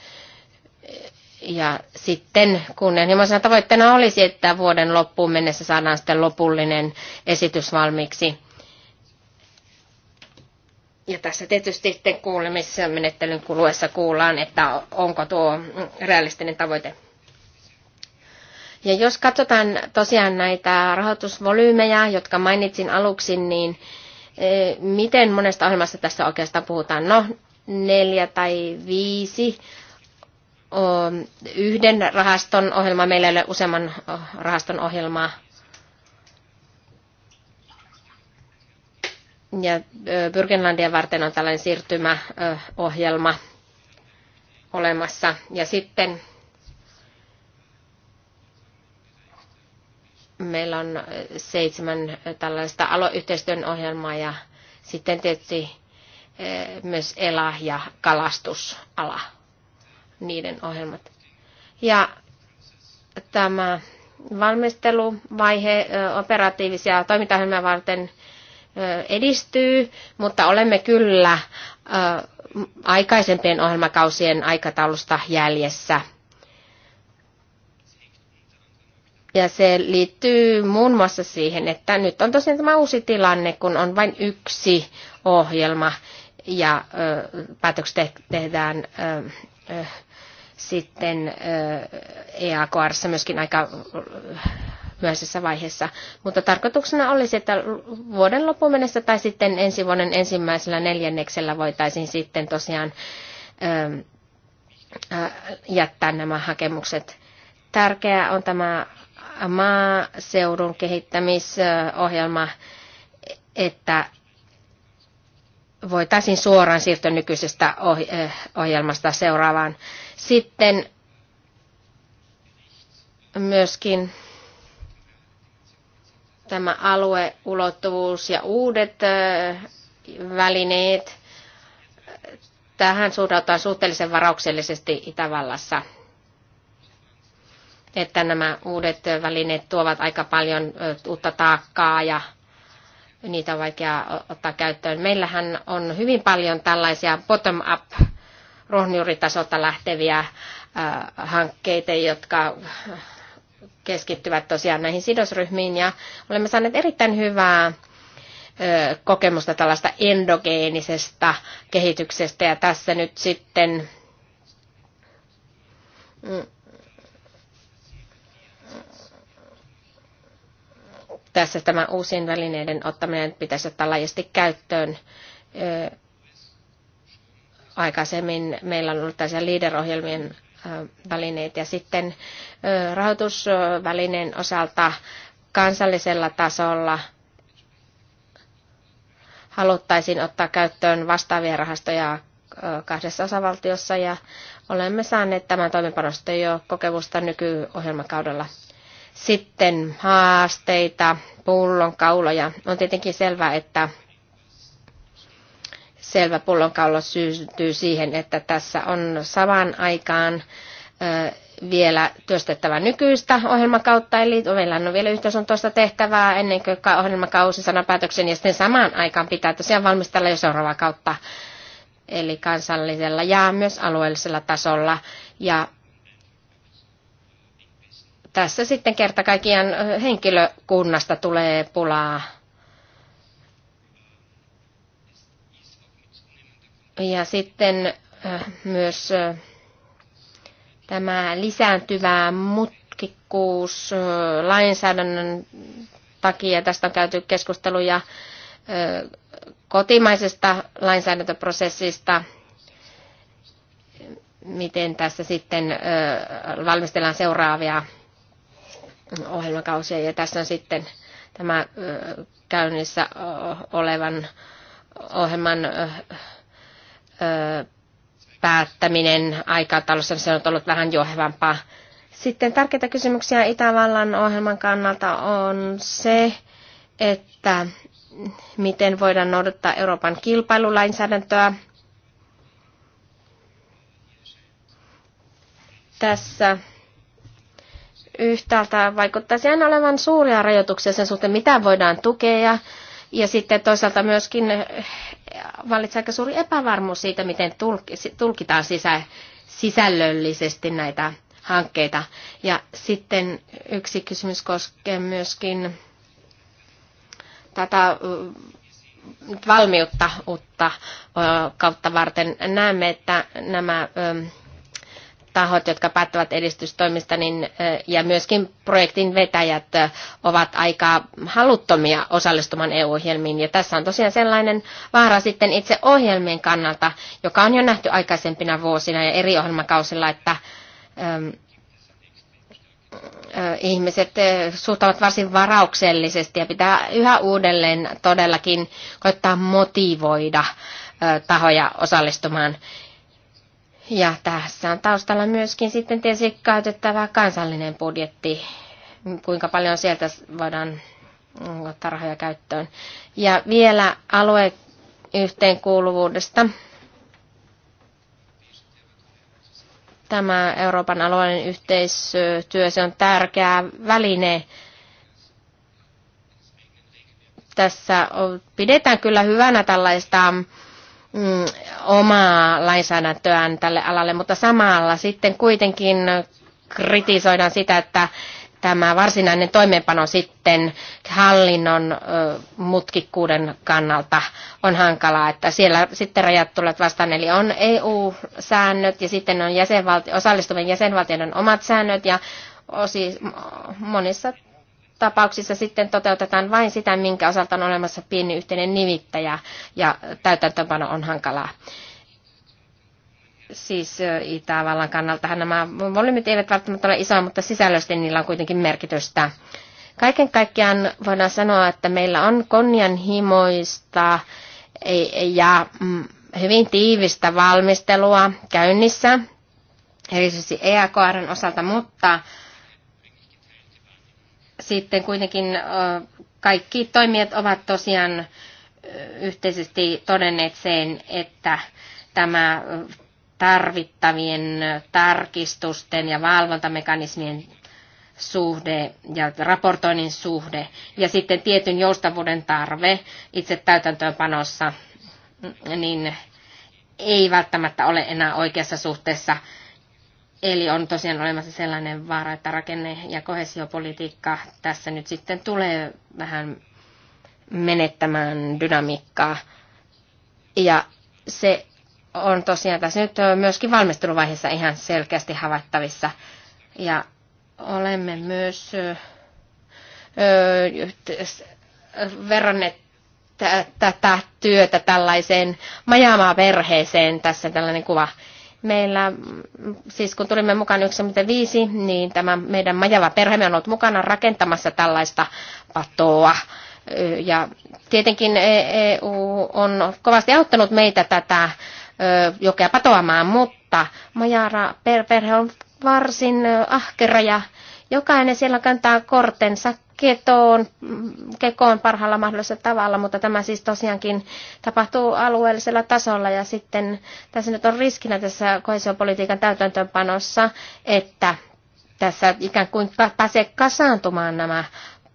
Ja sitten kunnianhimoisena tavoitteena olisi, että vuoden loppuun mennessä saadaan sitten lopullinen esitys valmiiksi. Ja tässä tietysti sitten menettelyn kuluessa kuullaan, että onko tuo realistinen tavoite. Ja jos katsotaan tosiaan näitä rahoitusvolyymejä, jotka mainitsin aluksi, niin Eh, miten monesta ohjelmasta tässä oikeastaan puhutaan? No, neljä tai viisi yhden rahaston ohjelma, meillä ei ole useamman rahaston ohjelmaa. Ja Byrgenlandia varten on tällainen siirtymäohjelma olemassa. Ja sitten meillä on äh, seitsemän äh, tällaista aloyhteistyön ohjelmaa ja sitten tietysti äh, myös ELA ja kalastusala, niiden ohjelmat. Ja tämä valmisteluvaihe operatiivisia toimintaohjelmia varten edistyy, mutta olemme kyllä aikaisempien ohjelmakausien aikataulusta jäljessä – Ja se liittyy muun muassa siihen, että nyt on tosiaan tämä uusi tilanne, kun on vain yksi ohjelma ja ö, päätökset tehdään ö, ö, sitten EAKRssa myöskin aika myöhäisessä vaiheessa. Mutta tarkoituksena olisi, että vuoden loppuun mennessä tai sitten ensi vuoden ensimmäisellä neljänneksellä voitaisiin sitten tosiaan jättää nämä hakemukset. Tärkeää on tämä maaseudun kehittämisohjelma, että voitaisiin suoraan siirtyä nykyisestä eh, ohjelmasta seuraavaan. Sitten myöskin tämä alueulottuvuus ja uudet eh, välineet. Tähän suhtaudutaan suhteellisen varauksellisesti Itävallassa että nämä uudet välineet tuovat aika paljon uutta taakkaa ja niitä on vaikea ottaa käyttöön. Meillähän on hyvin paljon tällaisia bottom-up ruohonjuuritasolta lähteviä hankkeita, jotka keskittyvät tosiaan näihin sidosryhmiin ja olemme saaneet erittäin hyvää kokemusta tällaista endogeenisesta kehityksestä ja tässä nyt sitten mm, Tässä tämä uusien välineiden ottaminen pitäisi ottaa laajasti käyttöön. Aikaisemmin meillä on ollut tällaisia leader-ohjelmien välineitä ja sitten rahoitusvälineen osalta kansallisella tasolla haluttaisiin ottaa käyttöön vastaavia rahastoja kahdessa osavaltiossa ja olemme saaneet tämän toimenpanosta jo kokemusta nykyohjelmakaudella. Sitten haasteita, pullonkauloja. On tietenkin selvää, että selvä pullonkaula syntyy siihen, että tässä on samaan aikaan vielä työstettävä nykyistä ohjelmakautta, eli meillä on vielä on tuosta tehtävää ennen kuin ohjelmakausi sana päätöksen, ja sitten samaan aikaan pitää tosiaan valmistella jo seuraavaa kautta, eli kansallisella ja myös alueellisella tasolla, ja tässä sitten kerta kaikkiaan henkilökunnasta tulee pulaa. Ja sitten myös tämä lisääntyvä mutkikkuus lainsäädännön takia. Tästä on käyty keskusteluja kotimaisesta lainsäädäntöprosessista, miten tässä sitten valmistellaan seuraavia ohjelmakausia ja tässä on sitten tämä käynnissä olevan ohjelman päättäminen aikataulussa, se on ollut vähän johevampaa. Sitten tärkeitä kysymyksiä Itävallan ohjelman kannalta on se, että miten voidaan noudattaa Euroopan kilpailulainsäädäntöä. Tässä yhtäältä vaikuttaa siihen olevan suuria rajoituksia sen suhteen, mitä voidaan tukea, ja sitten toisaalta myöskin eh, vallitsee aika suuri epävarmuus siitä, miten tulkitaan sisä, sisällöllisesti näitä hankkeita. Ja sitten yksi kysymys koskee myöskin tätä eh, valmiutta uutta eh, kautta varten. Näemme, että nämä tahot, jotka päättävät edistystoimista niin, ja myöskin projektin vetäjät ovat aika haluttomia osallistumaan EU-ohjelmiin. Ja tässä on tosiaan sellainen vaara sitten itse ohjelmien kannalta, joka on jo nähty aikaisempina vuosina ja eri ohjelmakausilla, että ähm, ihmiset suhtautuvat varsin varauksellisesti ja pitää yhä uudelleen todellakin koittaa motivoida tahoja osallistumaan. Ja tässä on taustalla myöskin sitten tietysti käytettävä kansallinen budjetti, kuinka paljon sieltä voidaan ottaa rahoja käyttöön. Ja vielä alueyhteenkuuluvuudesta. Tämä Euroopan alueellinen yhteistyö, se on tärkeä väline. Tässä pidetään kyllä hyvänä tällaista Mm, omaa lainsäädäntöään tälle alalle, mutta samalla sitten kuitenkin kritisoidaan sitä, että tämä varsinainen toimeenpano sitten hallinnon mutkikkuuden kannalta on hankalaa, että siellä sitten rajat tulevat vastaan. Eli on EU-säännöt ja sitten on jäsenvalti- osallistuvien jäsenvaltioiden omat säännöt ja osi- monissa tapauksissa sitten toteutetaan vain sitä, minkä osalta on olemassa pieni yhteinen nimittäjä ja täytäntöpano on hankalaa. Siis Itävallan kannaltahan nämä volyymit eivät välttämättä ole isoja, mutta sisällöllisesti niillä on kuitenkin merkitystä. Kaiken kaikkiaan voidaan sanoa, että meillä on konnianhimoista ja mm, hyvin tiivistä valmistelua käynnissä, erityisesti EAKRn osalta, mutta sitten kuitenkin kaikki toimijat ovat tosiaan yhteisesti todenneet sen, että tämä tarvittavien tarkistusten ja valvontamekanismien suhde ja raportoinnin suhde ja sitten tietyn joustavuuden tarve itse täytäntöönpanossa, niin ei välttämättä ole enää oikeassa suhteessa Eli on tosiaan olemassa sellainen vaara, että rakenne- ja kohesiopolitiikka tässä nyt sitten tulee vähän menettämään dynamiikkaa. Ja se on tosiaan tässä nyt myöskin valmisteluvaiheessa ihan selkeästi havaittavissa. Ja olemme myös verranneet tätä työtä tällaiseen majaamaan perheeseen. Tässä tällainen kuva Meillä, siis kun tulimme mukaan 95, niin tämä meidän majava perheemme on ollut mukana rakentamassa tällaista patoa. Ja tietenkin EU e on kovasti auttanut meitä tätä jokea patoamaan, mutta majara perhe on varsin ahkera ja jokainen siellä kantaa kortensa ketoon, kekoon parhaalla mahdollisella tavalla, mutta tämä siis tosiaankin tapahtuu alueellisella tasolla ja sitten tässä nyt on riskinä tässä koesiopolitiikan täytäntöönpanossa, että tässä ikään kuin pääsee kasaantumaan nämä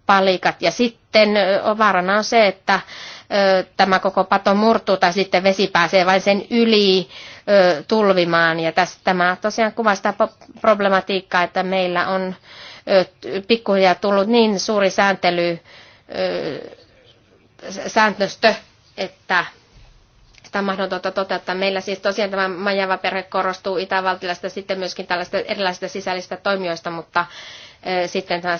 palikat ja sitten vaarana on se, että tämä koko pato murtuu tai sitten vesi pääsee vain sen yli tulvimaan ja tässä, tämä tosiaan kuvastaa problematiikkaa, että meillä on pikkuhiljaa tullut niin suuri sääntely, sääntöstö, että sitä on mahdotonta toteuttaa. Meillä siis tosiaan tämä majava perhe korostuu Itävaltilasta sitten myöskin tällaista erilaisista sisällistä toimijoista, mutta sitten tämä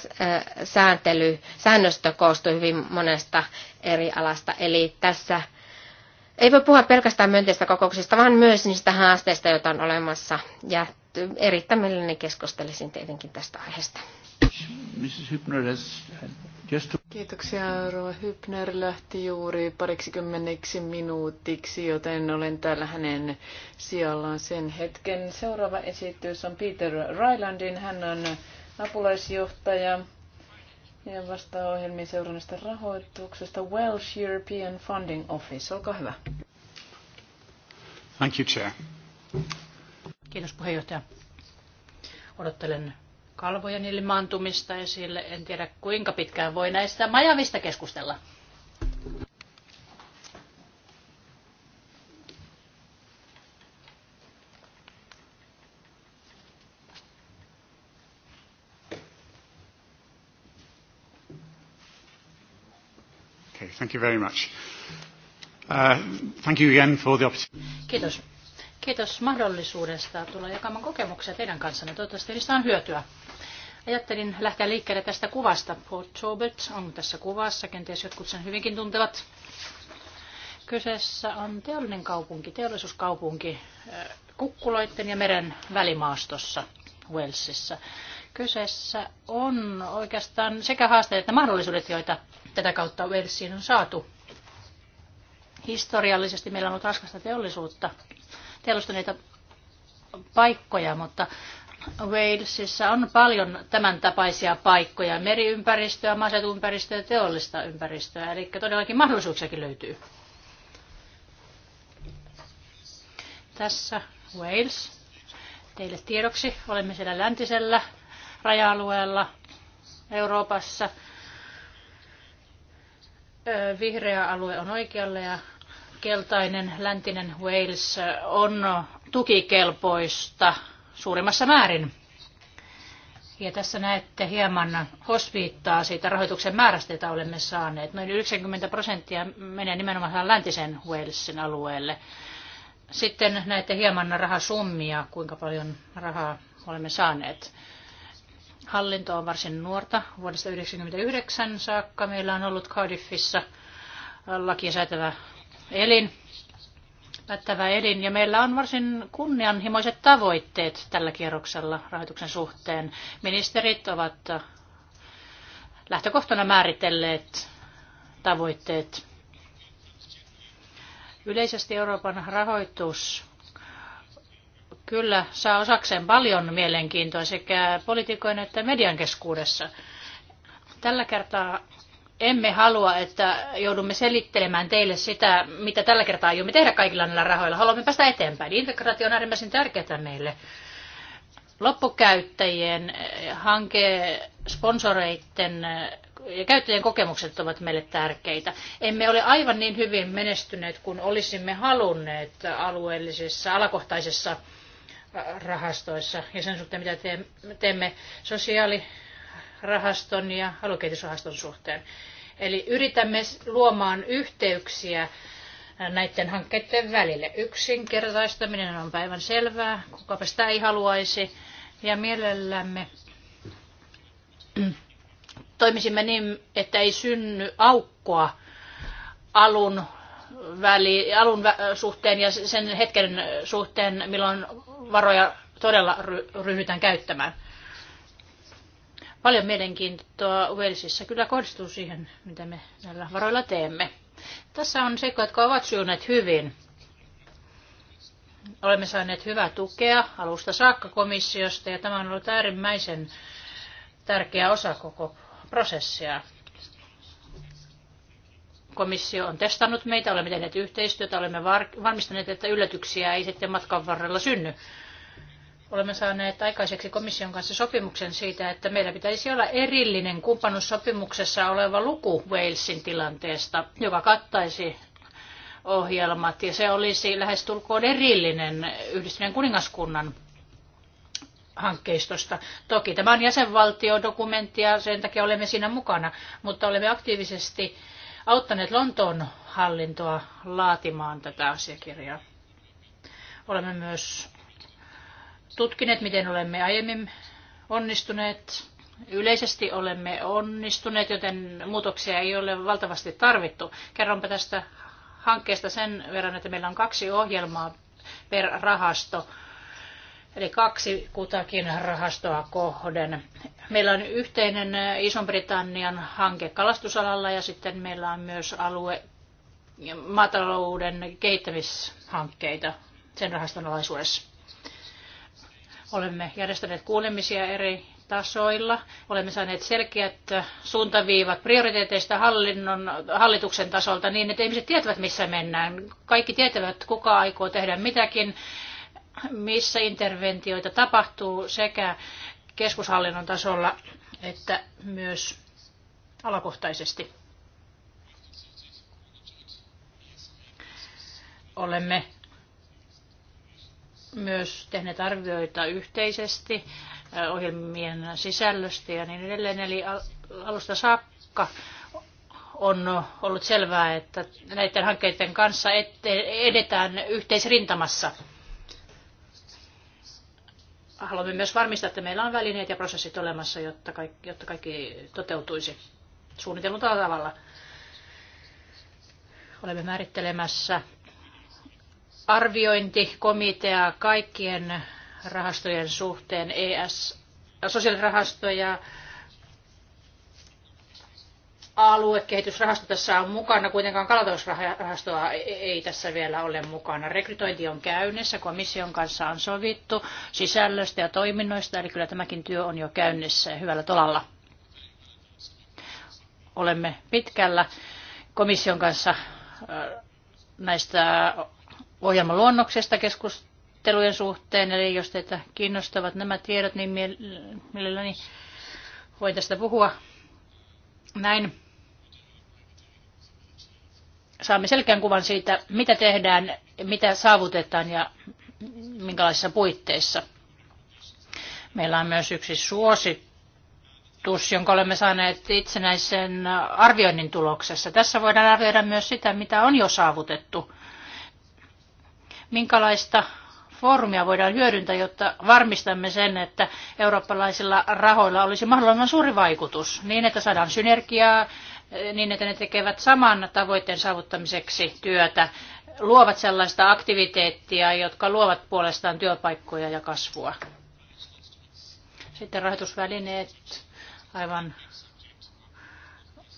sääntely, säännöstö koostuu hyvin monesta eri alasta. Eli tässä ei voi puhua pelkästään myönteistä kokouksista, vaan myös niistä haasteista, joita on olemassa. Ja erittäin mielelläni keskustelisin tietenkin tästä aiheesta. Kiitoksia, Roa Hypner lähti juuri pariksikymmeneksi minuutiksi, joten olen täällä hänen sijallaan sen hetken. Seuraava esitys on Peter Rylandin. Hän on apulaisjohtaja ja vastaa ohjelmien seurannasta rahoituksesta Welsh European Funding Office. Olkaa hyvä. Thank you, Chair. Kiitos puheenjohtaja. Odottelen kalvoja niille maantumista esille. En tiedä kuinka pitkään voi näistä majavista keskustella. Okay, thank you very much. Uh, thank you again for the opportunity. Kiitos Kiitos mahdollisuudesta tulla jakamaan kokemuksia teidän kanssanne. Toivottavasti niistä on hyötyä. Ajattelin lähteä liikkeelle tästä kuvasta. Paul Tobert on tässä kuvassa, kenties jotkut sen hyvinkin tuntevat. Kyseessä on teollinen kaupunki, teollisuuskaupunki kukkuloitten ja meren välimaastossa Walesissa. Kyseessä on oikeastaan sekä haasteet että mahdollisuudet, joita tätä kautta Walesiin on saatu. Historiallisesti meillä on ollut raskasta teollisuutta, teollistuneita paikkoja, mutta Walesissa on paljon tämän tapaisia paikkoja, meriympäristöä, maaseutuympäristöä ja teollista ympäristöä, eli todellakin mahdollisuuksiakin löytyy. Tässä Wales. Teille tiedoksi olemme siellä läntisellä raja-alueella Euroopassa. Vihreä alue on oikealle ja keltainen läntinen Wales on tukikelpoista suurimmassa määrin. Ja tässä näette hieman osviittaa siitä rahoituksen määrästä, jota olemme saaneet. Noin 90 prosenttia menee nimenomaan läntisen Walesin alueelle. Sitten näette hieman rahasummia, kuinka paljon rahaa olemme saaneet. Hallinto on varsin nuorta. Vuodesta 1999 saakka meillä on ollut Cardiffissa lakia säätävä elin, päättävä elin. Ja meillä on varsin kunnianhimoiset tavoitteet tällä kierroksella rahoituksen suhteen. Ministerit ovat lähtökohtana määritelleet tavoitteet. Yleisesti Euroopan rahoitus kyllä saa osakseen paljon mielenkiintoa sekä poliitikoiden että median keskuudessa. Tällä kertaa emme halua, että joudumme selittelemään teille sitä, mitä tällä kertaa aiomme tehdä kaikilla näillä rahoilla. Haluamme päästä eteenpäin. Integraatio on äärimmäisen tärkeää meille. Loppukäyttäjien eh, hanke, sponsoreiden eh, ja käyttäjien kokemukset ovat meille tärkeitä. Emme ole aivan niin hyvin menestyneet kuin olisimme halunneet alueellisissa, alakohtaisissa eh, rahastoissa ja sen suhteen, mitä teemme sosiaali- rahaston ja aluekehitysrahaston suhteen. Eli yritämme luomaan yhteyksiä näiden hankkeiden välille. Yksinkertaistaminen on päivän selvää, kukapa sitä ei haluaisi. Ja mielellämme toimisimme niin, että ei synny aukkoa alun, väli, alun suhteen ja sen hetken suhteen, milloin varoja todella ryhdytään käyttämään. Paljon mielenkiintoa Walesissa kyllä kohdistuu siihen, mitä me näillä varoilla teemme. Tässä on se, jotka ovat sujuneet hyvin. Olemme saaneet hyvää tukea alusta saakka komissiosta ja tämä on ollut äärimmäisen tärkeä osa koko prosessia. Komissio on testannut meitä, olemme tehneet yhteistyötä, olemme varmistaneet, että yllätyksiä ei sitten matkan varrella synny olemme saaneet aikaiseksi komission kanssa sopimuksen siitä, että meillä pitäisi olla erillinen kumppanuussopimuksessa oleva luku Walesin tilanteesta, joka kattaisi ohjelmat, ja se olisi lähestulkoon erillinen yhdistyneen kuningaskunnan hankkeistosta. Toki tämä on jäsenvaltiodokumentti ja sen takia olemme siinä mukana, mutta olemme aktiivisesti auttaneet Lontoon hallintoa laatimaan tätä asiakirjaa. Olemme myös tutkineet, miten olemme aiemmin onnistuneet. Yleisesti olemme onnistuneet, joten muutoksia ei ole valtavasti tarvittu. Kerronpa tästä hankkeesta sen verran, että meillä on kaksi ohjelmaa per rahasto, eli kaksi kutakin rahastoa kohden. Meillä on yhteinen Ison-Britannian hanke kalastusalalla ja sitten meillä on myös alue maatalouden kehittämishankkeita sen rahaston alaisuudessa. Olemme järjestäneet kuulemisia eri tasoilla. Olemme saaneet selkeät suuntaviivat prioriteeteista hallinnon, hallituksen tasolta niin, että ihmiset tietävät, missä mennään. Kaikki tietävät, kuka aikoo tehdä mitäkin, missä interventioita tapahtuu sekä keskushallinnon tasolla että myös alakohtaisesti. Olemme myös tehneet arvioita yhteisesti äh, ohjelmien sisällöstä ja niin edelleen. Eli alusta saakka on ollut selvää, että näiden hankkeiden kanssa edetään yhteisrintamassa. Haluamme myös varmistaa, että meillä on välineet ja prosessit olemassa, jotta kaikki, jotta kaikki toteutuisi suunnitelmalla tavalla. Olemme määrittelemässä arviointikomitea kaikkien rahastojen suhteen, ES, sosiaalirahasto ja aluekehitysrahasto tässä on mukana, kuitenkaan kalatausrahastoa ei tässä vielä ole mukana. Rekrytointi on käynnissä, komission kanssa on sovittu sisällöstä ja toiminnoista, eli kyllä tämäkin työ on jo käynnissä ja hyvällä tolalla. Olemme pitkällä komission kanssa näistä ohjelmaluonnoksesta keskustelujen suhteen, eli jos teitä kiinnostavat nämä tiedot, niin mielelläni voin tästä puhua. Näin saamme selkeän kuvan siitä, mitä tehdään, mitä saavutetaan ja minkälaisissa puitteissa. Meillä on myös yksi suositus, jonka olemme saaneet itsenäisen arvioinnin tuloksessa. Tässä voidaan arvioida myös sitä, mitä on jo saavutettu minkälaista foorumia voidaan hyödyntää, jotta varmistamme sen, että eurooppalaisilla rahoilla olisi mahdollisimman suuri vaikutus, niin että saadaan synergiaa, niin että ne tekevät saman tavoitteen saavuttamiseksi työtä, luovat sellaista aktiviteettia, jotka luovat puolestaan työpaikkoja ja kasvua. Sitten rahoitusvälineet aivan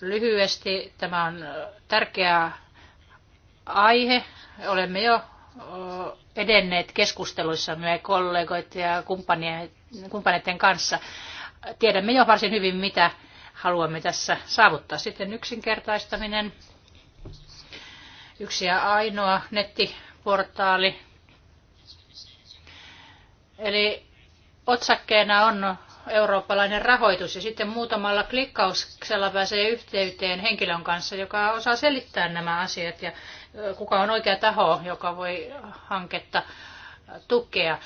lyhyesti. Tämä on tärkeä aihe. Olemme jo edenneet keskusteluissamme kollegoiden ja kumppaneiden kanssa. Tiedämme jo varsin hyvin, mitä haluamme tässä saavuttaa. Sitten yksinkertaistaminen. Yksi ja ainoa nettiportaali. Eli otsakkeena on eurooppalainen rahoitus ja sitten muutamalla klikkauksella pääsee yhteyteen henkilön kanssa, joka osaa selittää nämä asiat ja kuka on oikea taho, joka voi hanketta tukea.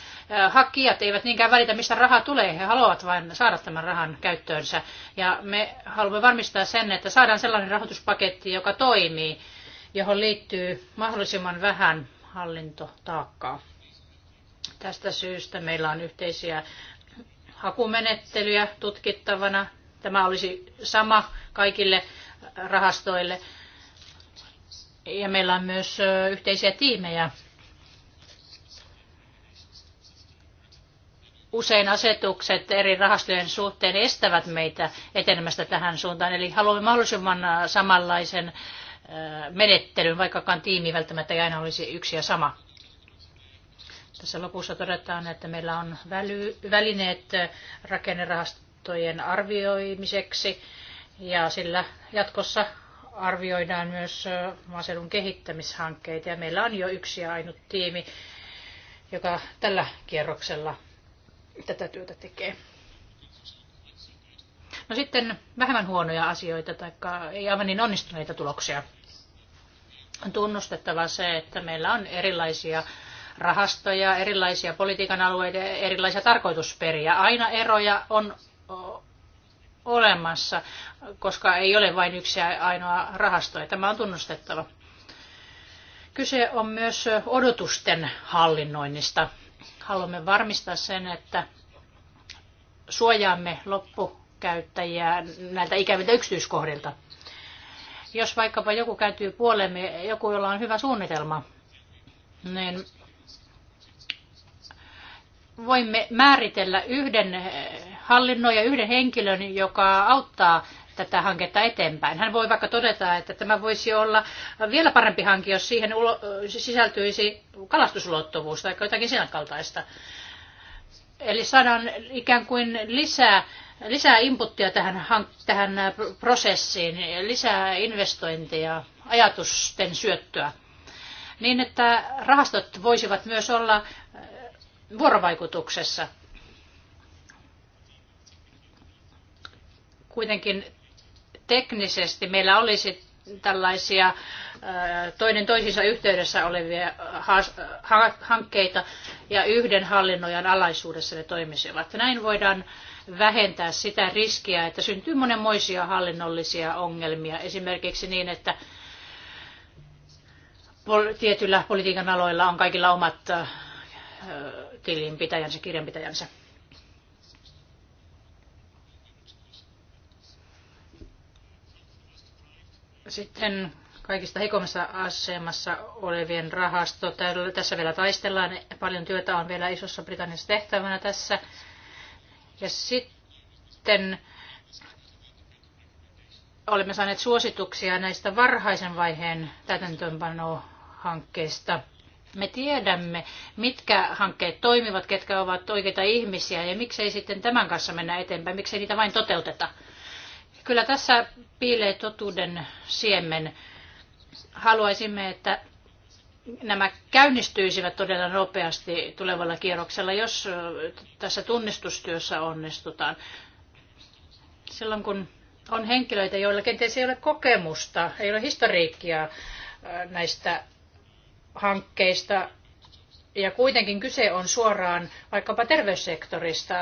Hakijat eivät niinkään välitä, mistä raha tulee. He haluavat vain saada tämän rahan käyttöönsä. Ja me haluamme varmistaa sen, että saadaan sellainen rahoituspaketti, joka toimii, johon liittyy mahdollisimman vähän hallintotaakkaa. Tästä syystä meillä on yhteisiä hakumenettelyjä tutkittavana. Tämä olisi sama kaikille rahastoille ja meillä on myös yhteisiä tiimejä. Usein asetukset eri rahastojen suhteen estävät meitä etenemästä tähän suuntaan, eli haluamme mahdollisimman samanlaisen menettelyn, vaikkakaan tiimi välttämättä ei aina olisi yksi ja sama. Tässä lopussa todetaan, että meillä on väly, välineet rakennerahastojen arvioimiseksi ja sillä jatkossa arvioidaan myös maaseudun kehittämishankkeita ja meillä on jo yksi ja ainut tiimi, joka tällä kierroksella tätä työtä tekee. No sitten vähemmän huonoja asioita tai ei aivan niin onnistuneita tuloksia. On tunnustettava se, että meillä on erilaisia rahastoja, erilaisia politiikan alueita, erilaisia tarkoitusperiä. Aina eroja on olemassa, koska ei ole vain yksi ainoa rahasto, ja tämä on tunnustettava. Kyse on myös odotusten hallinnoinnista. Haluamme varmistaa sen, että suojaamme loppukäyttäjiä näiltä ikäviltä yksityiskohdilta. Jos vaikkapa joku kääntyy puolemme, joku, jolla on hyvä suunnitelma, niin voimme määritellä yhden ja yhden henkilön, joka auttaa tätä hanketta eteenpäin. Hän voi vaikka todeta, että tämä voisi olla vielä parempi hanke, jos siihen sisältyisi kalastusulottuvuus tai jotakin sen kaltaista. Eli saadaan ikään kuin lisää, lisää inputtia tähän, tähän prosessiin, lisää investointeja, ajatusten syöttöä, niin että rahastot voisivat myös olla vuorovaikutuksessa. kuitenkin teknisesti meillä olisi tällaisia toinen toisiinsa yhteydessä olevia hankkeita ja yhden hallinnojan alaisuudessa ne toimisivat. Näin voidaan vähentää sitä riskiä, että syntyy monenmoisia hallinnollisia ongelmia, esimerkiksi niin, että tietyillä politiikan aloilla on kaikilla omat tilinpitäjänsä, kirjanpitäjänsä. Sitten kaikista heikommassa asemassa olevien rahasto. Tässä vielä taistellaan. Paljon työtä on vielä Isossa Britanniassa tehtävänä tässä. Ja sitten olemme saaneet suosituksia näistä varhaisen vaiheen täytäntöönpanohankkeista. Me tiedämme, mitkä hankkeet toimivat, ketkä ovat oikeita ihmisiä ja miksei sitten tämän kanssa mennä eteenpäin, miksei niitä vain toteuteta. Kyllä tässä piilee totuuden siemen. Haluaisimme, että nämä käynnistyisivät todella nopeasti tulevalla kierroksella, jos tässä tunnistustyössä onnistutaan. Silloin kun on henkilöitä, joilla kenties ei ole kokemusta, ei ole historiikkia näistä hankkeista, ja kuitenkin kyse on suoraan vaikkapa terveyssektorista.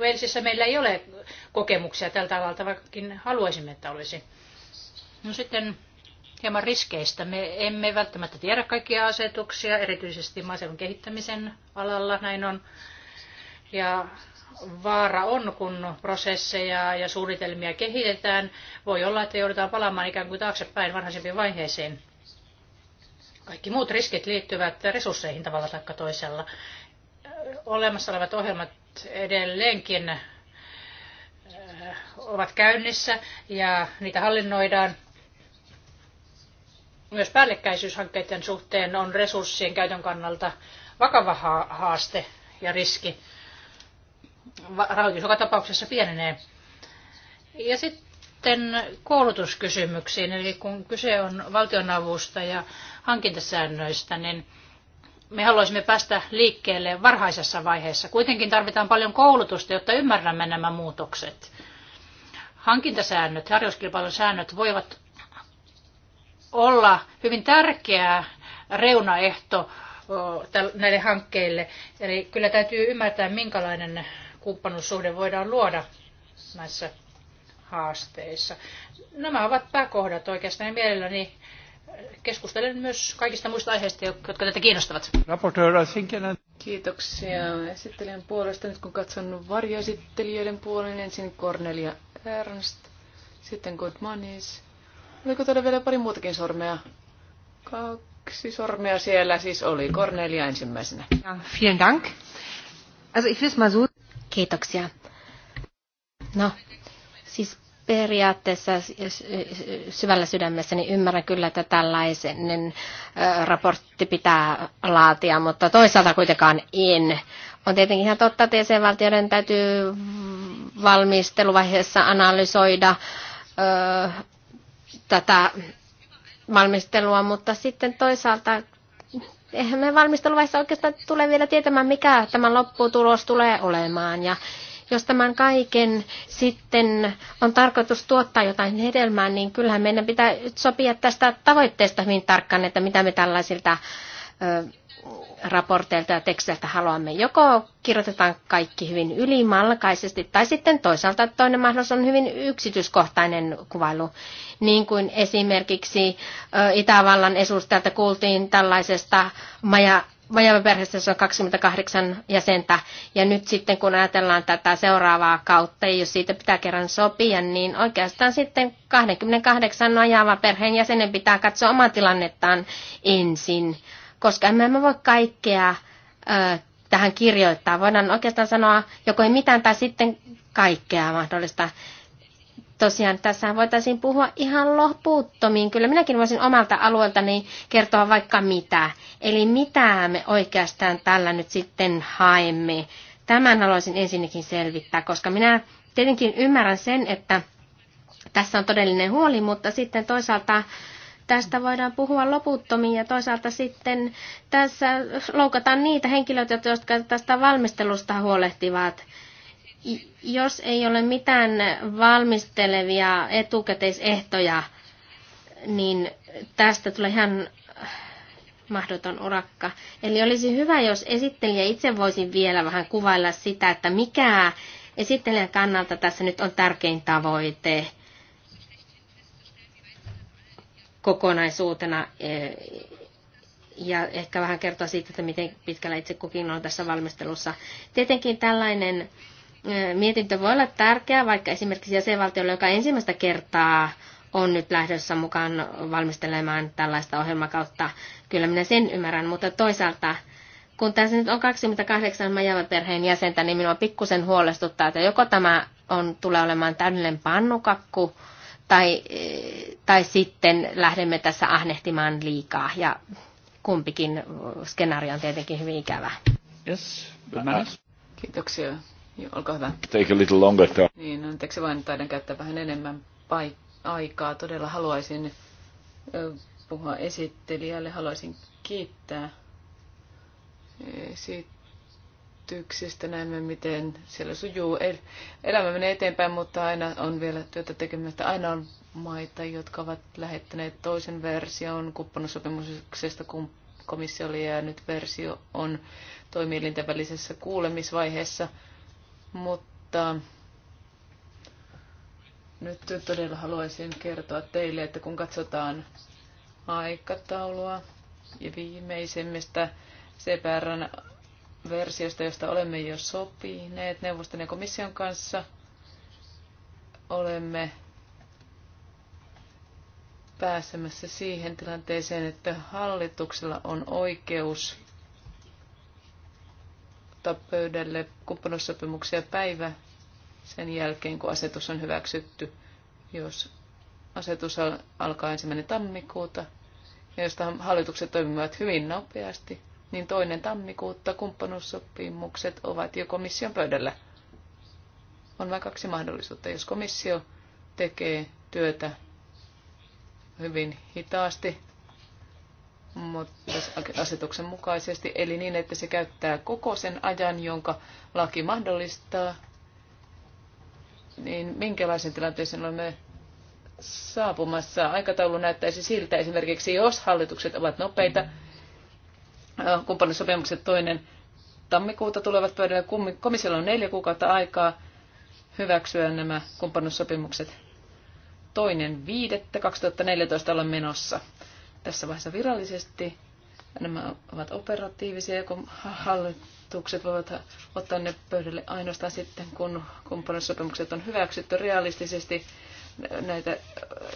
Velsissä meillä ei ole kokemuksia tältä alalta, vaikkakin haluaisimme, että olisi. No sitten hieman riskeistä. Me emme välttämättä tiedä kaikkia asetuksia, erityisesti maaseudun kehittämisen alalla näin on. Ja vaara on, kun prosesseja ja suunnitelmia kehitetään. Voi olla, että joudutaan palaamaan ikään kuin taaksepäin varhaisempiin vaiheisiin. Kaikki muut riskit liittyvät resursseihin tavalla tai toisella. Olemassa olevat ohjelmat edelleenkin äh, ovat käynnissä ja niitä hallinnoidaan. Myös päällekkäisyyshankkeiden suhteen on resurssien käytön kannalta vakava haaste ja riski. Rahoitus joka tapauksessa pienenee. Ja sitten koulutuskysymyksiin, eli kun kyse on valtionavusta ja hankintasäännöistä, niin me haluaisimme päästä liikkeelle varhaisessa vaiheessa. Kuitenkin tarvitaan paljon koulutusta, jotta ymmärrämme nämä muutokset. Hankintasäännöt, tarjouskilpailun säännöt voivat olla hyvin tärkeä reunaehto näille hankkeille. Eli kyllä täytyy ymmärtää, minkälainen kumppanuussuhde voidaan luoda näissä haasteissa. Nämä ovat pääkohdat oikeastaan mielelläni keskustelen myös kaikista muista aiheista, jotka teitä kiinnostavat. Kiitoksia esittelijän puolesta. Nyt kun katson varjoesittelijöiden puolen, ensin Cornelia Ernst, sitten Goodmanis. Oliko täällä vielä pari muutakin sormea? Kaksi sormea siellä siis oli. Cornelia ensimmäisenä. Ja, vielen dank. Also ich mal so. Kiitoksia. No, siis periaatteessa syvällä sydämessäni ymmärrän kyllä, että tällaisen raportti pitää laatia, mutta toisaalta kuitenkaan en. On tietenkin ihan totta, että jäsenvaltioiden täytyy valmisteluvaiheessa analysoida ö, tätä valmistelua, mutta sitten toisaalta eihän me valmisteluvaiheessa oikeastaan tule vielä tietämään, mikä tämä lopputulos tulee olemaan. Ja jos tämän kaiken sitten on tarkoitus tuottaa jotain hedelmää, niin kyllähän meidän pitää sopia tästä tavoitteesta hyvin tarkkaan, että mitä me tällaisilta ö, raporteilta ja teksteiltä haluamme. Joko kirjoitetaan kaikki hyvin ylimalkaisesti, tai sitten toisaalta toinen mahdollisuus on hyvin yksityiskohtainen kuvailu. Niin kuin esimerkiksi Itävallan edustajalta kuultiin tällaisesta Maja vajava perheessä on 28 jäsentä. Ja nyt sitten kun ajatellaan tätä seuraavaa kautta, ja jos siitä pitää kerran sopia, niin oikeastaan sitten 28 ajava perheen jäsenen pitää katsoa omaa tilannettaan ensin. Koska emme me voi kaikkea ö, tähän kirjoittaa. Voidaan oikeastaan sanoa joko ei mitään tai sitten kaikkea mahdollista tosiaan tässä voitaisiin puhua ihan loputtomiin. Kyllä minäkin voisin omalta alueeltani kertoa vaikka mitä. Eli mitä me oikeastaan tällä nyt sitten haemme. Tämän haluaisin ensinnäkin selvittää, koska minä tietenkin ymmärrän sen, että tässä on todellinen huoli, mutta sitten toisaalta tästä voidaan puhua loputtomiin ja toisaalta sitten tässä loukataan niitä henkilöitä, jotka tästä valmistelusta huolehtivat jos ei ole mitään valmistelevia etukäteisehtoja, niin tästä tulee ihan mahdoton urakka. Eli olisi hyvä, jos esittelijä itse voisi vielä vähän kuvailla sitä, että mikä esittelijän kannalta tässä nyt on tärkein tavoite kokonaisuutena e, ja ehkä vähän kertoa siitä, että miten pitkällä itse kukin on tässä valmistelussa. Tietenkin tällainen mietintö voi olla tärkeä, vaikka esimerkiksi jäsenvaltiolle, joka ensimmäistä kertaa on nyt lähdössä mukaan valmistelemaan tällaista ohjelmakautta. Kyllä minä sen ymmärrän, mutta toisaalta kun tässä nyt on 28 perheen jäsentä, niin minua pikkusen huolestuttaa, että joko tämä on, tulee olemaan täydellinen pannukakku, tai, e, tai sitten lähdemme tässä ahnehtimaan liikaa, ja kumpikin skenaario on tietenkin hyvin ikävä. Yes, Kiitoksia. Joo, olkaa hyvä. Take a little longer time. Niin, anteeksi vain, taidan käyttää vähän enemmän aikaa. Todella haluaisin puhua esittelijälle. Haluaisin kiittää esityksestä. Näemme, miten siellä sujuu. Elämä menee eteenpäin, mutta aina on vielä työtä tekemättä. Aina on maita, jotka ovat lähettäneet toisen version kumppanusopimuksesta komissio oli nyt versio on toimielinten välisessä kuulemisvaiheessa mutta nyt todella haluaisin kertoa teille, että kun katsotaan aikataulua ja viimeisimmistä CPRn versiosta, josta olemme jo sopineet neuvoston ja komission kanssa, olemme pääsemässä siihen tilanteeseen, että hallituksella on oikeus ottaa pöydälle kumppanuussopimuksia päivä sen jälkeen, kun asetus on hyväksytty. Jos asetus alkaa ensimmäinen tammikuuta, ja jos hallitukset toimivat hyvin nopeasti, niin toinen tammikuuta kumppanuussopimukset ovat jo komission pöydällä. On vain kaksi mahdollisuutta. Jos komissio tekee työtä hyvin hitaasti asetuksen mukaisesti, eli niin, että se käyttää koko sen ajan, jonka laki mahdollistaa, niin minkälaisen tilanteeseen olemme saapumassa. Aikataulu näyttäisi siltä esimerkiksi, jos hallitukset ovat nopeita, äh, kumppanisopimukset toinen tammikuuta tulevat pöydälle. Komissiolla on neljä kuukautta aikaa hyväksyä nämä kumppanisopimukset. Toinen viidettä 2014 olla menossa tässä vaiheessa virallisesti. Nämä ovat operatiivisia, kun hallitukset voivat ottaa ne pöydälle ainoastaan sitten, kun kumppanuussopimukset on hyväksytty realistisesti. Näitä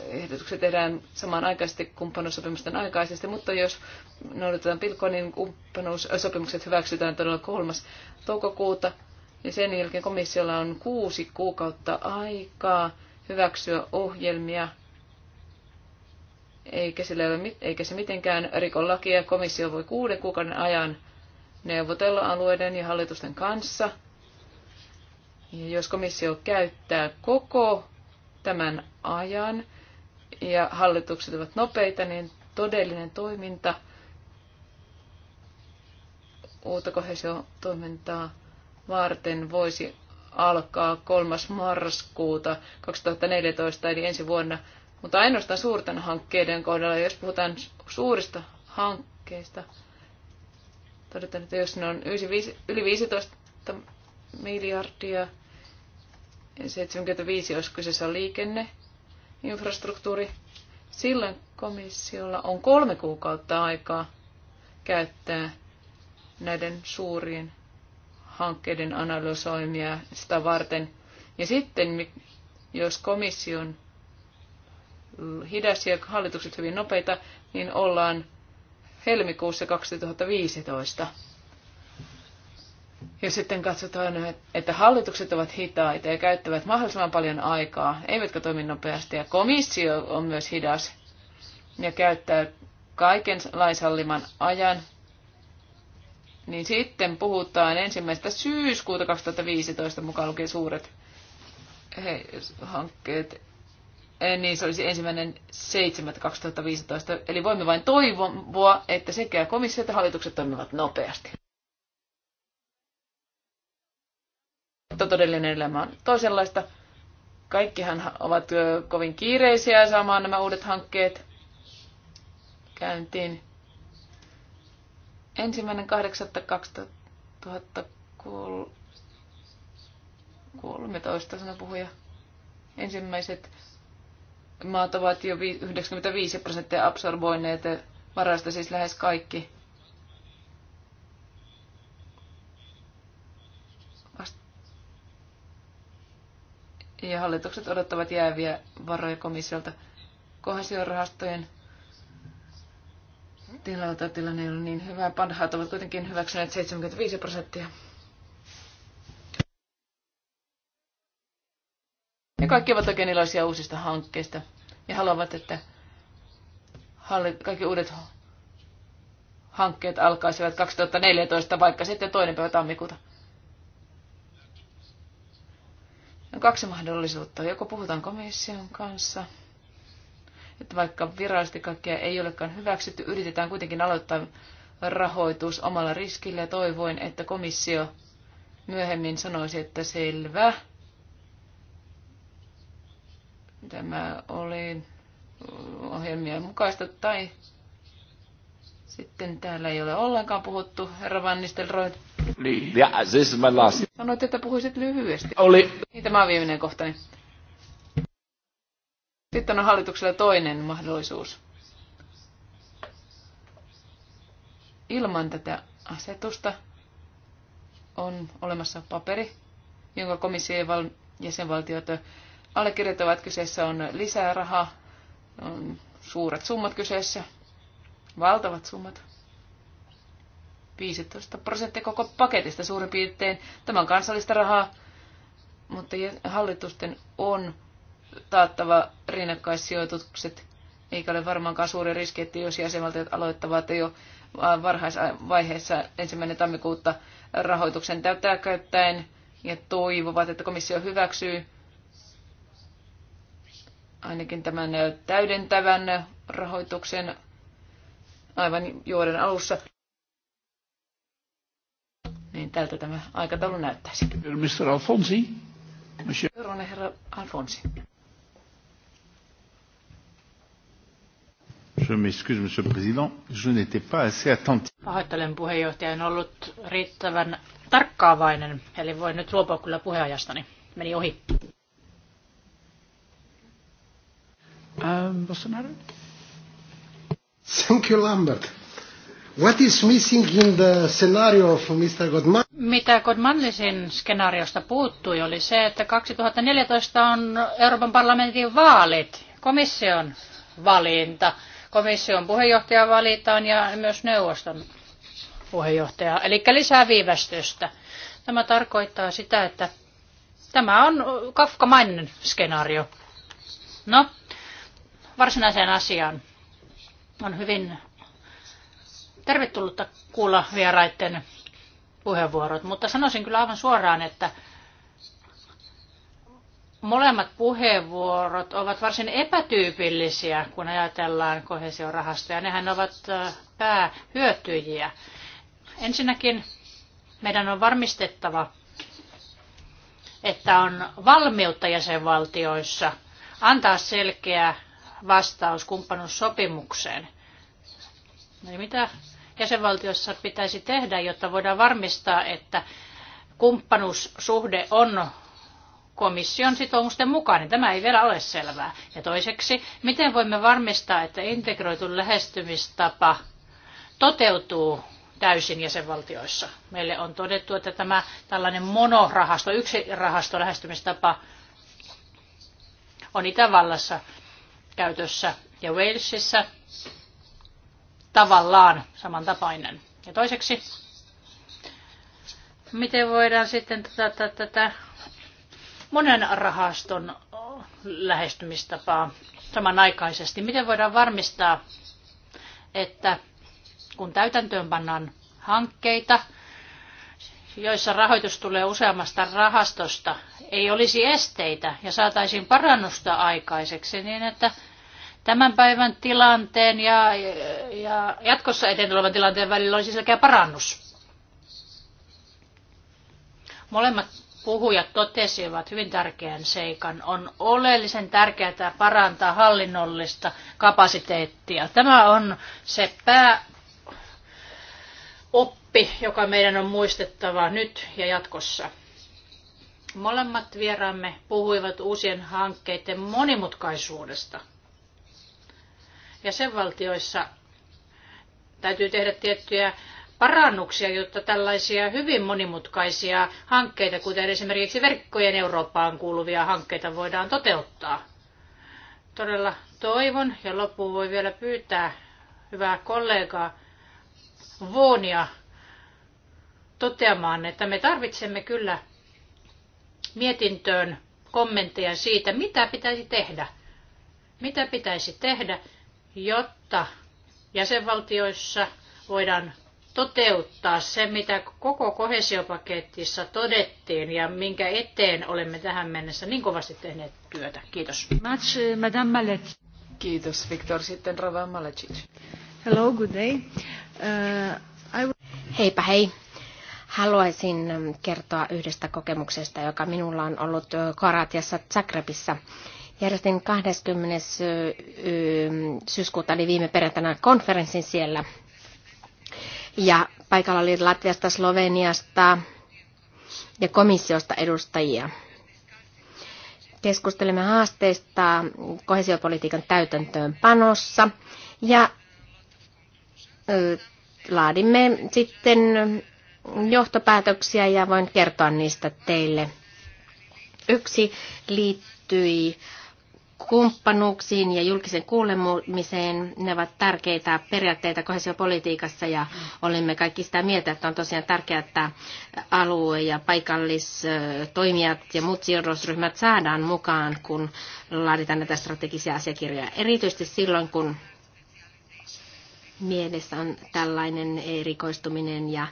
ehdotuksia tehdään samanaikaisesti kumppanuussopimusten aikaisesti, mutta jos noudatetaan pilkkoa, niin kumppanuussopimukset hyväksytään todella kolmas toukokuuta. Ja sen jälkeen komissiolla on kuusi kuukautta aikaa hyväksyä ohjelmia eikä, sillä ole, eikä se mitenkään rikon lakia. Komissio voi kuuden kuukauden ajan neuvotella alueiden ja hallitusten kanssa. Ja jos komissio käyttää koko tämän ajan ja hallitukset ovat nopeita, niin todellinen toiminta uutta toimintaa varten voisi alkaa 3. marraskuuta 2014, eli ensi vuonna – mutta ainoastaan suurten hankkeiden kohdalla, jos puhutaan suurista hankkeista, todetaan, että jos ne on yli 15 miljardia, 75 jos kyseessä on liikenne, infrastruktuuri, silloin komissiolla on kolme kuukautta aikaa käyttää näiden suurien hankkeiden analysoimia sitä varten. Ja sitten, jos komission hidas ja hallitukset hyvin nopeita, niin ollaan helmikuussa 2015. Ja sitten katsotaan, että hallitukset ovat hitaita ja käyttävät mahdollisimman paljon aikaa, eivätkä toimi nopeasti. Ja komissio on myös hidas ja käyttää kaiken laisalliman ajan. Niin sitten puhutaan ensimmäistä syyskuuta 2015 mukaan lukien suuret hankkeet niin se olisi ensimmäinen 7.2015. Eli voimme vain toivoa, että sekä komissio että hallitukset toimivat nopeasti. Mutta todellinen elämä on toisenlaista. Kaikkihan ovat kovin kiireisiä saamaan nämä uudet hankkeet käyntiin. Ensimmäinen 8.2013, sanoi puhuja. Ensimmäiset maat ovat jo 95 prosenttia absorboineet varasta, siis lähes kaikki. Ja hallitukset odottavat jääviä varoja komissiolta. Kohesiorahastojen tilalta tilanne ei ole niin hyvä. Panhaat ovat kuitenkin hyväksyneet 75 prosenttia. Niin. kaikki ovat oikein iloisia uusista hankkeista ja haluavat, että kaikki uudet hankkeet alkaisivat 2014, vaikka sitten toinen päivä tammikuuta. On kaksi mahdollisuutta. Joko puhutaan komission kanssa, että vaikka virallisesti kaikkea ei olekaan hyväksytty, yritetään kuitenkin aloittaa rahoitus omalla riskillä ja toivoin, että komissio myöhemmin sanoisi, että selvä, tämä oli ohjelmien mukaista tai sitten täällä ei ole ollenkaan puhuttu. Herra Van Nistelrooy. Niin, yeah, this is my last. Sanoit, että puhuisit lyhyesti. Oli. Niin, tämä on viimeinen kohtani. Sitten on hallituksella toinen mahdollisuus. Ilman tätä asetusta on olemassa paperi, jonka komissio ja jäsenvaltiot allekirjoittavat. Kyseessä on lisää rahaa, on suuret summat kyseessä, valtavat summat. 15 prosenttia koko paketista suurin piirtein. Tämä on kansallista rahaa, mutta hallitusten on taattava rinnakkaissijoitukset, eikä ole varmaankaan suuri riski, että jos jäsenvaltiot aloittavat jo varhaisvaiheessa ensimmäinen tammikuuta rahoituksen täyttää käyttäen ja toivovat, että komissio hyväksyy ainakin tämän täydentävän rahoituksen aivan juoden alussa. Niin tältä tämä aikataulu näyttäisi. Mr. Alfonsi. Monsieur. Seuraavana herra Alfonsi. Je m'excuse, monsieur le président, je n'étais pas assez attentif. Pahoittelen puheenjohtaja, en ollut riittävän tarkkaavainen, eli voin nyt luopua kyllä puheajastani. Meni ohi. Um, Bolsonaro? Thank you, Lambert. What is missing in the scenario of Mr. Godman? Mitä Godmanlisin skenaariosta puuttui oli se, että 2014 on Euroopan parlamentin vaalit, komission valinta. Komission puheenjohtaja valitaan ja myös neuvoston puheenjohtaja, eli lisää viivästystä. Tämä tarkoittaa sitä, että tämä on kafkamainen skenaario. No, varsinaiseen asiaan. On hyvin tervetullutta kuulla vieraiden puheenvuorot, mutta sanoisin kyllä aivan suoraan, että molemmat puheenvuorot ovat varsin epätyypillisiä, kun ajatellaan kohesiorahastoja. Nehän ovat päähyötyjiä. Ensinnäkin meidän on varmistettava, että on valmiutta jäsenvaltioissa antaa selkeä vastaus kumppanuussopimukseen. Eli mitä jäsenvaltiossa pitäisi tehdä, jotta voidaan varmistaa, että kumppanuussuhde on komission sitoumusten mukainen. Niin tämä ei vielä ole selvää. Ja toiseksi, miten voimme varmistaa, että integroitu lähestymistapa toteutuu täysin jäsenvaltioissa? Meille on todettu, että tämä tällainen monorahasto, yksi rahasto lähestymistapa on Itävallassa käytössä ja Walesissa tavallaan samantapainen. Ja toiseksi, miten voidaan sitten tätä, tätä, tätä monen rahaston lähestymistapaa samanaikaisesti, miten voidaan varmistaa, että kun täytäntöön pannaan hankkeita, joissa rahoitus tulee useammasta rahastosta, ei olisi esteitä ja saataisiin parannusta aikaiseksi niin, että tämän päivän tilanteen ja, ja jatkossa eteen tulevan tilanteen välillä on siis selkeä parannus. Molemmat puhujat totesivat hyvin tärkeän seikan. On oleellisen tärkeää parantaa hallinnollista kapasiteettia. Tämä on se pääoppi, joka meidän on muistettava nyt ja jatkossa. Molemmat vieraamme puhuivat uusien hankkeiden monimutkaisuudesta – jäsenvaltioissa täytyy tehdä tiettyjä parannuksia, jotta tällaisia hyvin monimutkaisia hankkeita, kuten esimerkiksi verkkojen Eurooppaan kuuluvia hankkeita, voidaan toteuttaa. Todella toivon ja loppuun voi vielä pyytää hyvää kollegaa Vuonia toteamaan, että me tarvitsemme kyllä mietintöön kommentteja siitä, mitä pitäisi tehdä. Mitä pitäisi tehdä, jotta jäsenvaltioissa voidaan toteuttaa se, mitä koko kohesiopaketissa todettiin ja minkä eteen olemme tähän mennessä niin kovasti tehneet työtä. Kiitos. Eh, Kiitos, Viktor. Sitten Rava Malecic. Hello, good day. Uh, I... Heipä hei. Haluaisin mm, kertoa yhdestä kokemuksesta, joka minulla on ollut eh, Karatiassa Zagrebissa. Järjestin 20. syyskuuta, eli viime perjantaina konferenssin siellä. Ja paikalla oli Latviasta, Sloveniasta ja komissiosta edustajia. Keskustelemme haasteista kohesiopolitiikan täytäntöönpanossa ja laadimme sitten johtopäätöksiä ja voin kertoa niistä teille. Yksi liittyi kumppanuuksiin ja julkisen kuulemiseen. Ne ovat tärkeitä periaatteita kohesiopolitiikassa ja olemme kaikki sitä mieltä, että on tosiaan tärkeää, että alue- ja paikallistoimijat ja muut sijoitusryhmät saadaan mukaan, kun laaditaan näitä strategisia asiakirjoja. Erityisesti silloin, kun mielessä on tällainen erikoistuminen ja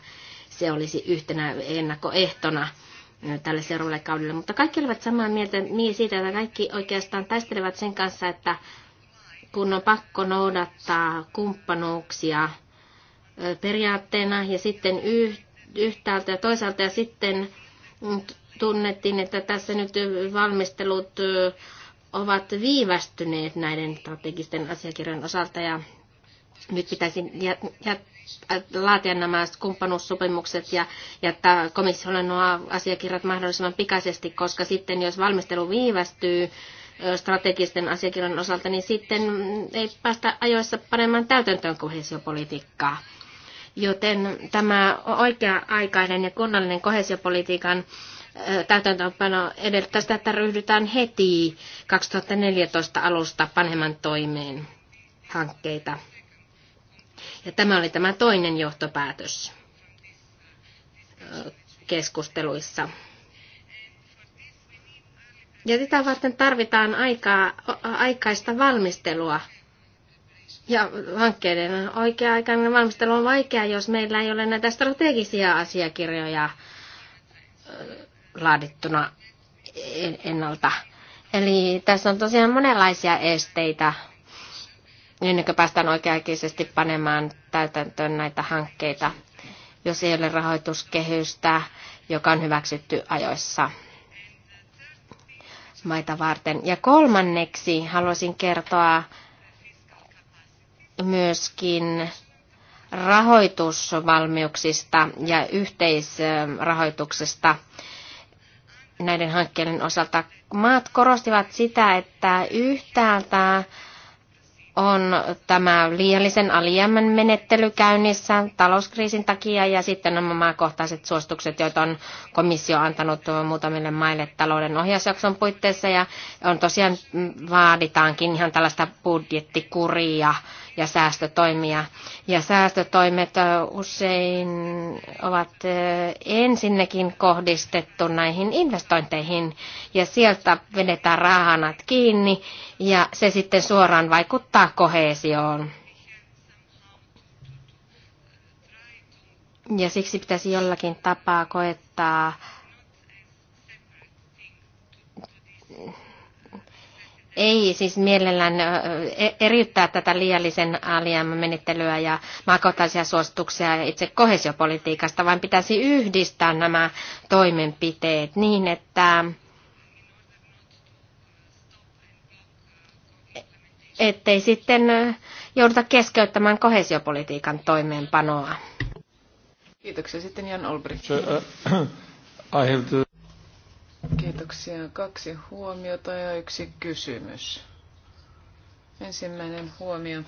se olisi yhtenä ennakkoehtona tälle seuraavalle kaudelle. Mutta kaikki olivat samaa mieltä siitä, että kaikki oikeastaan taistelevat sen kanssa, että kun on pakko noudattaa kumppanuuksia periaatteena ja sitten yhtäältä ja toisaalta ja sitten tunnettiin, että tässä nyt valmistelut ovat viivästyneet näiden strategisten asiakirjojen osalta ja nyt pitäisi laatia nämä kumppanuussopimukset ja jättää komissiolle nuo asiakirjat mahdollisimman pikaisesti, koska sitten jos valmistelu viivästyy strategisten asiakirjan osalta, niin sitten ei päästä ajoissa panemaan täytäntöön kohesiopolitiikkaa. Joten tämä oikea-aikainen ja kunnallinen kohesiopolitiikan täytäntöönpano edellyttää sitä, että ryhdytään heti 2014 alusta panemaan toimeen hankkeita. Ja tämä oli tämä toinen johtopäätös keskusteluissa. Ja tätä varten tarvitaan aikaa, aikaista valmistelua. Ja hankkeiden oikea-aikainen valmistelu on vaikea, jos meillä ei ole näitä strategisia asiakirjoja laadittuna ennalta. Eli tässä on tosiaan monenlaisia esteitä niin, ennen kuin päästään oikeaikaisesti panemaan täytäntöön näitä hankkeita, jos ei ole rahoituskehystä, joka on hyväksytty ajoissa maita varten. Ja kolmanneksi haluaisin kertoa myöskin rahoitusvalmiuksista ja yhteisrahoituksesta näiden hankkeiden osalta. Maat korostivat sitä, että yhtäältä on tämä liiallisen alijäämän menettely käynnissä talouskriisin takia ja sitten nämä maakohtaiset suositukset, joita on komissio antanut muutamille maille talouden ohjausjakson puitteissa ja on tosiaan mm, vaaditaankin ihan tällaista budjettikuria ja säästötoimia. Ja säästötoimet usein ovat ensinnäkin kohdistettu näihin investointeihin ja sieltä vedetään rahanat kiinni ja se sitten suoraan vaikuttaa kohesioon. Ja siksi pitäisi jollakin tapaa koettaa ei siis mielellään e- eriyttää tätä liiallisen alijäämän menettelyä ja maakohtaisia suosituksia itse kohesiopolitiikasta, vaan pitäisi yhdistää nämä toimenpiteet niin, että ettei sitten jouduta keskeyttämään kohesiopolitiikan toimeenpanoa. Kiitoksia sitten Jan Olbrich. Uh, [CLEARS THROAT] I have Kiitoksia. Kaksi huomiota ja yksi kysymys. Ensimmäinen huomio.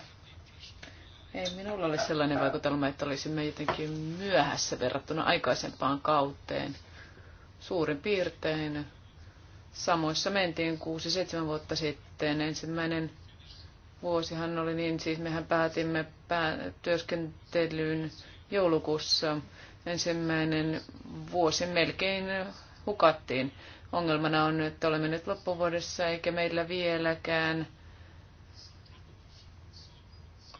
Ei minulla ole sellainen vaikutelma, että olisimme jotenkin myöhässä verrattuna aikaisempaan kauteen. Suurin piirtein samoissa mentiin 6-7 vuotta sitten. Ensimmäinen vuosihan oli niin, siis mehän päätimme työskentelyyn joulukuussa. Ensimmäinen vuosi melkein hukattiin. Ongelmana on, että olemme nyt loppuvuodessa eikä meillä vieläkään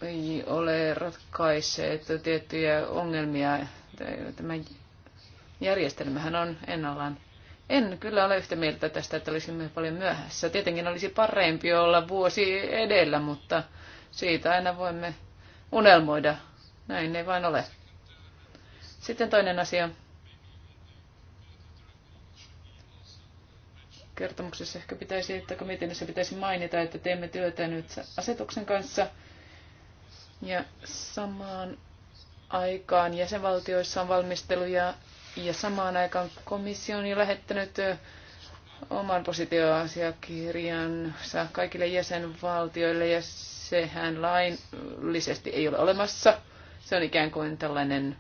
ei ole ratkaisseet tiettyjä ongelmia. Tämä järjestelmähän on ennallaan. En kyllä ole yhtä mieltä tästä, että olisimme paljon myöhässä. Tietenkin olisi parempi olla vuosi edellä, mutta siitä aina voimme unelmoida. Näin ei vain ole. Sitten toinen asia. kertomuksessa ehkä pitäisi, että mietinnössä pitäisi mainita, että teemme työtä nyt asetuksen kanssa. Ja samaan aikaan jäsenvaltioissa on valmisteluja ja samaan aikaan komissio on jo lähettänyt oman positioasiakirjansa kaikille jäsenvaltioille ja sehän laillisesti ei ole olemassa. Se on ikään kuin tällainen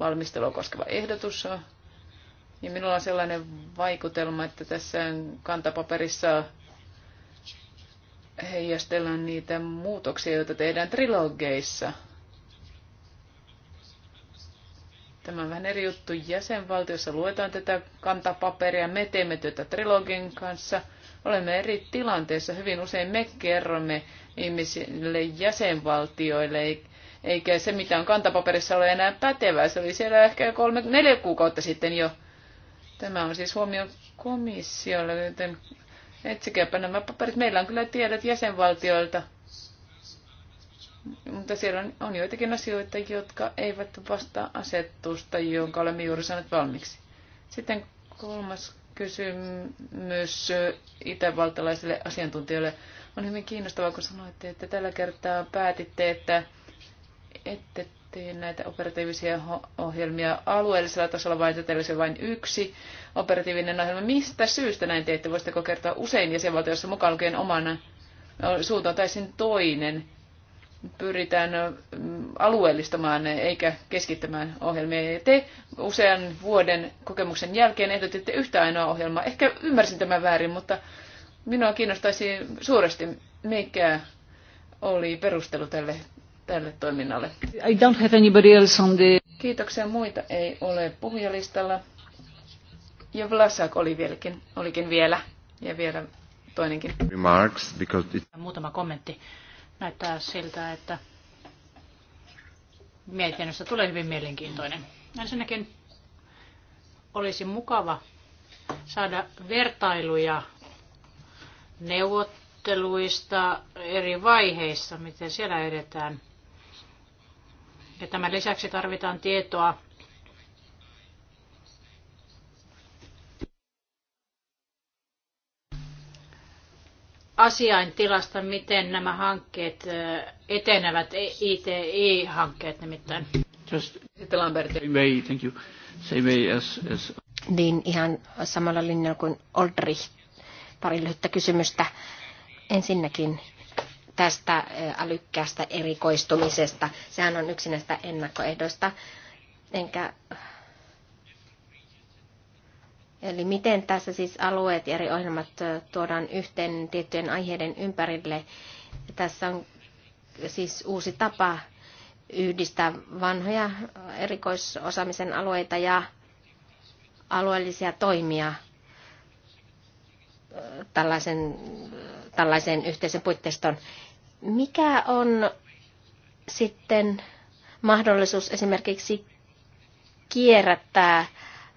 valmistelua koskeva ehdotus ja minulla on sellainen vaikutelma, että tässä kantapaperissa heijastellaan niitä muutoksia, joita tehdään trilogeissa. Tämä on vähän eri juttu. Jäsenvaltiossa luetaan tätä kantapaperia, me teemme työtä trilogin kanssa. Olemme eri tilanteissa. Hyvin usein me kerromme ihmisille jäsenvaltioille, eikä se mitä on kantapaperissa ole enää pätevää. Se oli siellä ehkä kolme, neljä kuukautta sitten jo Tämä on siis huomio komissiolle, joten etsikääpä nämä paperit. Meillä on kyllä tiedot jäsenvaltioilta, mutta siellä on, on joitakin asioita, jotka eivät vastaa asetusta, jonka olemme juuri saaneet valmiiksi. Sitten kolmas kysymys itävaltalaisille asiantuntijoille. On hyvin kiinnostavaa, kun sanoitte, että tällä kertaa päätitte, että ette teen näitä operatiivisia ohjelmia alueellisella tasolla vai se vain yksi operatiivinen ohjelma. Mistä syystä näin teette? Voisitteko kertoa usein jäsenvaltiossa mukaan lukien omana suuntaan tai sen toinen? Pyritään mm, alueellistamaan eikä keskittämään ohjelmia. Ja te usean vuoden kokemuksen jälkeen ehdotitte yhtä ainoa ohjelmaa. Ehkä ymmärsin tämän väärin, mutta minua kiinnostaisi suuresti, mikä oli perustelu tälle tälle toiminnalle. I don't have anybody else on the... Kiitoksia, muita ei ole puhujalistalla. Ja Vlasak oli vieläkin, olikin vielä, ja vielä toinenkin. Remarks, because it... Muutama kommentti. Näyttää siltä, että mietinnöstä tulee hyvin mielenkiintoinen. Ensinnäkin olisi mukava saada vertailuja neuvotteluista eri vaiheissa, miten siellä edetään. Ja tämän lisäksi tarvitaan tietoa asiaintilasta, miten nämä hankkeet etenevät, e- ITI-hankkeet nimittäin. Just, Sitten Lambert. Way, thank you. Same way as, as... Niin ihan samalla linjalla kuin Oldrich. Pari lyhyttä kysymystä. Ensinnäkin tästä älykkäästä erikoistumisesta. Sehän on yksi näistä ennakkoehdoista. Enkä... Eli miten tässä siis alueet ja eri ohjelmat tuodaan yhteen tiettyjen aiheiden ympärille. Tässä on siis uusi tapa yhdistää vanhoja erikoisosaamisen alueita ja alueellisia toimia tällaisen, tällaisen yhteisen puitteiston mikä on sitten mahdollisuus esimerkiksi kierrättää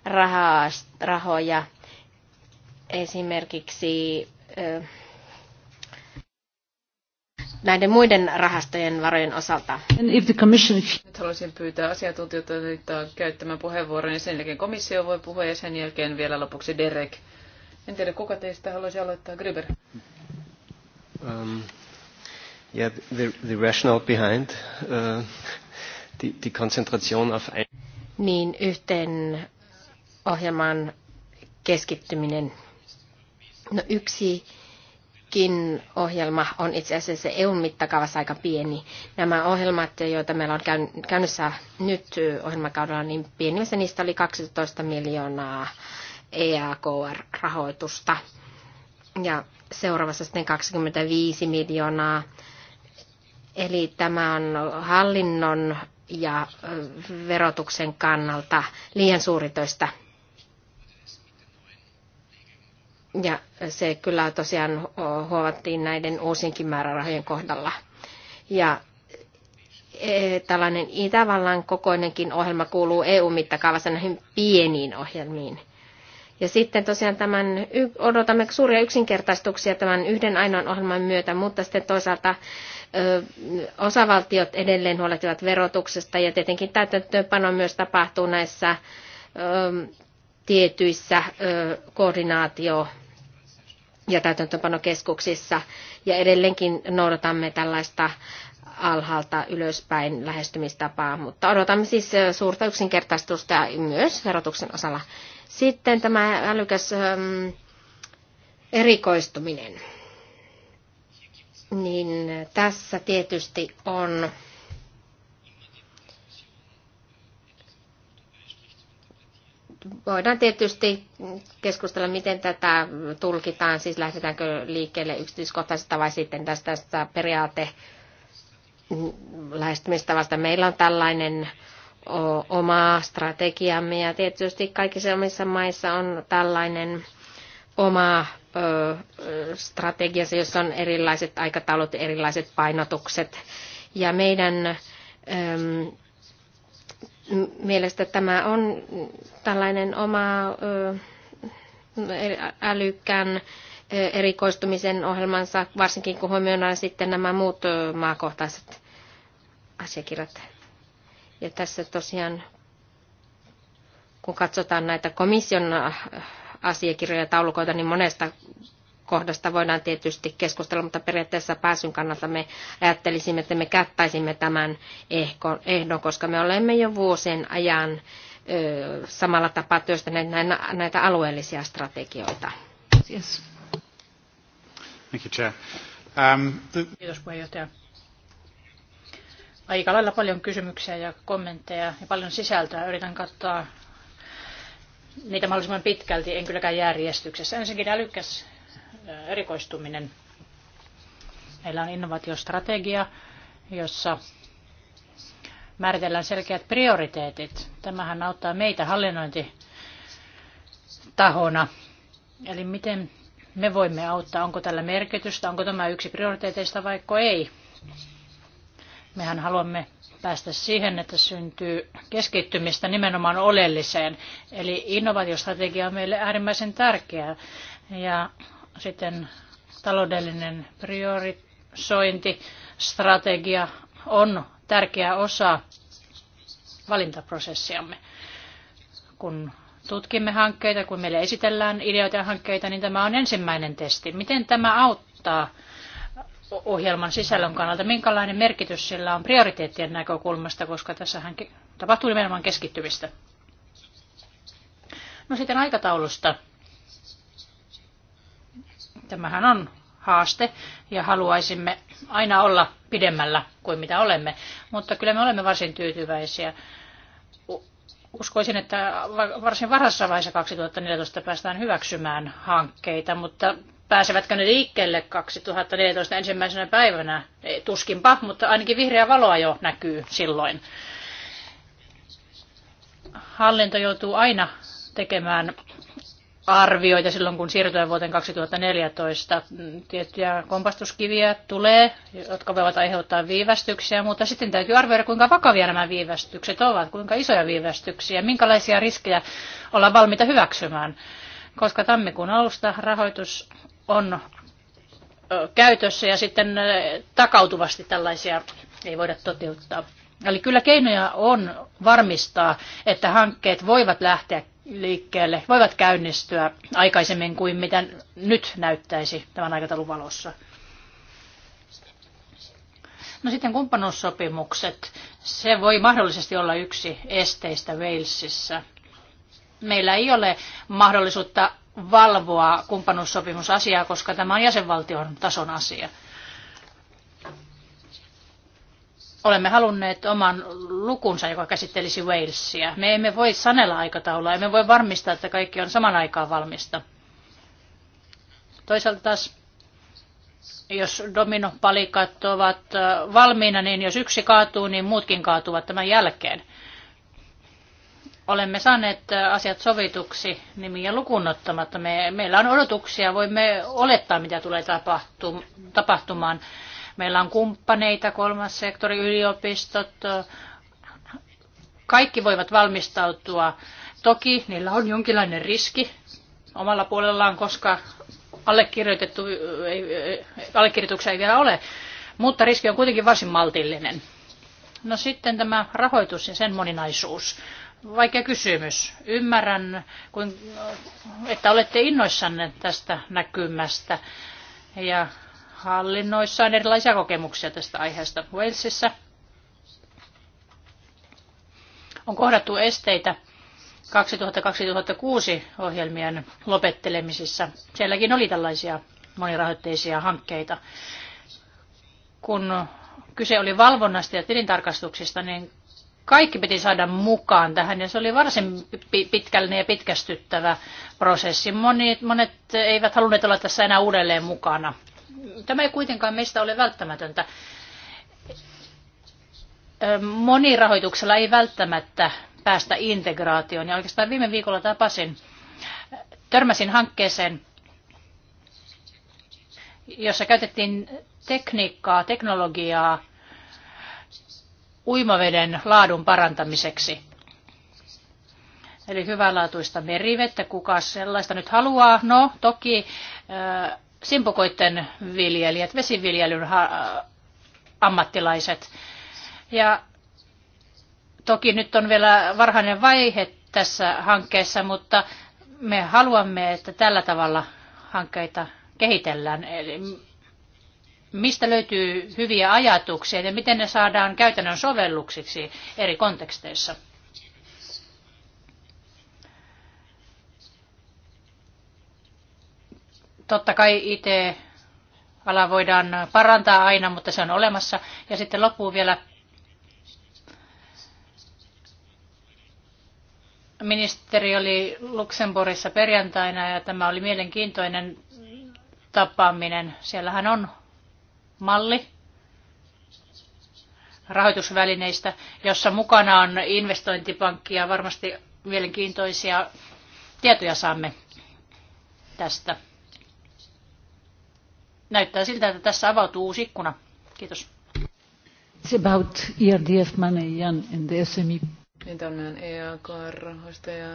rahaa, rahoja esimerkiksi näiden muiden rahastojen varojen osalta. If the commission... Nyt haluaisin pyytää asiantuntijoita käyttämään puheenvuoron ja niin sen jälkeen komissio voi puhua ja sen jälkeen vielä lopuksi Derek. En tiedä, kuka teistä haluaisi aloittaa, Gruber? Um, Yeah, the, the rationale behind uh, Niin yhteen ohjelman keskittyminen. No yksikin ohjelma on itse asiassa EUn e mittakaavassa aika pieni. Nämä ohjelmat, joita meillä on käynnissä nyt ohjelmakaudella, niin pienimmässä niistä oli 12 miljoonaa EAKR-rahoitusta. Ja seuraavassa sitten 25 miljoonaa Eli tämä on hallinnon ja verotuksen kannalta liian suuritoista. Ja se kyllä tosiaan huovattiin näiden uusinkin määrärahojen kohdalla. Ja e, tällainen Itävallan kokoinenkin ohjelma kuuluu EU-mittakaavassa näihin pieniin ohjelmiin. Ja sitten tosiaan tämän, odotamme suuria yksinkertaistuksia tämän yhden ainoan ohjelman myötä, mutta sitten toisaalta osavaltiot edelleen huolehtivat verotuksesta ja tietenkin täytäntöönpano myös tapahtuu näissä tietyissä koordinaatio- ja täytäntöönpanokeskuksissa. Ja edelleenkin noudatamme tällaista alhaalta ylöspäin lähestymistapaa, mutta odotamme siis suurta yksinkertaistusta myös verotuksen osalla. Sitten tämä älykäs erikoistuminen niin tässä tietysti on voidaan tietysti keskustella, miten tätä tulkitaan, siis lähdetäänkö liikkeelle yksityiskohtaisesta vai sitten tästä, tästä periaate vasta Meillä on tällainen oma strategiamme ja tietysti kaikissa omissa maissa on tällainen oma ö, strategiansa, jossa on erilaiset aikataulut, erilaiset painotukset. Ja meidän ö, mielestä tämä on tällainen oma ö, älykkään erikoistumisen ohjelmansa, varsinkin kun huomioidaan sitten nämä muut maakohtaiset asiakirjat. Ja tässä tosiaan, kun katsotaan näitä komission asiakirjoja ja taulukoita, niin monesta kohdasta voidaan tietysti keskustella, mutta periaatteessa pääsyn kannalta me ajattelisimme, että me kättäisimme tämän ehdon, koska me olemme jo vuosien ajan samalla tapaa työstäneet näitä alueellisia strategioita. Yes. Thank you, Chair. Um, the... Kiitos puheenjohtaja. Aika lailla paljon kysymyksiä ja kommentteja ja paljon sisältöä. Yritän katsoa niitä mahdollisimman pitkälti, en kylläkään järjestyksessä. Ensinnäkin älykkäs erikoistuminen. Meillä on innovaatiostrategia, jossa määritellään selkeät prioriteetit. Tämähän auttaa meitä hallinnointitahona. Eli miten me voimme auttaa, onko tällä merkitystä, onko tämä yksi prioriteeteista vaikka ei. Mehän haluamme päästä siihen, että syntyy keskittymistä nimenomaan oleelliseen. Eli innovaatiostrategia on meille äärimmäisen tärkeä. Ja sitten taloudellinen priorisointi-strategia on tärkeä osa valintaprosessiamme. Kun tutkimme hankkeita, kun meille esitellään ideoita ja hankkeita, niin tämä on ensimmäinen testi. Miten tämä auttaa ohjelman sisällön kannalta, minkälainen merkitys sillä on prioriteettien näkökulmasta, koska tässähän tapahtuu nimenomaan keskittymistä. No sitten aikataulusta. Tämähän on haaste ja haluaisimme aina olla pidemmällä kuin mitä olemme, mutta kyllä me olemme varsin tyytyväisiä. Uskoisin, että varsin varhaisessa vaiheessa 2014 päästään hyväksymään hankkeita, mutta pääsevätkö ne liikkeelle 2014 ensimmäisenä päivänä? Ei, tuskinpa, mutta ainakin vihreä valoa jo näkyy silloin. Hallinto joutuu aina tekemään arvioita silloin, kun siirrytään vuoteen 2014. Tiettyjä kompastuskiviä tulee, jotka voivat aiheuttaa viivästyksiä, mutta sitten täytyy arvioida, kuinka vakavia nämä viivästykset ovat, kuinka isoja viivästyksiä, minkälaisia riskejä ollaan valmiita hyväksymään. Koska tammikuun alusta rahoitus on käytössä ja sitten takautuvasti tällaisia ei voida toteuttaa. Eli kyllä keinoja on varmistaa, että hankkeet voivat lähteä liikkeelle, voivat käynnistyä aikaisemmin kuin mitä nyt näyttäisi tämän aikataulun valossa. No sitten kumppanuussopimukset. Se voi mahdollisesti olla yksi esteistä Walesissa meillä ei ole mahdollisuutta valvoa kumppanuussopimusasiaa, koska tämä on jäsenvaltion tason asia. Olemme halunneet oman lukunsa, joka käsittelisi Walesia. Me emme voi sanella aikataulua, emme voi varmistaa, että kaikki on saman aikaan valmista. Toisaalta taas, jos dominopalikat ovat äh, valmiina, niin jos yksi kaatuu, niin muutkin kaatuvat tämän jälkeen olemme saaneet äh, asiat sovituksi nimiä lukuun ottamatta. Me, meillä on odotuksia, voimme olettaa, mitä tulee tapahtu, tapahtumaan. Meillä on kumppaneita, kolmas sektori, yliopistot. Äh, kaikki voivat valmistautua. Toki niillä on jonkinlainen riski omalla puolellaan, koska allekirjoitettu, äh, ei, allekirjoituksia ei vielä ole, mutta riski on kuitenkin varsin maltillinen. No sitten tämä rahoitus ja sen moninaisuus vaikea kysymys. Ymmärrän, kun, että olette innoissanne tästä näkymästä ja hallinnoissa on erilaisia kokemuksia tästä aiheesta Walesissa. On kohdattu esteitä 2000-2006 ohjelmien lopettelemisissa. Sielläkin oli tällaisia monirahoitteisia hankkeita. Kun kyse oli valvonnasta ja tilintarkastuksista, niin kaikki piti saada mukaan tähän ja se oli varsin pitkällinen ja pitkästyttävä prosessi. Monet, monet eivät halunneet olla tässä enää uudelleen mukana. Tämä ei kuitenkaan meistä ole välttämätöntä. Monirahoituksella ei välttämättä päästä integraatioon ja oikeastaan viime viikolla tapasin, törmäsin hankkeeseen, jossa käytettiin tekniikkaa, teknologiaa, uimaveden laadun parantamiseksi. Eli hyvänlaatuista merivettä, kuka sellaista nyt haluaa? No, toki äh, simpukoiden viljelijät, vesiviljelyn ha- äh, ammattilaiset. Ja toki nyt on vielä varhainen vaihe tässä hankkeessa, mutta me haluamme, että tällä tavalla hankkeita kehitellään. Eli mistä löytyy hyviä ajatuksia ja miten ne saadaan käytännön sovelluksiksi eri konteksteissa. Totta kai IT-ala voidaan parantaa aina, mutta se on olemassa. Ja sitten loppuun vielä ministeri oli Luxemburgissa perjantaina ja tämä oli mielenkiintoinen tapaaminen. Siellähän on malli rahoitusvälineistä, jossa mukana on investointipankki ja varmasti mielenkiintoisia tietoja saamme tästä. Näyttää siltä, että tässä avautuu uusi ikkuna. Kiitos. It's about ERDF money and the SME. Niin on meidän EAKR-rahoista ja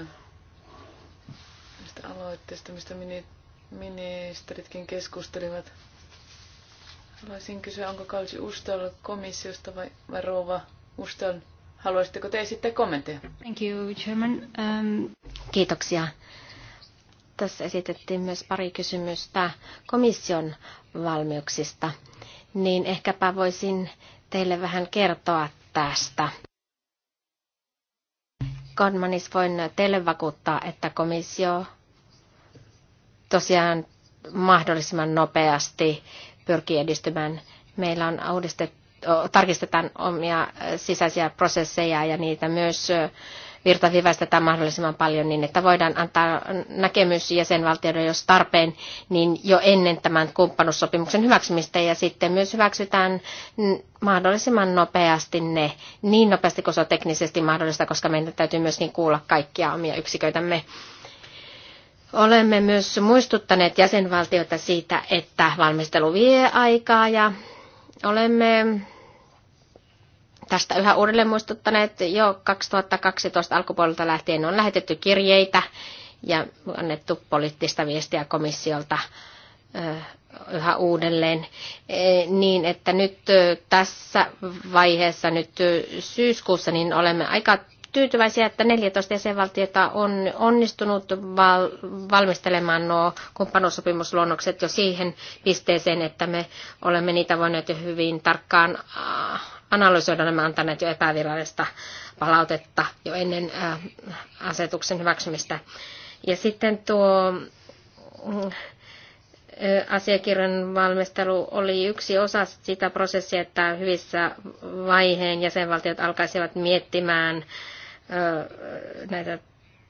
aloitteista, mistä ministeritkin keskustelivat. Haluaisin kysyä, onko Kausi Ustal komissiosta vai, vai Rouva Ustal? Haluaisitteko te esittää kommentteja? Thank you, Chairman. Um... Kiitoksia. Tässä esitettiin myös pari kysymystä komission valmiuksista, niin ehkäpä voisin teille vähän kertoa tästä. Godmanis voin teille vakuuttaa, että komissio tosiaan mahdollisimman nopeasti pyrkii edistymään. Meillä on tarkistetaan omia sisäisiä prosesseja ja niitä myös virtaviväistetään mahdollisimman paljon niin, että voidaan antaa näkemys jäsenvaltioiden, jos tarpeen, niin jo ennen tämän kumppanussopimuksen hyväksymistä ja sitten myös hyväksytään mahdollisimman nopeasti ne, niin nopeasti kuin se on teknisesti mahdollista, koska meidän täytyy myöskin kuulla kaikkia omia yksiköitämme. Olemme myös muistuttaneet jäsenvaltioita siitä, että valmistelu vie aikaa ja olemme tästä yhä uudelleen muistuttaneet jo 2012 alkupuolelta lähtien on lähetetty kirjeitä ja annettu poliittista viestiä komissiolta yhä uudelleen, e, niin että nyt tässä vaiheessa, nyt syyskuussa, niin olemme aika tyytyväisiä, että 14 jäsenvaltiota on onnistunut val- valmistelemaan nuo kumppanuussopimusluonnokset jo siihen pisteeseen, että me olemme niitä voineet jo hyvin tarkkaan analysoida. Olemme antaneet jo epävirallista palautetta jo ennen asetuksen hyväksymistä. Ja sitten tuo mm, asiakirjan valmistelu oli yksi osa sitä prosessia, että hyvissä vaiheen jäsenvaltiot alkaisivat miettimään näitä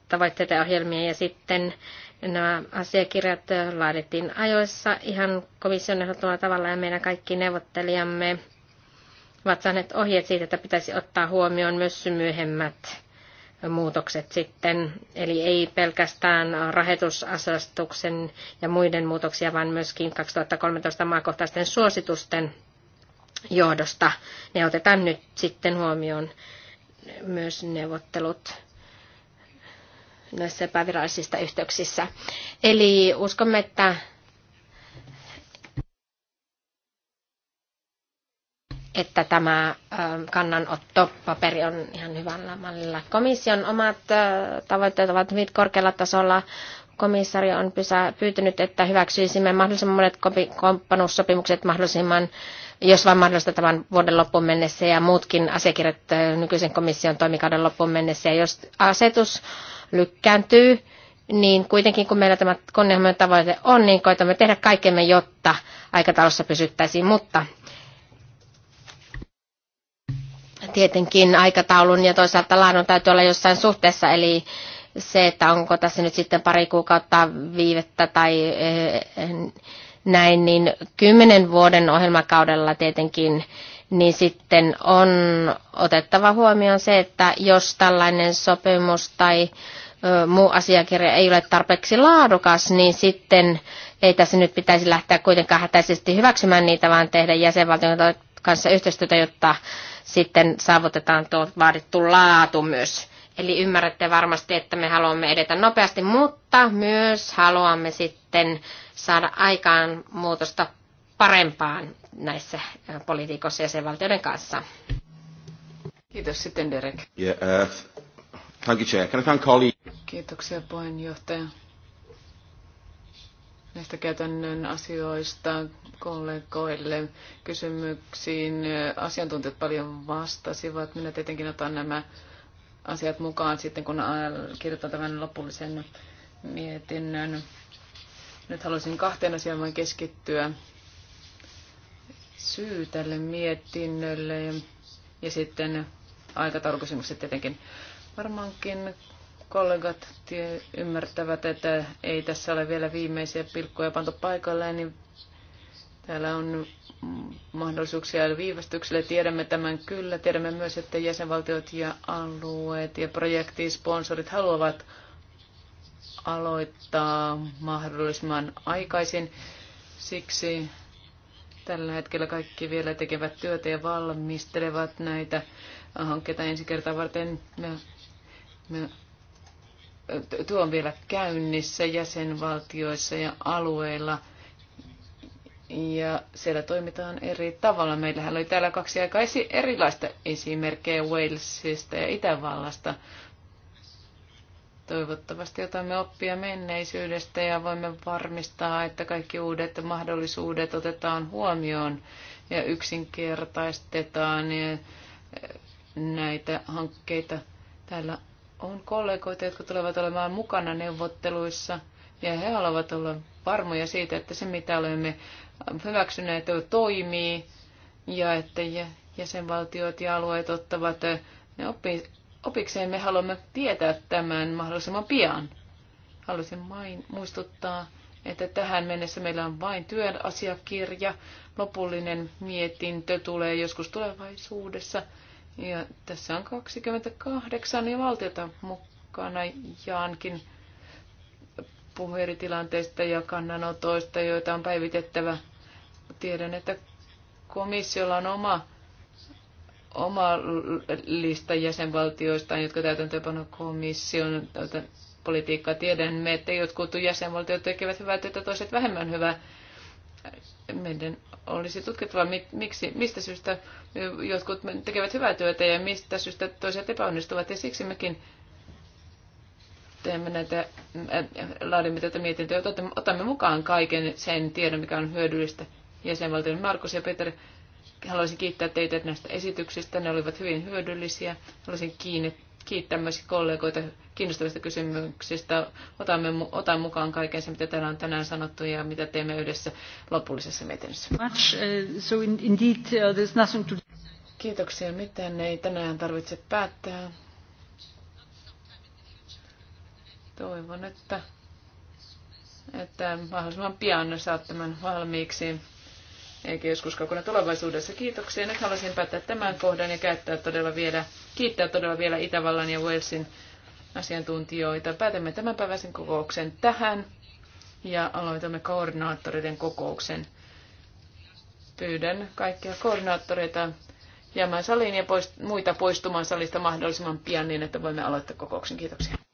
tavoitteita ja ohjelmia ja sitten nämä asiakirjat laadittiin ajoissa ihan komission ehdottomalla tavalla ja meidän kaikki neuvottelijamme ovat saaneet ohjeet siitä, että pitäisi ottaa huomioon myös myöhemmät muutokset sitten. Eli ei pelkästään rahoitusasastuksen ja muiden muutoksia, vaan myöskin 2013 maakohtaisten suositusten johdosta. Ne otetaan nyt sitten huomioon myös neuvottelut näissä epävirallisissa yhteyksissä. Eli uskomme, että että tämä kannanottopaperi on ihan hyvällä mallilla. Komission omat tavoitteet ovat hyvin korkealla tasolla komissaari on pyytänyt, että hyväksyisimme mahdollisimman monet komppanuussopimukset mahdollisimman, jos vain mahdollista tämän vuoden loppuun mennessä ja muutkin asiakirjat nykyisen komission toimikauden loppuun mennessä. Ja jos asetus lykkääntyy, niin kuitenkin kun meillä tämä kunnianhimoinen tavoite on, niin koitamme tehdä kaikkemme, jotta aikataulussa pysyttäisiin, mutta tietenkin aikataulun ja toisaalta laadun täytyy olla jossain suhteessa, eli se, että onko tässä nyt sitten pari kuukautta viivettä tai eh, näin, niin kymmenen vuoden ohjelmakaudella tietenkin niin sitten on otettava huomioon se, että jos tällainen sopimus tai muu asiakirja ei ole tarpeeksi laadukas, niin sitten ei tässä nyt pitäisi lähteä kuitenkaan hätäisesti hyväksymään niitä, vaan tehdä jäsenvaltion kanssa yhteistyötä, jotta sitten saavutetaan tuo vaadittu laatu myös. Eli ymmärrätte varmasti, että me haluamme edetä nopeasti, mutta myös haluamme sitten saada aikaan muutosta parempaan näissä politiikoissa jäsenvaltioiden kanssa. Kiitos sitten Derek. Yeah, uh, thank you, Chair. Can I thank Kiitoksia puheenjohtaja. Näistä käytännön asioista kollegoille kysymyksiin. Asiantuntijat paljon vastasivat. Minä tietenkin otan nämä asiat mukaan sitten, kun kirjoitan tämän lopullisen mietinnön. Nyt haluaisin kahteen asiaan keskittyä. Syy tälle mietinnölle ja sitten aikataulukysymykset tietenkin. Varmaankin kollegat ymmärtävät, että ei tässä ole vielä viimeisiä pilkkuja pantu paikalleen, niin Täällä on mahdollisuuksia viivästykselle. Tiedämme tämän kyllä. Tiedämme myös, että jäsenvaltiot ja alueet ja projektisponsorit haluavat aloittaa mahdollisimman aikaisin. Siksi tällä hetkellä kaikki vielä tekevät työtä ja valmistelevat näitä hankkeita ensi kertaa varten. Me, me, tuo on vielä käynnissä jäsenvaltioissa ja alueilla – ja siellä toimitaan eri tavalla. Meillähän oli täällä kaksi aika esi- erilaista esimerkkejä Walesista ja Itävallasta. Toivottavasti otamme oppia menneisyydestä ja voimme varmistaa, että kaikki uudet mahdollisuudet otetaan huomioon ja yksinkertaistetaan ja eh, näitä hankkeita. Täällä on kollegoita, jotka tulevat olemaan mukana neuvotteluissa ja he haluavat olla varmoja siitä, että se mitä olemme hyväksyneet toimii ja että jäsenvaltiot ja alueet ottavat ne oppi, opikseen. Me haluamme tietää tämän mahdollisimman pian. Haluaisin main, muistuttaa, että tähän mennessä meillä on vain työn asiakirja. Lopullinen mietintö tulee joskus tulevaisuudessa. Ja tässä on 28 ja valtiota mukana. Jaankin puhui eri tilanteista ja kannanotoista, joita on päivitettävä. Tiedän, että komissiolla on oma, oma lista jäsenvaltioista, jotka täytäntöönpano komission politiikkaa. Tiedämme, että jotkut jäsenvaltiot tekevät hyvää työtä, toiset vähemmän hyvää. Meidän olisi tutkittava, miksi, mistä syystä jotkut tekevät hyvää työtä ja mistä syystä toiset epäonnistuvat. Ja siksi mekin teemme näitä, äh, laadimme tätä mietintöä, otamme mukaan kaiken sen tiedon, mikä on hyödyllistä jäsenvaltioiden. Markus ja Peter, haluaisin kiittää teitä näistä esityksistä, ne olivat hyvin hyödyllisiä. Haluaisin kiittää myös kollegoita kiinnostavista kysymyksistä. Otamme, otan mukaan kaiken sen, mitä täällä on tänään sanottu ja mitä teemme yhdessä lopullisessa mietinnössä. Uh, uh, Kiitoksia. Mitään ei tänään tarvitse päättää. Toivon, että, että mahdollisimman pian saat tämän valmiiksi, eikä joskus kaukana tulevaisuudessa. Kiitoksia. Nyt haluaisin päättää tämän kohdan ja käyttää todella vielä, kiittää todella vielä Itävallan ja Walesin asiantuntijoita. Päätämme tämän päiväisen kokouksen tähän ja aloitamme koordinaattoreiden kokouksen. Pyydän kaikkia koordinaattoreita jäämään saliin ja poist- muita poistumaan salista mahdollisimman pian niin, että voimme aloittaa kokouksen. Kiitoksia.